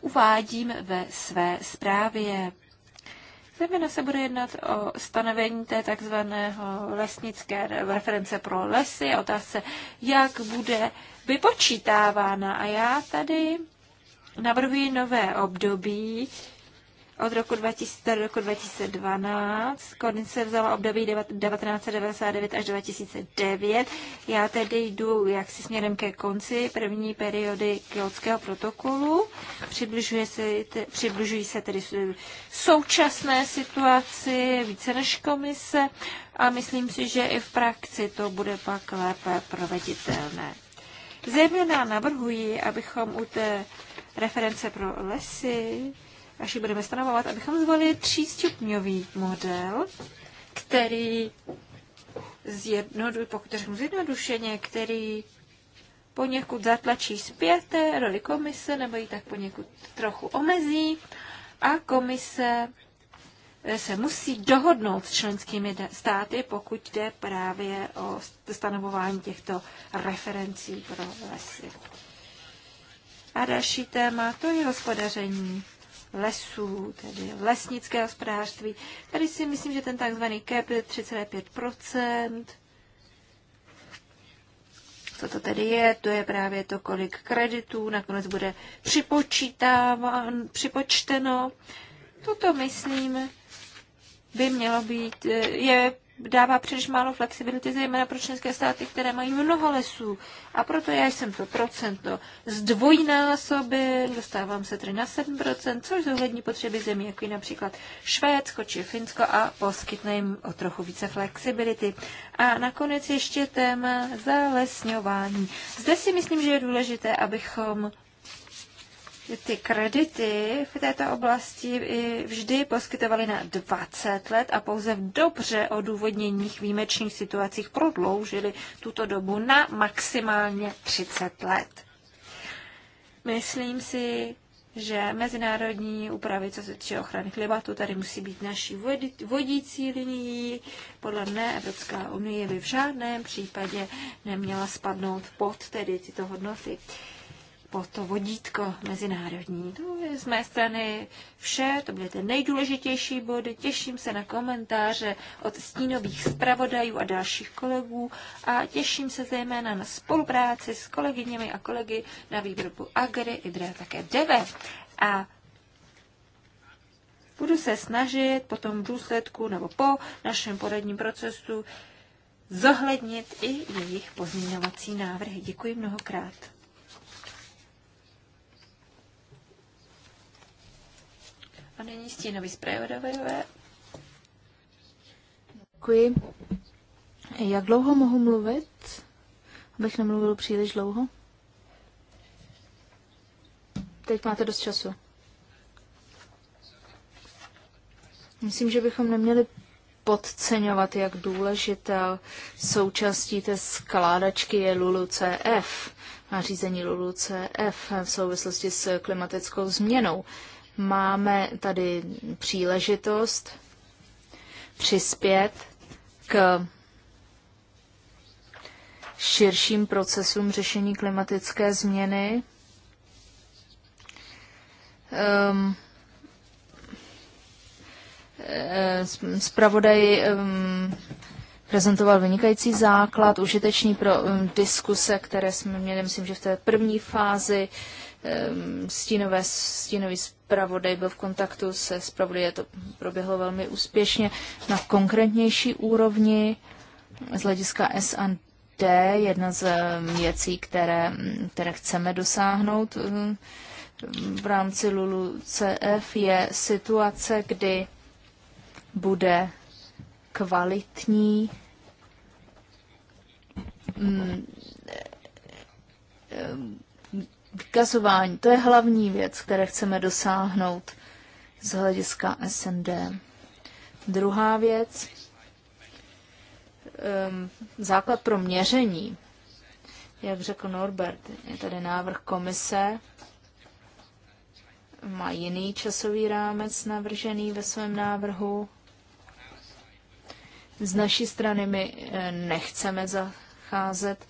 uvádím ve své zprávě. Zejména se bude jednat o stanovení té takzvaného lesnické reference pro lesy, otázce, jak bude vypočítávána. A já tady navrhuji nové období, od roku 2000 do roku 2012. Koordinace vzala období 1999 až 2009. Já tedy jdu jaksi směrem ke konci první periody Kyotského protokolu. Přibližuje se, te, přibližují se tedy současné situaci více než komise a myslím si, že i v praxi to bude pak lépe proveditelné. Zejména navrhuji, abychom u té reference pro lesy až ji budeme stanovovat, abychom zvolili třístupňový model, který zjednodu, pokud řeknu zjednodušeně, který poněkud zatlačí zpět eh, roli komise, nebo ji tak poněkud trochu omezí a komise eh, se musí dohodnout s členskými státy, pokud jde právě o stanovování těchto referencí pro lesy. A další téma, to je hospodaření lesů, tedy lesnické hospodářství. Tady si myslím, že ten takzvaný cap je 3,5%. Co to tedy je? To je právě to, kolik kreditů nakonec bude připočteno. Toto, myslím, by mělo být, je dává příliš málo flexibility, zejména pro členské státy, které mají mnoho lesů. A proto já jsem to procento zdvojnásobil, dostávám se tedy na 7%, což zohlední potřeby zemí, jako je například Švédsko či Finsko a poskytne jim o trochu více flexibility. A nakonec ještě téma zalesňování. Zde si myslím, že je důležité, abychom ty kredity v této oblasti vždy poskytovaly na 20 let a pouze v dobře odůvodněných výjimečných situacích prodloužili tuto dobu na maximálně 30 let. Myslím si, že mezinárodní úpravy, co se týče ochrany klimatu, tady musí být naší vodící linií. Podle mne Evropská unie by v žádném případě neměla spadnout pod tedy tyto hodnoty po to vodítko mezinárodní. To je z mé strany vše, to byly ty nejdůležitější body. Těším se na komentáře od stínových zpravodajů a dalších kolegů a těším se zejména na spolupráci s kolegyněmi a kolegy na výboru Agri, a také Deve. A budu se snažit potom v důsledku nebo po našem poradním procesu zohlednit i jejich pozměňovací návrhy. Děkuji mnohokrát. A nyní stínový zpravodajové. Děkuji. Jak dlouho mohu mluvit? Abych nemluvil příliš dlouho. Teď máte dost času. Myslím, že bychom neměli podceňovat, jak důležitá součástí té skládačky je LULUCF, nařízení LULUCF v souvislosti s klimatickou změnou. Máme tady příležitost přispět k širším procesům řešení klimatické změny. Um, ehm, Spravodaj ehm, um, ehm, prezentoval vynikající základ, užitečný pro um, diskuse, které jsme měli, myslím, že v té první fázi Ehm, stínové, stínový zpravodaj byl v kontaktu se zpravodajem, to proběhlo velmi úspěšně na konkrétnější úrovni z hlediska S&D jedna z ehm, věcí, které, které chceme dosáhnout ehm, v rámci Lulu CF, je situace, kdy bude kvalitní mm, vykazování. To je hlavní věc, které chceme dosáhnout z hlediska SND. Druhá věc, ehm, základ pro měření. Jak řekl Norbert, je tady návrh komise, má jiný časový rámec navržený ve svém návrhu. Z naší strany my eh, nechceme zacházet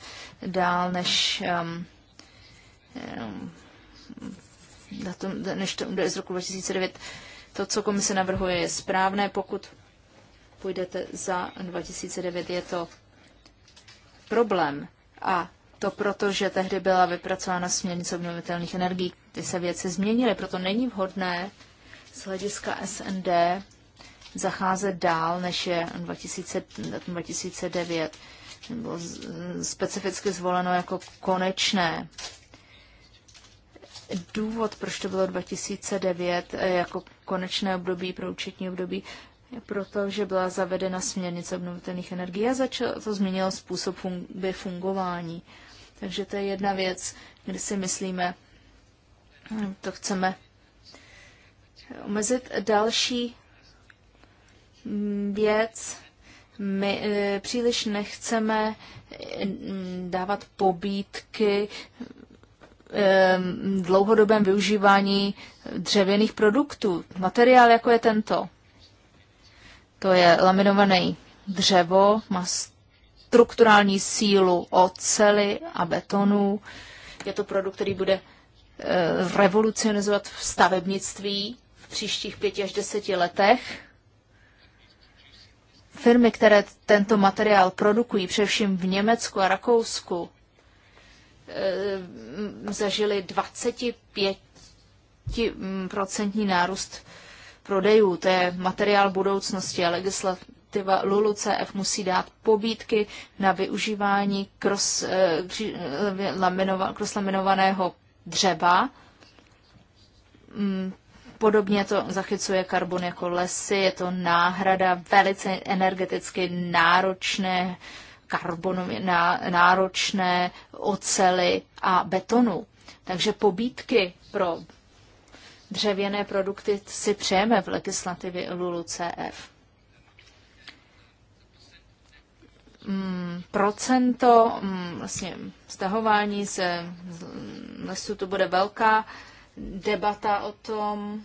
dál než um, datum, než to bude z roku 2009. To, co komise navrhuje, je správné. Pokud půjdete za 2009, je to problém. A to proto, že tehdy byla vypracována směrnice obnovitelných energií, ty se věci změnily, proto není vhodné z hlediska SND zacházet dál, než je 2000, 2009. Bylo specificky zvoleno jako konečné důvod, proč to bylo 2009 eh, jako konečné období pro účetní období, protože byla zavedena směrnice obnovitelných energií a začal, to změnilo způsob fun- fungování. Takže to je jedna věc, kdy si myslíme, hm, to chceme omezit. Další hm, věc, my eh, příliš nechceme hm, dávat pobídky dlouhodobém využívání dřevěných produktů. Materiál jako je tento. To je laminované dřevo, má strukturální sílu oceli a betonu. Je to produkt, který bude eh, revolucionizovat v stavebnictví v příštích pěti až deseti letech. Firmy, které tento materiál produkují, především v Německu a Rakousku, Eh, zažili 25% nárůst prodejů. To je materiál budoucnosti a legislativa LULUCF musí dát pobídky na využívání kroslaminovaného eh, eh, dřeva. Mm, podobně to zachycuje karbon jako lesy, je to náhrada velice energeticky náročné karbonově náročné ocely a betonu. Takže pobídky pro dřevěné produkty si přejeme v legislativě LULU-CF. Mm, procento mm, vlastně stahování se lesu, to bude velká debata o tom.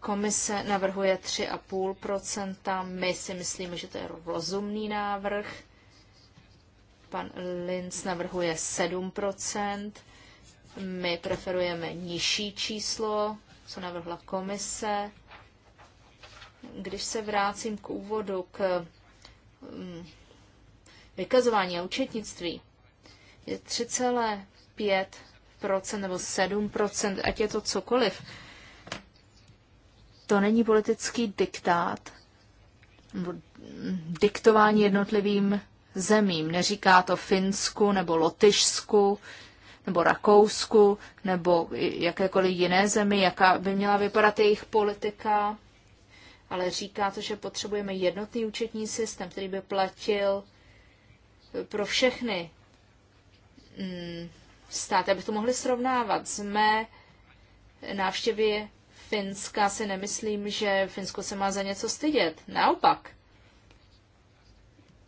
Komise navrhuje 3,5%. My si myslíme, že to je rozumný návrh. Pan Linz navrhuje 7 my preferujeme nižší číslo, co navrhla komise. Když se vrátím k úvodu, k mm, vykazování a účetnictví, je 3,5% nebo 7%, ať je to cokoliv. To není politický diktát, mm, diktování jednotlivým zemím. Neříká to Finsku nebo Lotyšsku nebo Rakousku nebo jakékoliv jiné zemi, jaká by měla vypadat jejich politika, ale říká to, že potřebujeme jednotný účetní systém, který by platil pro všechny mm, státy, aby to mohli srovnávat. Z mé návštěvy Finska si nemyslím, že Finsko se má za něco stydět. Naopak,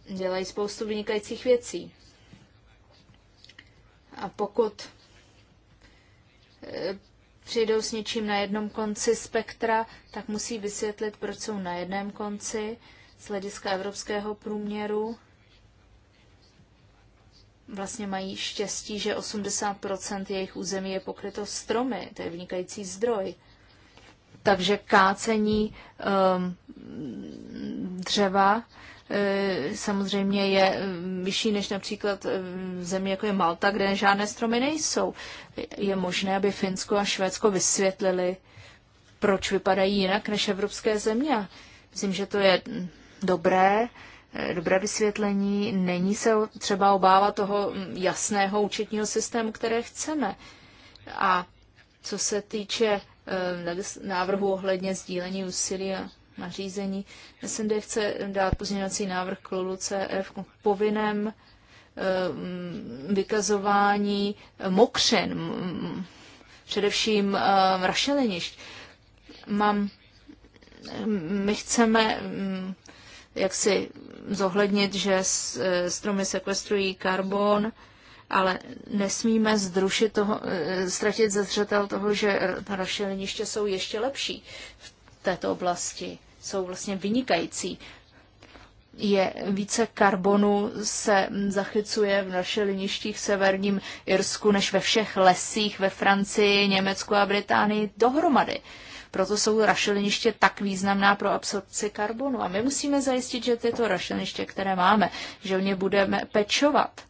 dělají spoustu vynikajících věcí. A pokud eh, přijdou s něčím na jednom konci spektra, tak musí vysvětlit, proč jsou na jedném konci z hlediska evropského průměru. Vlastně mají štěstí, že 80% jejich území je pokryto stromy, to je vynikající zdroj. Takže kácení um, dřeva E, samozřejmě je e, vyšší než například e, země jako je Malta, kde žádné stromy nejsou. Je možné, aby Finsko a Švédsko vysvětlili, proč vypadají jinak než evropské země. Myslím, že to je dobré, dobré vysvětlení. Není se třeba obávat toho jasného účetního systému, které chceme. A co se týče návrhu ohledně sdílení úsilí a nařízení. SND chce dát pozměňovací návrh k CF k povinném eh, vykazování mokřen, především eh, rašelinišť. Mám, my chceme mm, jak si zohlednit, že eh, stromy sekvestrují karbon, ale nesmíme zdrušit toho, ztratit ze zřetel toho, že rašeliniště jsou ještě lepší v této oblasti jsou vlastně vynikající. Je více karbonu se zachycuje v našich v severním Irsku než ve všech lesích ve Francii, Německu a Británii dohromady. Proto jsou rašeliniště tak významná pro absorpci karbonu. A my musíme zajistit, že tyto rašeliniště, které máme, že o ně budeme pečovat.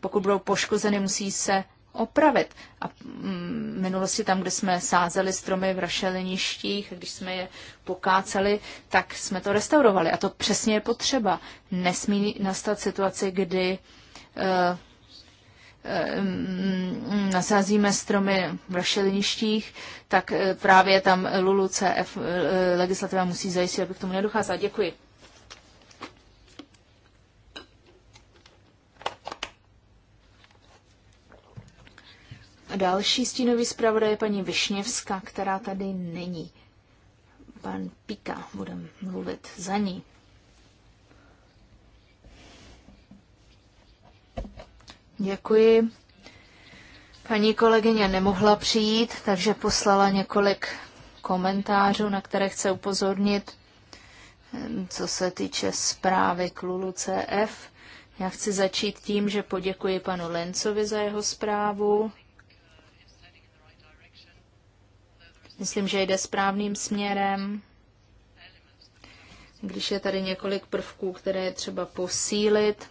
Pokud budou poškozeny, musí se opravit. A v mm, minulosti tam, kde jsme sázeli stromy v rašeliništích, když jsme je pokáceli, tak jsme to restaurovali. A to přesně je potřeba. Nesmí nastat situace, kdy eh, eh, mm, nasázíme stromy v rašeliništích, tak eh, právě tam LULU CF legislativa musí zajistit, aby k tomu nedocházela. Děkuji. další stínový zpravodaj je paní Višněvská, která tady není. Pan Pika budem mluvit za ní. Děkuji. Paní kolegyně nemohla přijít, takže poslala několik komentářů, na které chce upozornit, co se týče zprávy k Lulu CF. Já chci začít tím, že poděkuji panu Lencovi za jeho zprávu. Myslím, že jde správným směrem. Když je tady několik prvků, které je třeba posílit,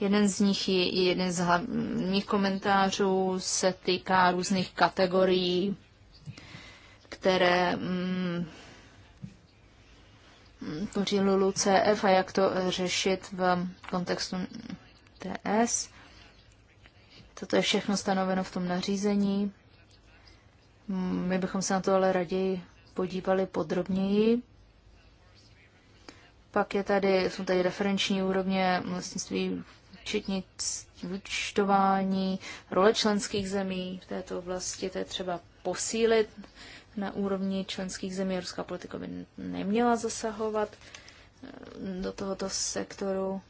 jeden z nich je jeden z hlavních komentářů se týká různých kategorií, které mm, tvoří LULU-CF a jak to řešit v kontextu TS. Toto je všechno stanoveno v tom nařízení. My bychom se na to ale raději podívali podrobněji. Pak je tady, jsou tady referenční úrovně vlastnictví vyčtování role členských zemí v této oblasti, to je třeba posílit na úrovni členských zemí. Ruská politika by neměla zasahovat eh, do tohoto sektoru,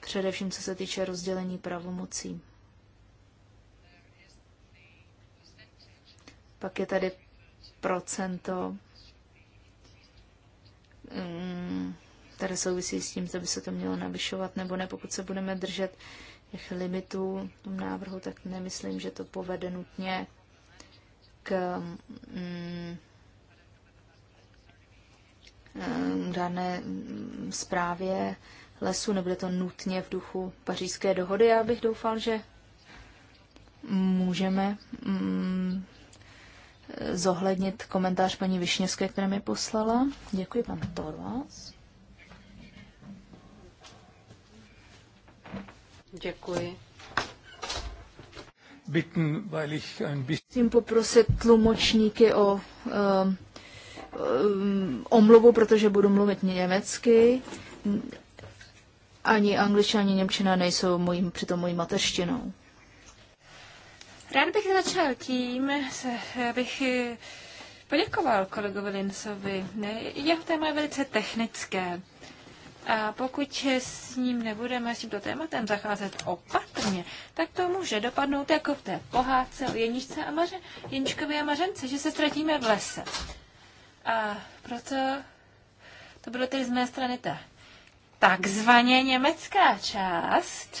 především co se týče rozdělení pravomocí. Pak je tady procento, mm, které souvisí s tím, že by se to mělo navyšovat nebo ne. Pokud se budeme držet těch limitů v tom návrhu, tak nemyslím, že to povede nutně k mm, mm, dané zprávě lesu, nebude to nutně v duchu pařížské dohody. Já bych doufal, že můžeme zohlednit komentář paní Višněvské, které mi poslala. Děkuji, pan Torvalds. Děkuji. Bitten, weil ich ein bisschen... poprosit tlumočníky o um, um, omluvu, protože budu mluvit německy. Ani angličtina, ani němčina nejsou mojím, přitom mojí mateřštinou. Rád bych začal tím, se, bych eh, poděkoval kolegovi Linsovi. Jeho téma je velice technické. A pokud s ním nebudeme s tímto tématem zacházet opatrně, tak to může dopadnout jako v té pohádce o jeničce a maře, jeničkovi a mařence, že se ztratíme v lese. A proto to bylo tedy z mé strany ta takzvaně německá část.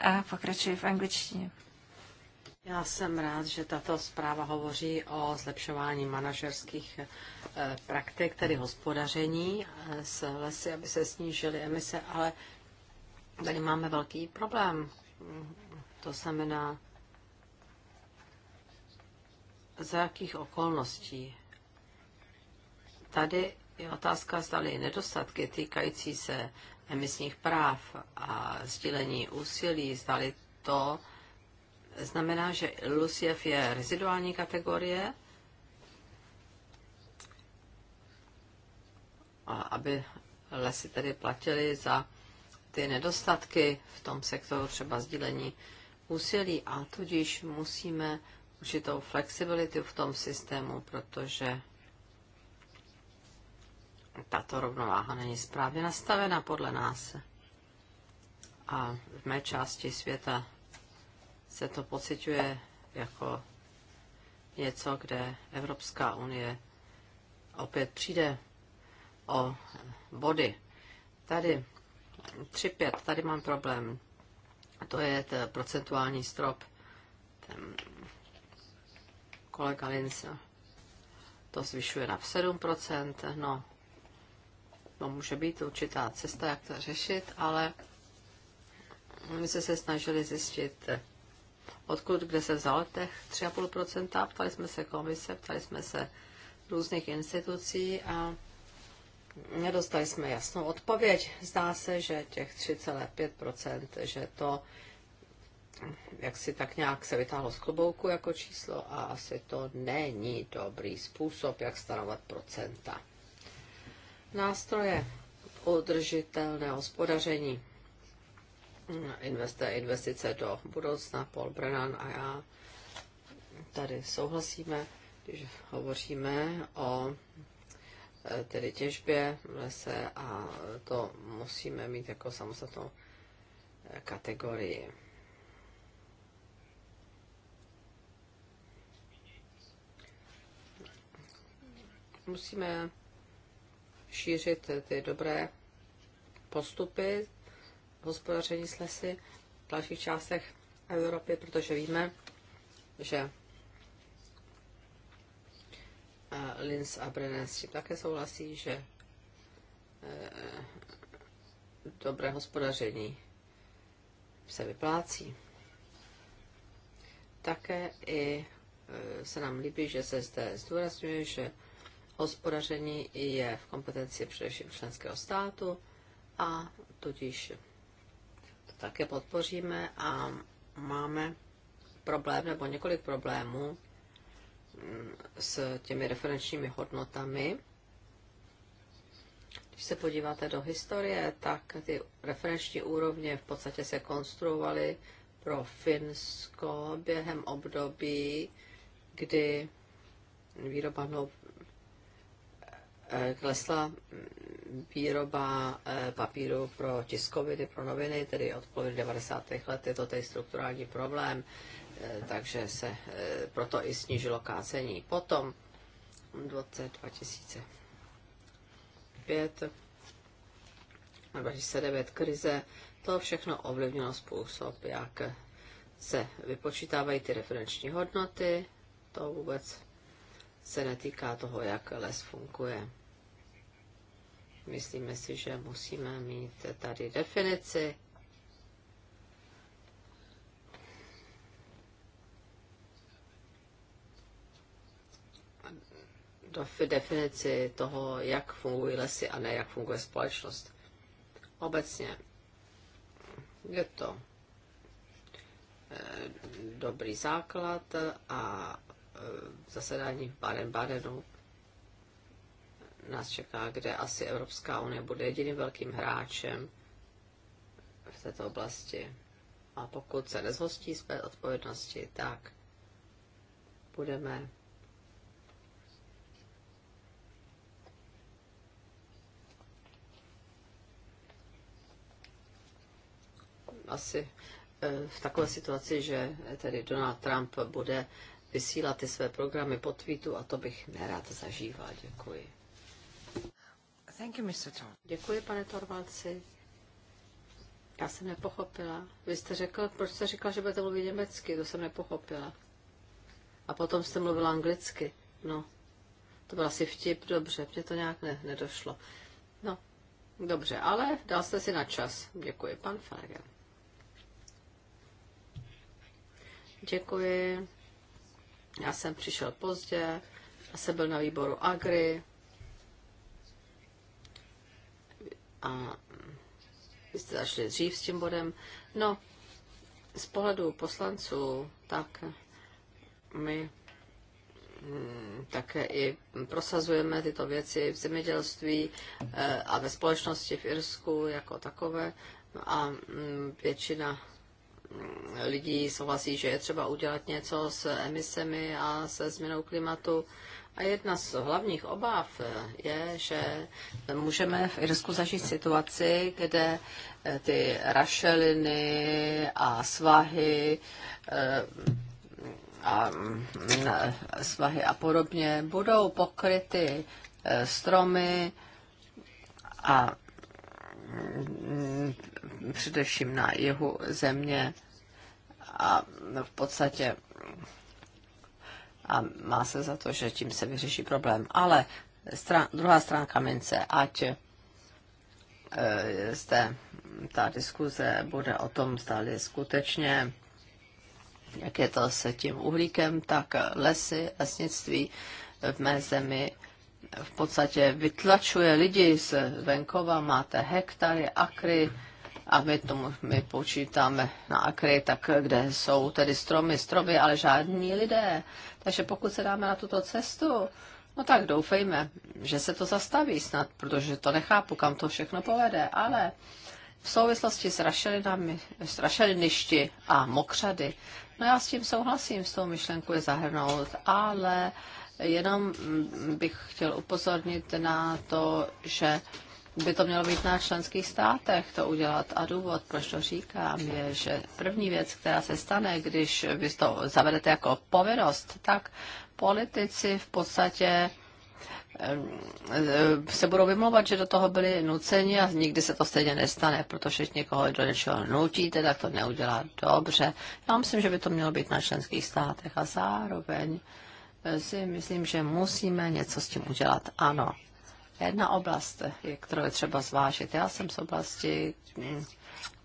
A pokračuji v angličtině. Já jsem rád, že tato zpráva hovoří o zlepšování manažerských eh, praktik, tedy hospodaření eh, s lesy, aby se snížily emise, ale tady máme velký problém. To znamená, za jakých okolností. Tady je otázka, zdali nedostatky týkající se emisních práv a sdílení úsilí, zda to, znamená, že Luciev je reziduální kategorie, a aby lesy tedy platily za ty nedostatky v tom sektoru třeba sdílení úsilí a tudíž musíme určitou flexibilitu v tom systému, protože tato rovnováha není správně nastavena podle nás. A v mé části světa se to pociťuje jako něco, kde Evropská unie opět přijde o body. Tady 3,5, tady mám problém. To je ten procentuální strop. Ten kolega Linz to zvyšuje na 7%. No, to může být určitá cesta, jak to řešit, ale my jsme se snažili zjistit, odkud, kde se vzal těch 3,5%. Ptali jsme se komise, ptali jsme se různých institucí a nedostali jsme jasnou odpověď. Zdá se, že těch 3,5%, že to jak si tak nějak se vytáhlo z klobouku jako číslo a asi to není dobrý způsob, jak stanovat procenta. Nástroje udržitelné hospodaření investe, investice do budoucna, Paul Brennan a já tady souhlasíme, když hovoříme o e, tedy těžbě v lese a to musíme mít jako samostatnou e, kategorii. Musíme šířit ty dobré postupy, hospodaření s lesy v dalších částech Evropy, protože víme, že eh, Linz a Brennan s tím také souhlasí, že eh, dobré hospodaření se vyplácí. Také i eh, se nám líbí, že se zde zdůrazňuje, že hospodaření je v kompetenci především členského státu a tudíž také podpoříme a máme problém nebo několik problémů mm, s těmi referenčními hodnotami. Když se podíváte do historie, tak ty referenční úrovně v podstatě se konstruovaly pro Finsko během období, kdy výroba Eh, klesla výroba eh, papíru pro tiskoviny, pro noviny, tedy od poloviny 90. let je to tedy strukturální problém, eh, takže se proto i snížilo kácení. Potom v 2005 a 2009 krize, to všechno ovlivnilo způsob, jak se vypočítávají ty referenční hodnoty, to vůbec se netýká toho, jak les funguje. Myslíme si, že musíme mít tady definici. definici toho, jak fungují lesy a ne jak funguje společnost. Obecně je to eh, dobrý základ a eh, zasedání v Baden-Badenu nás čeká, kde asi Evropská unie bude jediným velkým hráčem v této oblasti. A pokud se nezhostí své odpovědnosti, tak budeme asi eh, v takové situaci, že tedy Donald Trump bude vysílat ty své programy po tweetu a to bych nerad zažíval. Děkuji. Děkuji, pane Torvalci. Já jsem nepochopila. Vy jste řekl, proč jste říkal, že budete mluvit německy, to jsem nepochopila. A potom jste mluvil anglicky. No, to byl asi vtip, dobře, mně to nějak ne, nedošlo. No, dobře, ale dal jste si na čas. Děkuji, pan Fager. Děkuji. Já jsem přišel pozdě, já jsem byl na výboru Agri, a vy jste začali dřív s tím bodem. No, z pohledu poslanců, tak my hm, také i prosazujeme tyto věci v zemědělství eh, a ve společnosti v Irsku jako takové no a hm, většina hm, lidí souhlasí, že je třeba udělat něco s emisemi a se změnou klimatu a jedna z hlavních obav eh, je, že můžeme v Irsku zažít situaci, kde eh, ty rašeliny a svahy eh, mm, a svahy a podobně budou pokryty stromy a mm, především na jihu země a v podstatě a má se za to, že tím se vyřeší problém. Ale stran, druhá stránka mince, ať e, zde ta diskuze bude o tom, zdali skutečně, jak je to se tím uhlíkem, tak lesy, lesnictví v mé zemi v podstatě vytlačuje lidi z venkova, máte hektary, akry, a my tomu my počítáme na akry, tak kde jsou tedy stromy, stromy, ale žádní lidé. Takže pokud se dáme na tuto cestu, no tak doufejme, že se to zastaví snad, protože to nechápu, kam to všechno povede, ale v souvislosti s, rašelinami, s rašeliništi a mokřady, no já s tím souhlasím, s tou myšlenku je zahrnout, ale jenom bych chtěl upozornit na to, že by to mělo být na členských státech to udělat. A důvod, proč to říkám, je, že první věc, která se stane, když vy to zavedete jako povinnost, tak politici v podstatě eh, se budou vymlouvat, že do toho byli nuceni a nikdy se to stejně nestane, protože někoho do něčeho nutíte, tak to neudělá dobře. Já myslím, že by to mělo být na členských státech a zároveň eh, si myslím, že musíme něco s tím udělat. Ano, jedna oblast, kterou je třeba zvážit. Já jsem z oblasti,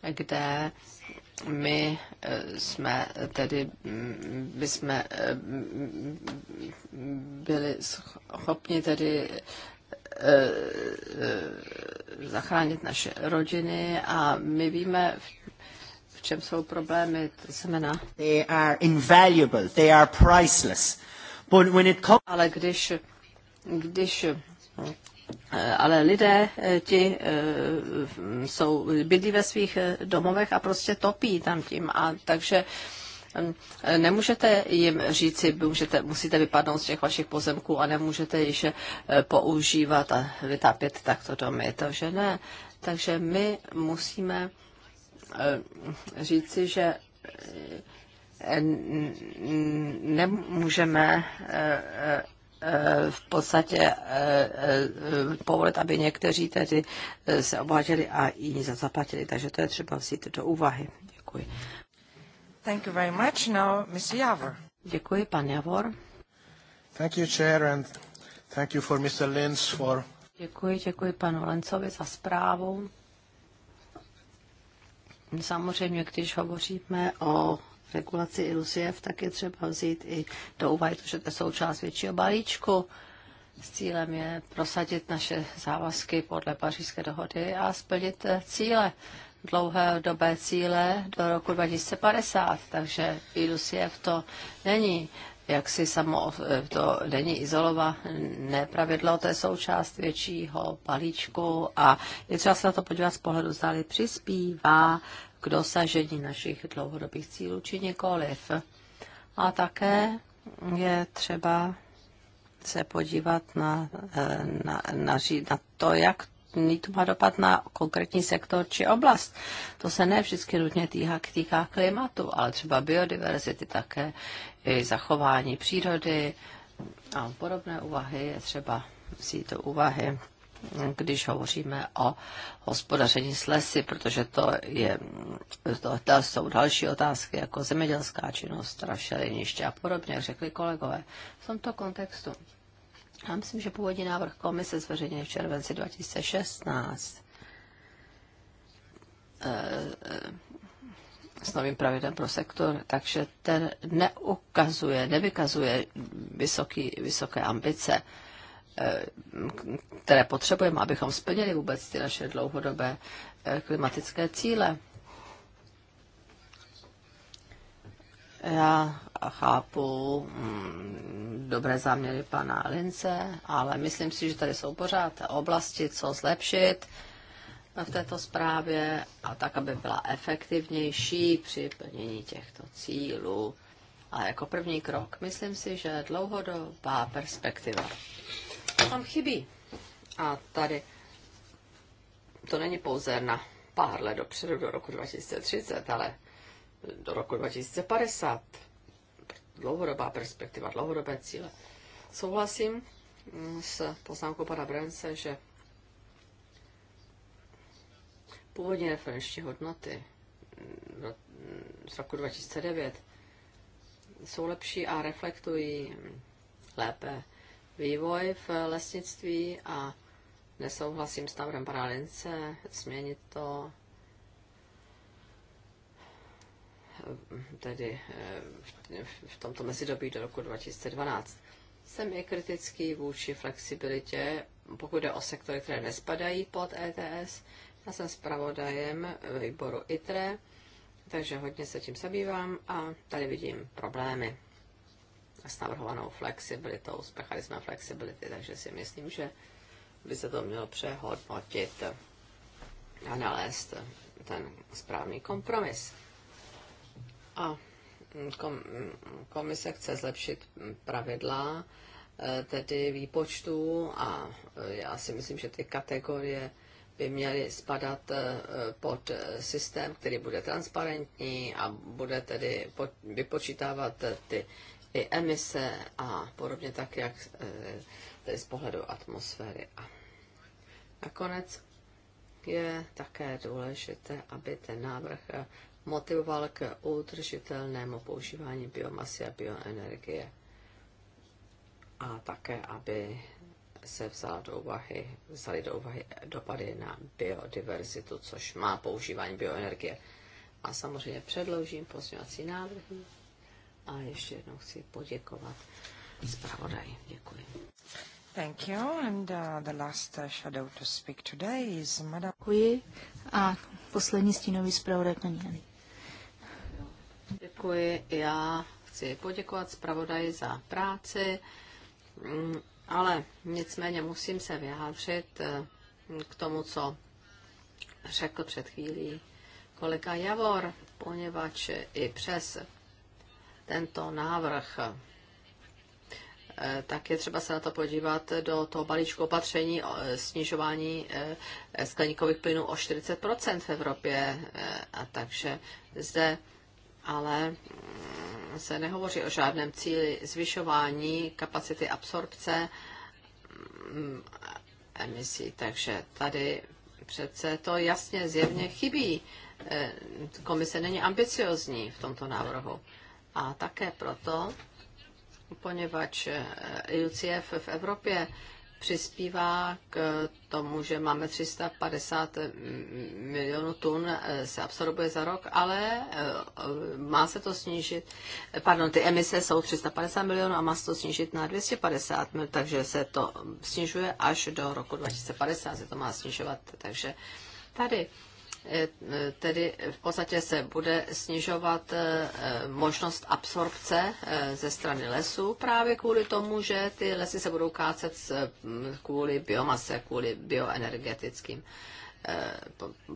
kde my eh, jsme tedy mm, my jsme eh, byli schopni tedy eh, zachránit naše rodiny a my víme, v čem jsou problémy, to znamená. They are invaluable, they are priceless. But when it comes... Ale když, když Eh, ale lidé eh, ti eh, jsou, bydlí ve svých domovech a prostě topí tam tím. A takže mm, Nemůžete jim říci, můžete, musíte vypadnout z těch vašich pozemků a nemůžete již používat a vytápět takto domy, takže ne. Takže my musíme říci, že nemůžeme Eh, v podstatě eh, eh, povolit, aby někteří tedy se obhažili a jiní zaplatili. Takže to je třeba vzít do úvahy. Děkuji. Thank you very much. Now, Mr. Javor. Děkuji, pan Javor. Thank you, Chair, and thank you for Mr. Linz for... Děkuji, děkuji panu Lencovi za zprávu. Samozřejmě, když hovoříme o regulaci iluziev, tak je třeba vzít i do úvahy že to je součást většího balíčku. S cílem je prosadit naše závazky podle pařížské dohody a splnit cíle, dlouhé dobé cíle do roku 2050. Takže v to není jak si samo, to není izolova, nepravidlo, to je součást většího balíčku a je třeba se na to podívat z pohledu, zda přispívá k dosažení našich dlouhodobých cílů, či nikoliv. A také je třeba se podívat na, eh, na, na, na to, jak to má dopad na konkrétní sektor či oblast. To se ne vždycky nutně týká, týká klimatu, ale třeba biodiverzity také, i zachování přírody a podobné úvahy je třeba vzít do úvahy když hovoříme o hospodaření s lesy, protože to, je, to, to jsou další otázky, jako zemědělská činnost, rašeliniště a podobně, jak řekli kolegové. V tomto kontextu. Já myslím, že původní návrh komise zveřejněný v červenci 2016 eh, eh, s novým pravidlem pro sektor, takže ten neukazuje, nevykazuje vysoký, vysoké ambice Eh, které potřebujeme, abychom splnili vůbec ty naše dlouhodobé eh, klimatické cíle. Já chápu mm, dobré záměry pana Lince, ale myslím si, že tady jsou pořád oblasti, co zlepšit v této zprávě a tak, aby byla efektivnější při plnění těchto cílů. A jako první krok, myslím si, že dlouhodobá perspektiva to tam chybí. A tady to není pouze na pár let dopředu, do roku 2030, ale do roku 2050. Dlouhodobá perspektiva, dlouhodobé cíle. Souhlasím mm, s poznámkou pana Brence, že původní referenční hodnoty mm, z roku 2009 jsou lepší a reflektují mm, lépe vývoj v lesnictví a nesouhlasím s návrhem pana Lince změnit to eh, tedy eh, v tomto mezidobí do roku 2012. Jsem i kritický vůči flexibilitě, pokud jde o sektory, které nespadají pod ETS. Já jsem zpravodajem výboru ITRE, takže hodně se tím zabývám a tady vidím problémy s navrhovanou flexibilitou, spěchali jsme flexibility, takže si myslím, že by se to mělo přehodnotit a nalézt ten správný kompromis. A komise chce zlepšit pravidla, eh, tedy výpočtu a eh, já si myslím, že ty kategorie by měly spadat eh, pod systém, který bude transparentní a bude tedy vypočítávat ty i emise a podobně tak, jak e, tedy z pohledu atmosféry. A nakonec je také důležité, aby ten návrh e, motivoval k udržitelnému používání biomasy a bioenergie a také, aby se vzala do úvahy, vzali do úvahy dopady na biodiverzitu, což má používání bioenergie. A samozřejmě předloužím pozměňovací návrhy a ještě jednou chci poděkovat zpravodaji. Děkuji. Thank you. And uh, the last uh, shadow to speak today is Madame... Děkuji. A poslední stínový zpravodaj paní Hany. Děkuji. Já chci poděkovat zpravodaji za práci, mm, ale nicméně musím se vyjádřit eh, k tomu, co řekl před chvílí kolega Javor, poněvadž i přes tento návrh, eh, tak je třeba se na to podívat do toho balíčku opatření o eh, snižování eh, skleníkových plynů o 40 v Evropě. A takže zde ale mm, se nehovoří o žádném cíli zvyšování kapacity absorpce mm, emisí. Takže tady přece to jasně zjevně chybí. Komise není ambiciozní v tomto návrhu. A také proto, poněvadž UCF v Evropě přispívá k tomu, že máme 350 milionů tun eh, se absorbuje za rok, ale eh, má se to snížit, pardon, ty emise jsou 350 milionů a má se to snížit na 250 milionů, no, takže se to snižuje až do roku 2050 se to má snižovat, takže tady E, e, tedy v podstatě se bude snižovat e, možnost absorpce ze strany lesů právě kvůli tomu, že ty lesy se budou kácet kvůli biomase, kvůli bioenergetickým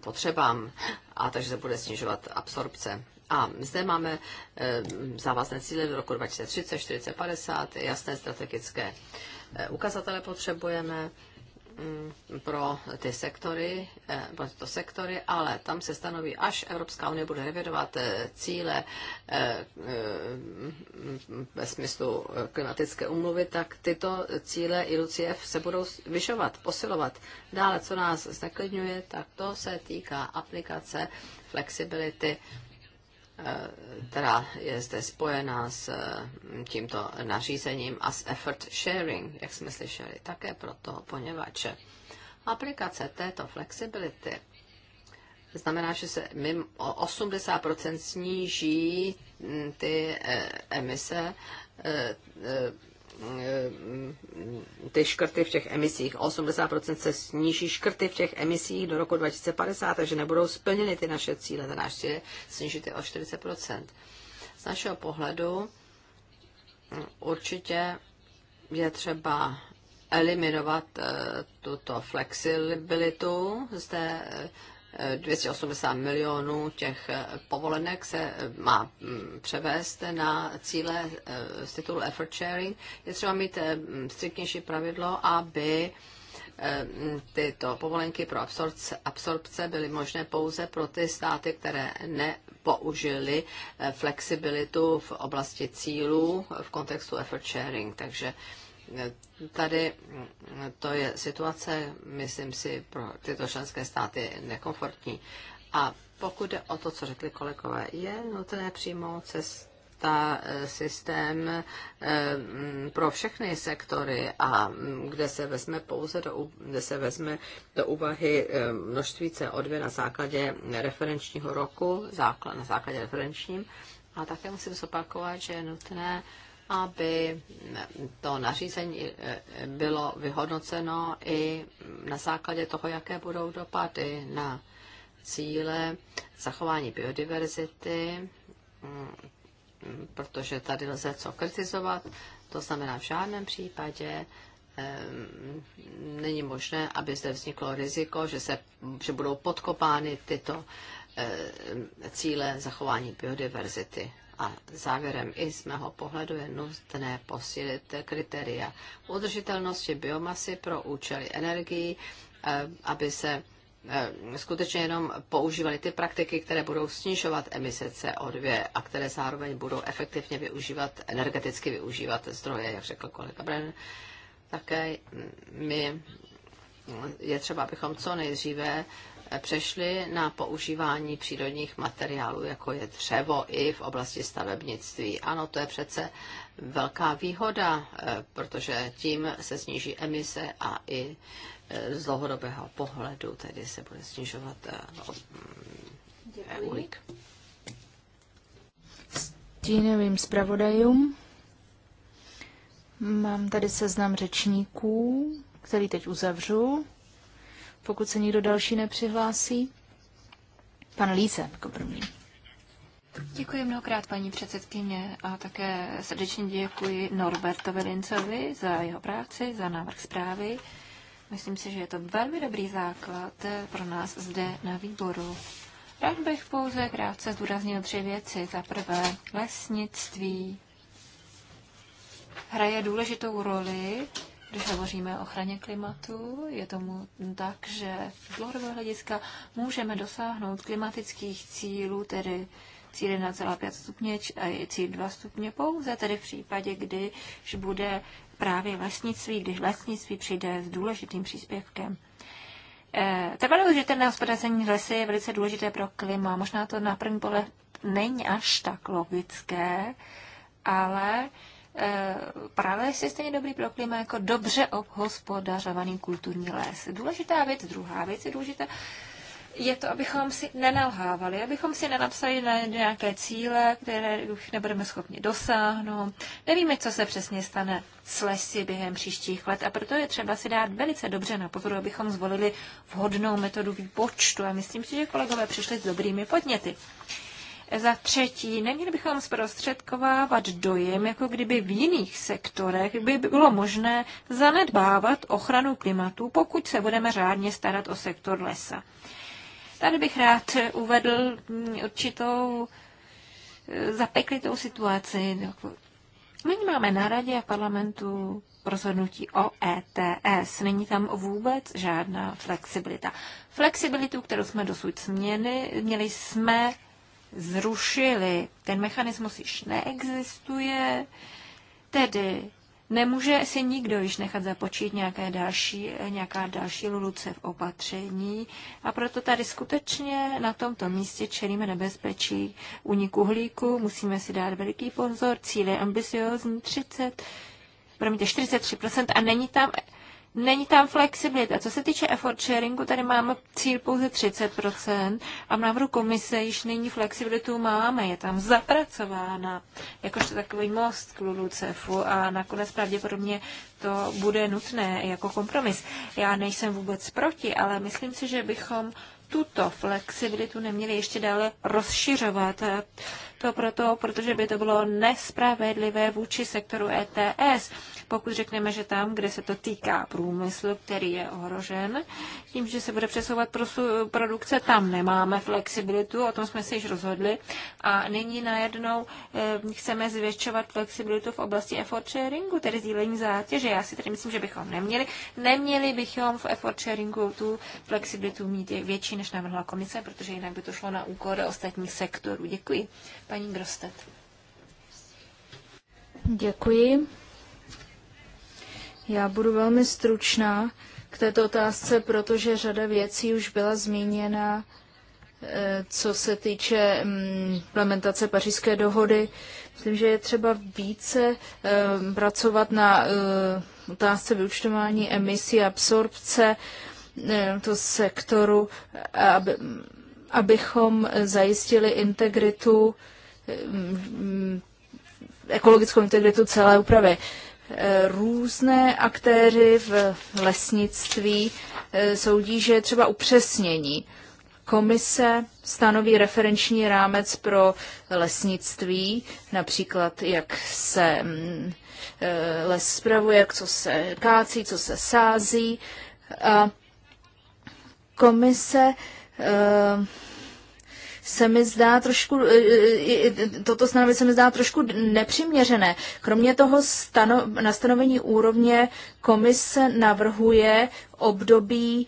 potřebám a takže se bude snižovat absorpce. A zde máme závazné cíle do roku 2030, 40, 50, jasné strategické ukazatele potřebujeme Mm, pro ty sektory, eh, pro tyto sektory, ale tam se stanoví, až Evropská unie bude revidovat eh, cíle eh, ve smyslu klimatické umluvy, tak tyto cíle ILUCF se budou vyšovat, posilovat. Dále, co nás zneklidňuje, tak to se týká aplikace flexibility Eh, která je zde spojená s eh, tímto nařízením a s effort sharing, jak jsme slyšeli, také proto, poněvadž aplikace této flexibility znamená, že se mimo 80% sníží mm, ty eh, emise Eh, ty škrty v těch emisích. 80% se sníží škrty v těch emisích do roku 2050, takže nebudou splněny ty naše cíle. Ten náš cíl snížit je o 40%. Z našeho pohledu mm, určitě je třeba eliminovat eh, tuto flexibilitu z té eh, 280 milionů těch eh, povolenek se eh, má mm, převést na cíle eh, z titulu effort sharing. Je třeba mít mm, striktnější pravidlo, aby mm, tyto povolenky pro absorpce, byly možné pouze pro ty státy, které nepoužily flexibilitu v oblasti cílů v kontextu effort sharing. Takže Tady to je situace, myslím si, pro tyto členské státy nekomfortní. A pokud jde o to, co řekli kolegové, je nutné přijmout cesta, eh, systém eh, pro všechny sektory a mm, kde se vezme pouze do, kde se vezme do úvahy eh, množství CO2 na základě referenčního roku, na základě referenčním. A také musím zopakovat, že je nutné aby to nařízení eh, bylo vyhodnoceno i na základě toho, jaké budou dopady na cíle zachování biodiverzity, mm, protože tady lze co kritizovat, to znamená v žádném případě není možné, aby zde vzniklo riziko, že, se, že budou podkopány tyto eh, cíle zachování biodiverzity. A závěrem i z mého pohledu je nutné posílit kritéria udržitelnosti biomasy pro účely energií, eh, aby se eh, skutečně jenom používaly ty praktiky, které budou snižovat emise CO2 a které zároveň budou efektivně využívat, energeticky využívat zdroje, jak řekl kolega Bren. Také mm, my je třeba, abychom co nejdříve přešli na používání přírodních materiálů, jako je dřevo i v oblasti stavebnictví. Ano, to je přece velká výhoda, eh, protože tím se sníží emise a i eh, z dlouhodobého pohledu tedy se bude snižovat eh, no, uhlík. Stínovým zpravodajům mám tady seznam řečníků, který teď uzavřu pokud se nikdo další nepřihlásí. Pan Líze jako první. Děkuji mnohokrát, paní předsedkyně, a také srdečně děkuji Norbertovi Lincovi za jeho práci, za návrh zprávy. Myslím si, že je to velmi dobrý základ pro nás zde na výboru. Rád bych pouze krátce zdůraznil tři věci. Za prvé, lesnictví hraje důležitou roli když hovoříme o ochraně klimatu, je tomu tak, že z dlouhodobého hlediska můžeme dosáhnout klimatických cílů, tedy cíl 1,5 stupně a cíl 2 stupně pouze, tedy v případě, když bude právě lesnictví, když lesnictví přijde s důležitým příspěvkem. Eh, trvalé udržitelné hospodaření lesy je velice důležité pro klima. Možná to na první pohled není až tak logické, ale Eh, právě je stejně dobrý pro klima jako dobře obhospodařovaný kulturní les. Důležitá věc, druhá věc je důležitá, je to, abychom si nenalhávali, abychom si nenapsali na nějaké cíle, které už nebudeme schopni dosáhnout. Nevíme, co se přesně stane s lesy během příštích let a proto je třeba si dát velice dobře na pozoru, abychom zvolili vhodnou metodu výpočtu a myslím si, že kolegové přišli s dobrými podněty. Za třetí, neměli bychom zprostředkovávat dojem, jako kdyby v jiných sektorech by bylo možné zanedbávat ochranu klimatu, pokud se budeme řádně starat o sektor lesa. Tady bych rád uvedl mm, určitou e, zapeklitou situaci. My máme na radě a parlamentu rozhodnutí o ETS. Není tam vůbec žádná flexibilita. Flexibilitu, kterou jsme dosud směny, měli jsme zrušili. Ten mechanismus již neexistuje, tedy nemůže si nikdo již nechat započít nějaké další, nějaká další luluce v opatření a proto tady skutečně na tomto místě čelíme nebezpečí uniku uhlíku, musíme si dát veliký pozor, cíl je ambiciozní 30, promiňte, 43% a není tam Není tam flexibilita. Co se týče effort sharingu, tady máme cíl pouze 30% a v návrhu komise již nyní flexibilitu máme, je tam zapracována, jakožto takový most k LULUCEFu a nakonec pravděpodobně to bude nutné jako kompromis. Já nejsem vůbec proti, ale myslím si, že bychom tuto flexibilitu neměli ještě dále rozšiřovat. To proto, protože by to bylo nespravedlivé vůči sektoru ETS pokud řekneme, že tam, kde se to týká průmyslu, který je ohrožen, tím, že se bude přesouvat produkce, tam nemáme flexibilitu, o tom jsme se již rozhodli. A nyní najednou eh, chceme zvětšovat flexibilitu v oblasti effort sharingu, tedy sdílení zátěže. Já si tedy myslím, že bychom neměli. Neměli bychom v effort sharingu tu flexibilitu mít větší, než navrhla komise, protože jinak by to šlo na úkor ostatních sektorů. Děkuji. Paní Grostet. Děkuji. Já budu velmi stručná k této otázce, protože řada věcí už byla zmíněna, eh, co se týče mm, implementace pařížské dohody. Myslím, že je třeba více eh, pracovat na eh, otázce vyučtování emisí a absorpce toho sektoru, abychom zajistili integritu, mm, mm, ekologickou integritu celé úpravy. Různé aktéři v lesnictví eh, soudí, že je třeba upřesnění. Komise stanoví referenční rámec pro lesnictví, například jak se mm, eh, les spravuje, jak co se kácí, co se sází. A komise eh, se mi zdá trošku, e, e, e, toto stanovení se mi zdá trošku nepřiměřené. Kromě toho stano, na stanovení úrovně komise navrhuje období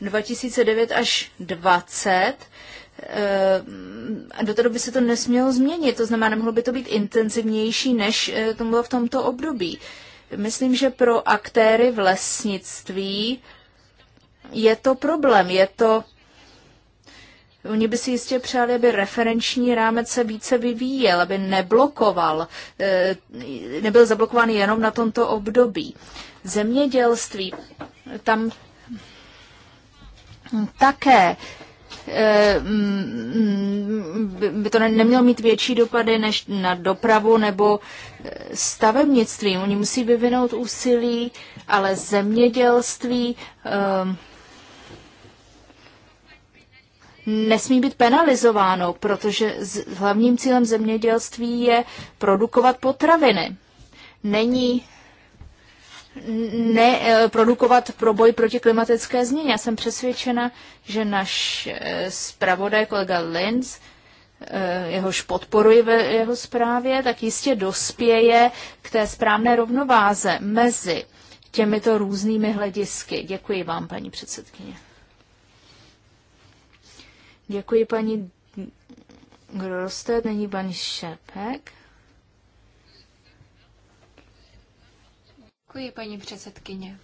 2009 až 20. do té doby se to nesmělo změnit, to znamená, nemohlo by to být intenzivnější, než to bylo v tomto období. Myslím, že pro aktéry v lesnictví je to problém, je to Oni by si jistě přáli, aby referenční rámec se více vyvíjel, aby neblokoval, eh, nebyl zablokován jenom na tomto období. Zemědělství, tam také eh, mm, by to nemělo mít větší dopady než na dopravu nebo eh, stavebnictví. Oni musí vyvinout úsilí, ale zemědělství, nesmí být penalizováno, protože hlavním cílem zemědělství je produkovat potraviny. Není ne, eh, produkovat pro boj proti klimatické změně. Já jsem přesvědčena, že náš eh, zpravodaj kolega Linz, eh, jehož podporuji ve jeho zprávě, tak jistě dospěje k té správné rovnováze mezi těmito různými hledisky. Děkuji vám, paní předsedkyně. Děkuji paní Grosted, není pan Šepek. Děkuji, paní předsedkyně.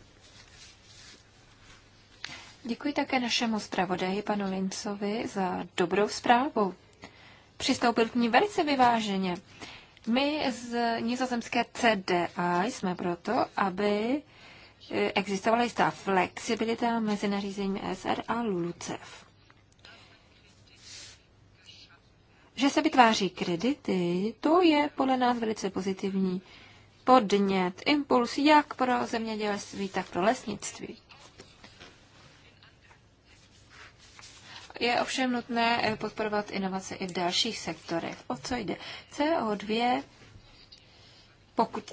Děkuji také našemu zpravodaji, panu Lincovi, za dobrou zprávu. Přistoupil k ní velice vyváženě. My z nizozemské CDA jsme proto, aby eh, existovala jistá flexibilita mezi nařízením SR a LULUCEF. že se vytváří kredity, to je podle nás velice pozitivní podnět, impuls jak pro zemědělství, tak pro lesnictví. Je ovšem nutné eh, podporovat inovace i v dalších sektorech. O co jde? CO2, pokud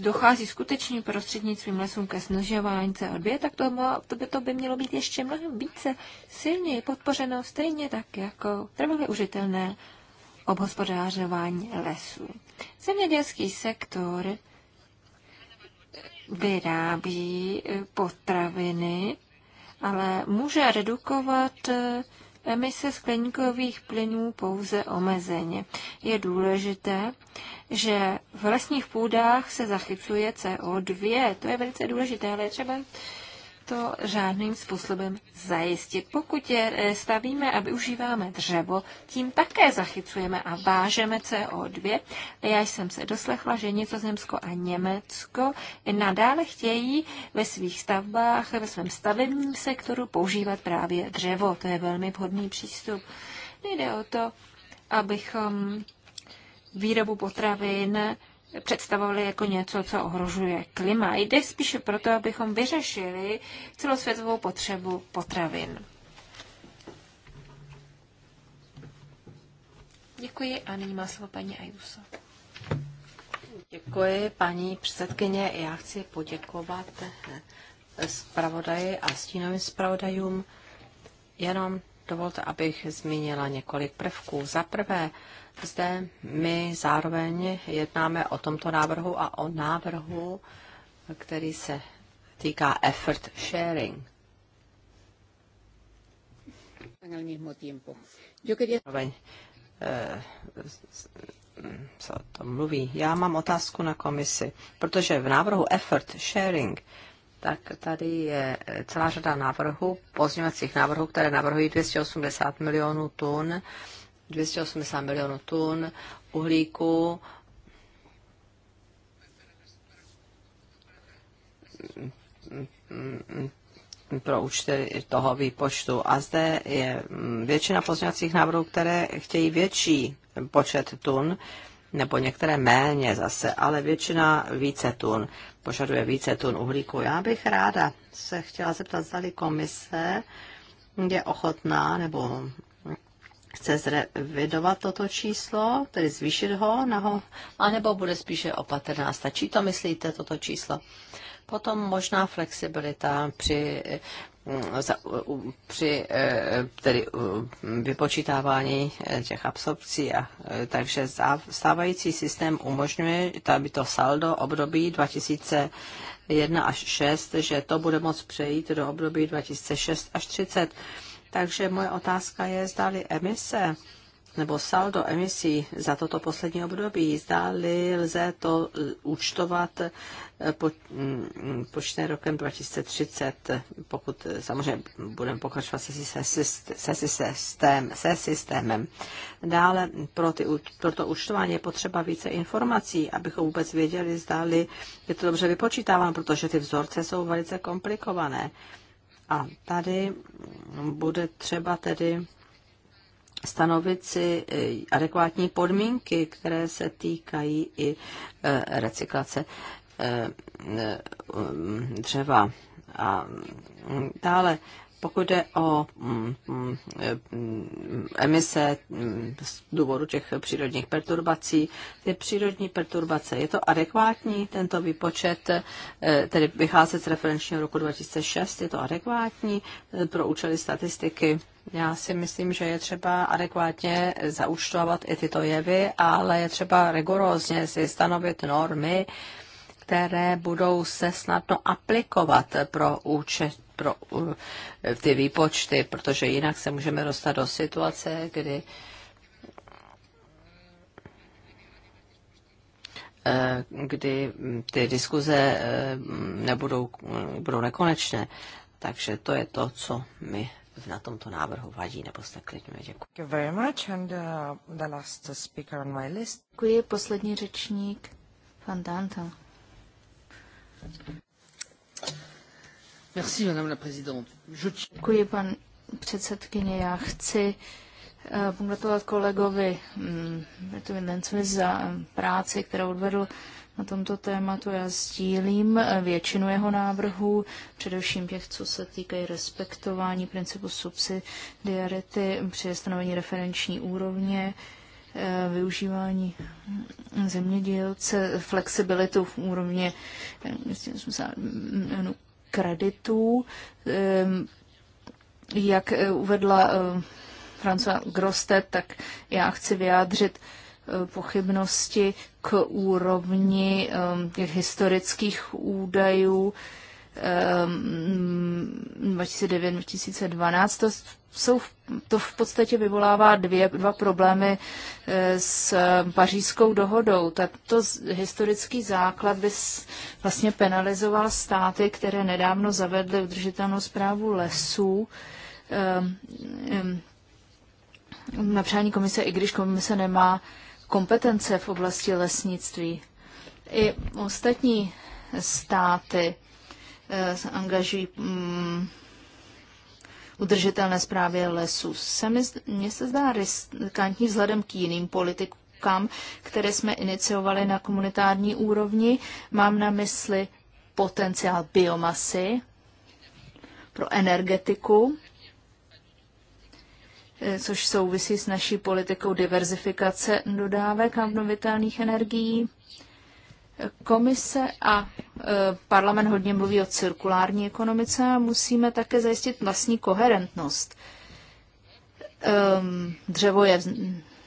dochází skutečně prostřednictvím lesům ke snižování CO2, tak to, to, by, to by mělo být ještě mnohem více silněji podpořeno, stejně tak jako trvalé užitelné obhospodářování lesů. Zemědělský sektor vyrábí eh, potraviny, ale může redukovat eh, emise skleníkových plynů pouze omezeně. Je důležité, že v lesních půdách se zachycuje CO2. To je velice důležité, ale je třeba to žádným způsobem zajistit. Pokud je eh, stavíme a využíváme dřevo, tím také zachycujeme a vážeme CO2. Já jsem se doslechla, že Nizozemsko a Německo nadále chtějí ve svých stavbách, ve svém stavebním sektoru používat právě dřevo. To je velmi vhodný přístup. Nejde o to, abychom výrobu potravin představovali jako něco, co ohrožuje klima. Jde spíše proto, abychom vyřešili celosvětovou potřebu potravin. Děkuji a nyní má slovo paní Ajuso. Děkuji, paní předsedkyně. Já chci poděkovat eh, zpravodaji a stínovým zpravodajům. Jenom dovolte, abych zmínila několik prvků. Za prvé, zde my zároveň jednáme o tomto návrhu a o návrhu, který se týká effort sharing. Al mismo tiempo. quería... Eh, se o tom mluví. Já mám otázku na komisi, protože v návrhu effort sharing tak tady je celá řada návrhů, pozměňovacích návrhů, které navrhují 280 milionů tun 280 milionů tun uhlíku pro účty toho výpočtu. A zde je většina pozměňovacích návrhů, které chtějí větší počet tun, nebo některé méně zase, ale většina více tun, požaduje více tun uhlíku. Já bych ráda se chtěla zeptat, zda komise je ochotná nebo chce zrevidovat toto číslo, tedy zvýšit ho, naho? anebo bude spíše opatrná. Stačí to, myslíte, toto číslo? Potom možná flexibilita při mm, při e, tedy vypočítávání e, těch absorpcí. E, takže stávající systém umožňuje, aby to saldo období 2001 až 6, že to bude moct přejít do období 2006 až 30. Takže moje otázka je, zdali emise nebo saldo emisí za toto poslední období, zdali lze to účtovat eh, po, mm, počtené rokem 2030, pokud samozřejmě budeme pokračovat se, se, se, systém, se systémem. Dále pro, ty, pro to účtování je potřeba více informací, abychom vůbec věděli, zdali je to dobře vypočítáváno, protože ty vzorce jsou velice komplikované. A tady bude třeba tedy stanovit si eh, adekvátní podmínky, které se týkají i eh, recyklace eh, dřeva. A dále pokud jde o mm, mm, e, emise mm, z důvodu těch přírodních perturbací, ty přírodní perturbace, je to adekvátní tento výpočet, e, tedy vycházet z referenčního roku 2006, je to adekvátní e, pro účely statistiky? Já si myslím, že je třeba adekvátně zaúčtovat i tyto jevy, ale je třeba rigorózně si stanovit normy, které budou se snadno aplikovat pro účet pro eh, ty výpočty, protože jinak se můžeme dostat do situace, kdy eh, kdy ty diskuze eh, nebudou budou nekonečné. Takže to je to, co mi na tomto návrhu vadí nebo klidně Děkuji. Thank you very much and uh, the last speaker on my list. Děkuji, poslední řečník, Thank you. Děkuji, pan předsedkyně. Já chci eh, pogratulovat kolegovi mm, Bertovi Lencovi za eh, práci, kterou odvedl na tomto tématu. Já sdílím eh, většinu jeho návrhů, především těch, co se týkají respektování principu subsidiarity při stanovení referenční úrovně, využívání zemědělce, flexibilitu v úrovně mm, mm, kreditů. Ehm, jak eh, uvedla eh, Francois Grostet, tak já chci vyjádřit eh, pochybnosti k úrovni ehm, těch historických údajů 2009-2012. Ehm, mm, to, jsou, to v podstatě vyvolává dvě, dva problémy e, s e, pařížskou dohodou. Tato historický základ by vlastně penalizoval státy, které nedávno zavedly udržitelnou zprávu lesů ehm, ehm, na přání komise, i když komise nemá kompetence v oblasti lesnictví. I ostatní státy Eh, mm, se angažují udržitelné zprávě lesů. mně se zdá riskantní vzhledem k jiným politikům, které jsme iniciovali na komunitární úrovni. Mám na mysli potenciál biomasy pro energetiku, eh, což souvisí s naší politikou diverzifikace dodávek a obnovitelných energií. Komise a e, parlament hodně mluví o cirkulární ekonomice a musíme také zajistit vlastní koherentnost. Ehm, dřevo je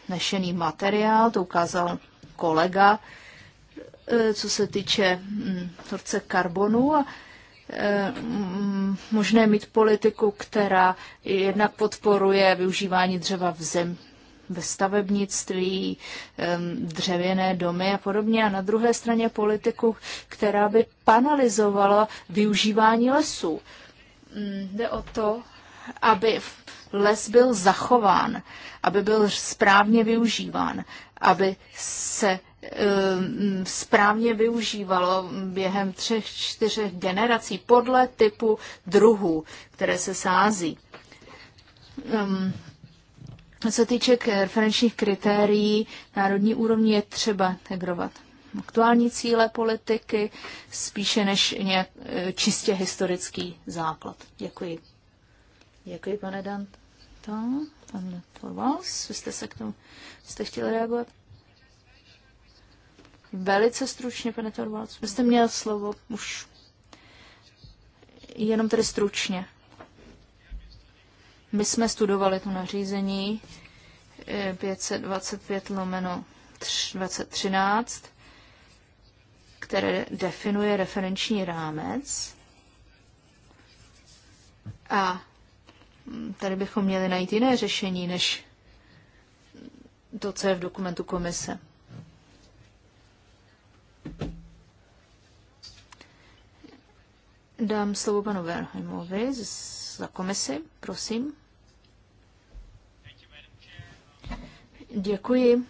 nešený materiál, to ukázal kolega, e, co se týče torce mm, karbonu a e, mm, možné mít politiku, která jednak podporuje využívání dřeva v zem, ve stavebnictví, dřevěné domy a podobně. A na druhé straně politiku, která by panalizovala využívání lesů. Mm, jde o to, aby les byl zachován, aby byl správně využíván, aby se správně využívalo během třech, čtyřech generací podle typu druhů, které se sází. Co týče eh, referenčních kritérií, národní úrovni je třeba integrovat aktuální cíle politiky, spíše než nějak eh, čistě historický základ. Děkuji. Děkuji, pane Dant. To, pan Torvalds, vy jste se k tomu, jste chtěli reagovat? Velice stručně, pane Torvalds. Vy jste měl slovo už jenom tedy stručně. My jsme studovali to nařízení 525 eh, lomeno 2013, které definuje referenční rámec. A mm, tady bychom měli najít jiné řešení, než to, co je v dokumentu komise. Dám slovo panu Verheimovi za komisi, prosím. Děkuji.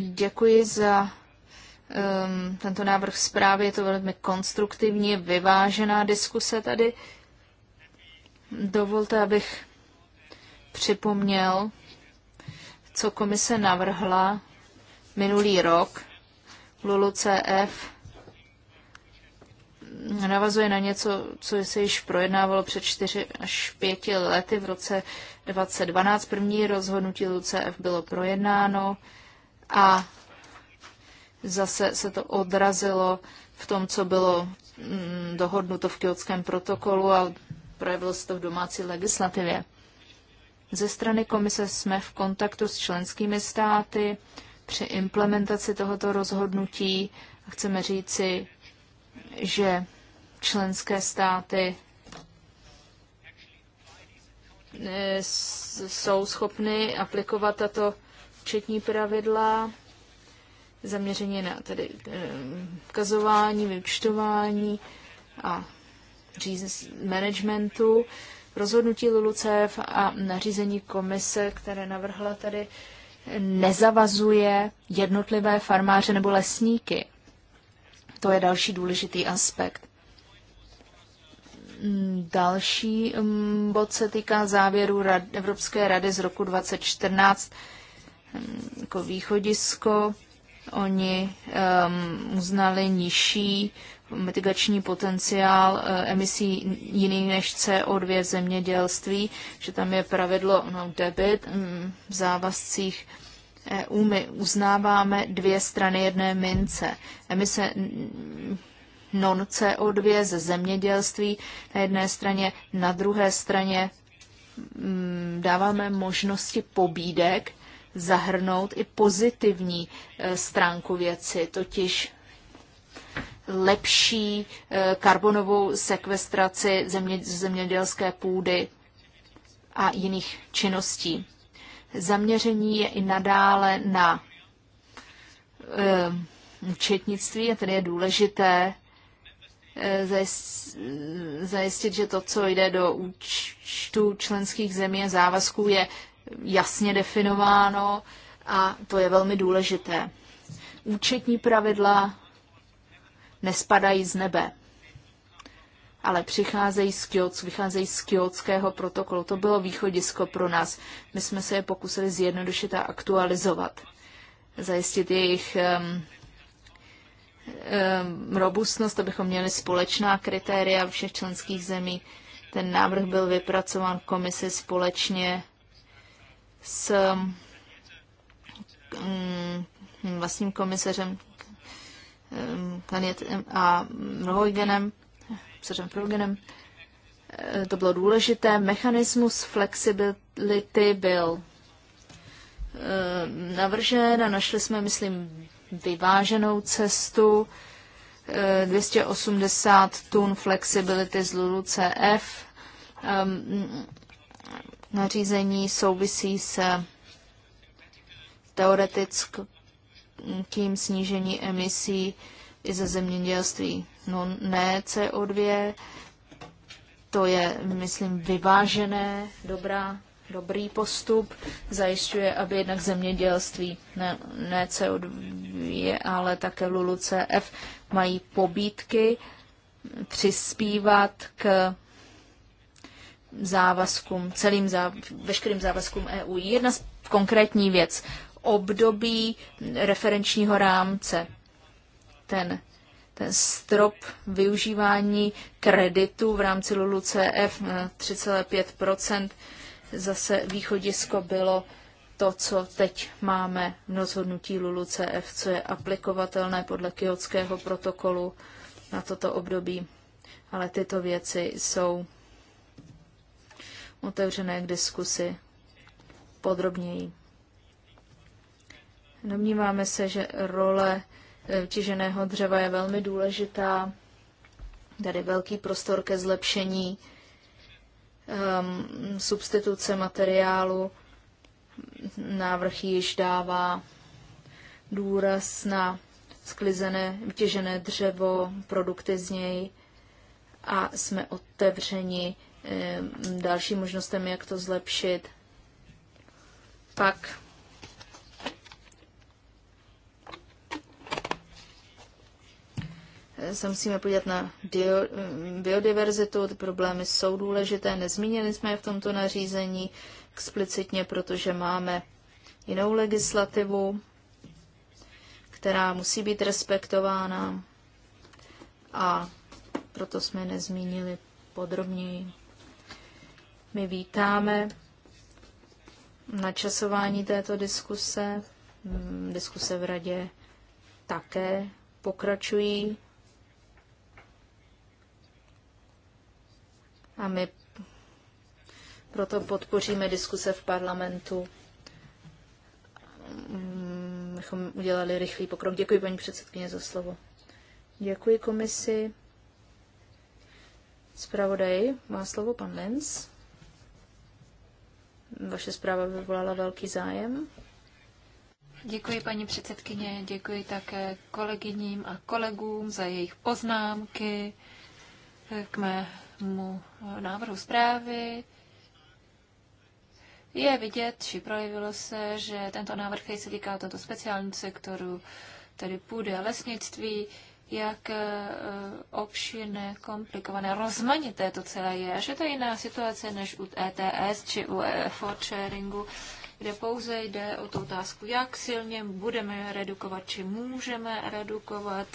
Děkuji za um, tento návrh zprávy. Je to velmi konstruktivní, vyvážená diskuse tady. Dovolte, abych připomněl, co komise navrhla minulý rok Lulu CF navazuje na něco, co se již projednávalo před 4 až 5 lety v roce 2012. První rozhodnutí LUCF bylo projednáno a zase se to odrazilo v tom, co bylo mm, dohodnuto v kyotském protokolu a projevilo se to v domácí legislativě. Ze strany komise jsme v kontaktu s členskými státy při implementaci tohoto rozhodnutí a chceme říci, že členské státy eh, jsou schopny aplikovat tato včetní pravidla, zaměřeně na tedy eh, kazování, vyučtování a managementu, rozhodnutí LULUCF a nařízení komise, které navrhla tady, nezavazuje jednotlivé farmáře nebo lesníky. To je další důležitý aspekt. Mm, další mm, bod se týká závěru rad, Evropské rady z roku 2014 mm, jako východisko. Oni um, uznali nižší mitigační potenciál e, emisí jiný než CO2 v zemědělství, že tam je pravidlo no debit v závazcích EU my uznáváme dvě strany jedné mince. Emise non-CO2 ze zemědělství na jedné straně, na druhé straně mm, dáváme možnosti pobídek zahrnout i pozitivní e, stránku věci, totiž lepší e, karbonovou sekvestraci země, zemědělské půdy a jiných činností. Zaměření je i nadále na eh, účetnictví a tedy je důležité eh, zajistit, že to, co jde do účtu členských zemí a závazků, je jasně definováno a to je velmi důležité. Účetní pravidla nespadají z nebe ale přicházejí z Kyoc, vycházejí z Kyotského protokolu. To bylo východisko pro nás. My jsme se je pokusili zjednodušit a aktualizovat, zajistit jejich um, um, robustnost, abychom měli společná kritéria všech členských zemí. Ten návrh byl vypracován komisi společně s um, vlastním komisařem um, a Rohojgenem. Um, předem Progenem. Eh, to bylo důležité. Mechanismus flexibility byl eh, navržen a našli jsme, myslím, vyváženou cestu. 280 eh, tun flexibility z LULUCF. Ehm, nařízení souvisí se teoretickým snížení emisí i ze zemědělství. No ne CO2, to je, myslím, vyvážené, dobrá, dobrý postup. Zajišťuje, aby jednak zemědělství, ne, ne CO2, ale také LULUCF mají pobítky přispívat k závazkům, celým záv, veškerým závazkům EU. Jedna z konkrétní věc, období referenčního rámce. Ten ten strop využívání kreditu v rámci LULU CF 3,5 eh, zase východisko bylo to, co teď máme v rozhodnutí LULU CF, co je aplikovatelné podle kyotského protokolu na toto období. Ale tyto věci jsou otevřené k diskusi podrobněji. Domníváme se, že role těženého e, dřeva je velmi důležitá. Tady velký prostor ke zlepšení um, substituce materiálu. Návrh již dává důraz na sklizené, vytěžené dřevo, produkty z něj a jsme otevřeni ehm, dalším možnostem, jak to zlepšit. Pak se musíme podívat na biodiverzitu. Ty problémy jsou důležité, nezmínili jsme je v tomto nařízení explicitně, protože máme jinou legislativu, která musí být respektována a proto jsme je nezmínili podrobněji. My vítáme načasování této diskuse. Mm, diskuse v radě také pokračují. A my proto podpoříme diskuse v parlamentu, mm, Bychom udělali rychlý pokrok. Děkuji, paní předsedkyně, za slovo. Děkuji komisi. Zpravodaj, má slovo pan Lenz. Vaše zpráva vyvolala velký zájem. Děkuji paní předsedkyně, děkuji také kolegyním a kolegům za jejich poznámky k mé mu návrhu zprávy je vidět, či projevilo se, že tento návrh, který se týká tohoto speciální sektoru, tedy půdy a lesnictví, jak e, obšírné, komplikované, rozmanité to celé je, že to je jiná situace než u ETS či u e for sharingu, kde pouze jde o tu otázku, jak silně budeme redukovat, či můžeme redukovat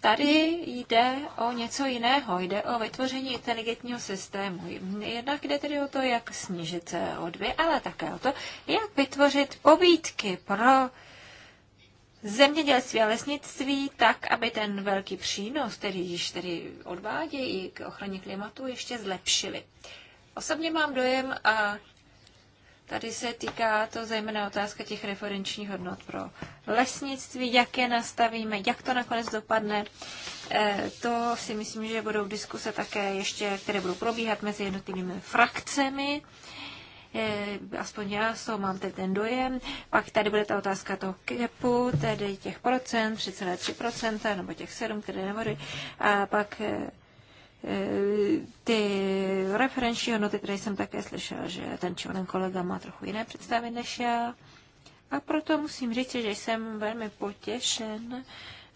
Tady jde o něco jiného, jde o vytvoření inteligentního systému. Jednak jde tedy o to, jak snížit CO2, ale také o to, jak vytvořit pobídky pro zemědělství a lesnictví tak, aby ten velký přínos, který již tedy odvádějí k ochraně klimatu, ještě zlepšili. Osobně mám dojem, a Tady se týká to zejména otázka těch referenčních hodnot pro lesnictví, jak je nastavíme, jak to nakonec dopadne. Eh, to si myslím, že budou diskuse také ještě, které budou probíhat mezi jednotlivými frakcemi. Eh, aspoň já z mám teď ten dojem. Pak tady bude ta otázka toho kepu, tedy těch procent, 3,3% nebo těch 7, které nemory. A pak eh, ty referenční hodnoty, které jsem také slyšela, že ten či onen kolega má trochu jiné představy než já. A proto musím říct, že jsem velmi potěšen,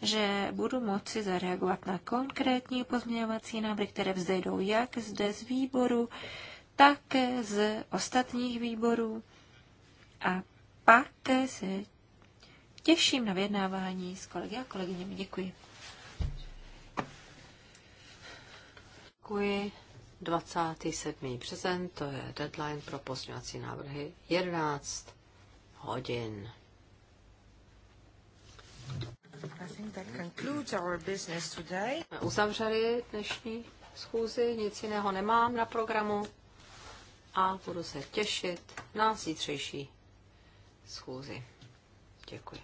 že budu moci zareagovat na konkrétní pozměňovací návrhy, které vzejdou jak zde z výboru, tak z ostatních výborů. A pak se těším na vyjednávání s kolegy a kolegyněmi. Děkuji. Děkuji. 27. březen, to je deadline pro pozměňovací návrhy 11 hodin. Jsme uzavřeli dnešní schůzi, nic jiného nemám na programu a budu se těšit na zítřejší schůzi. Děkuji.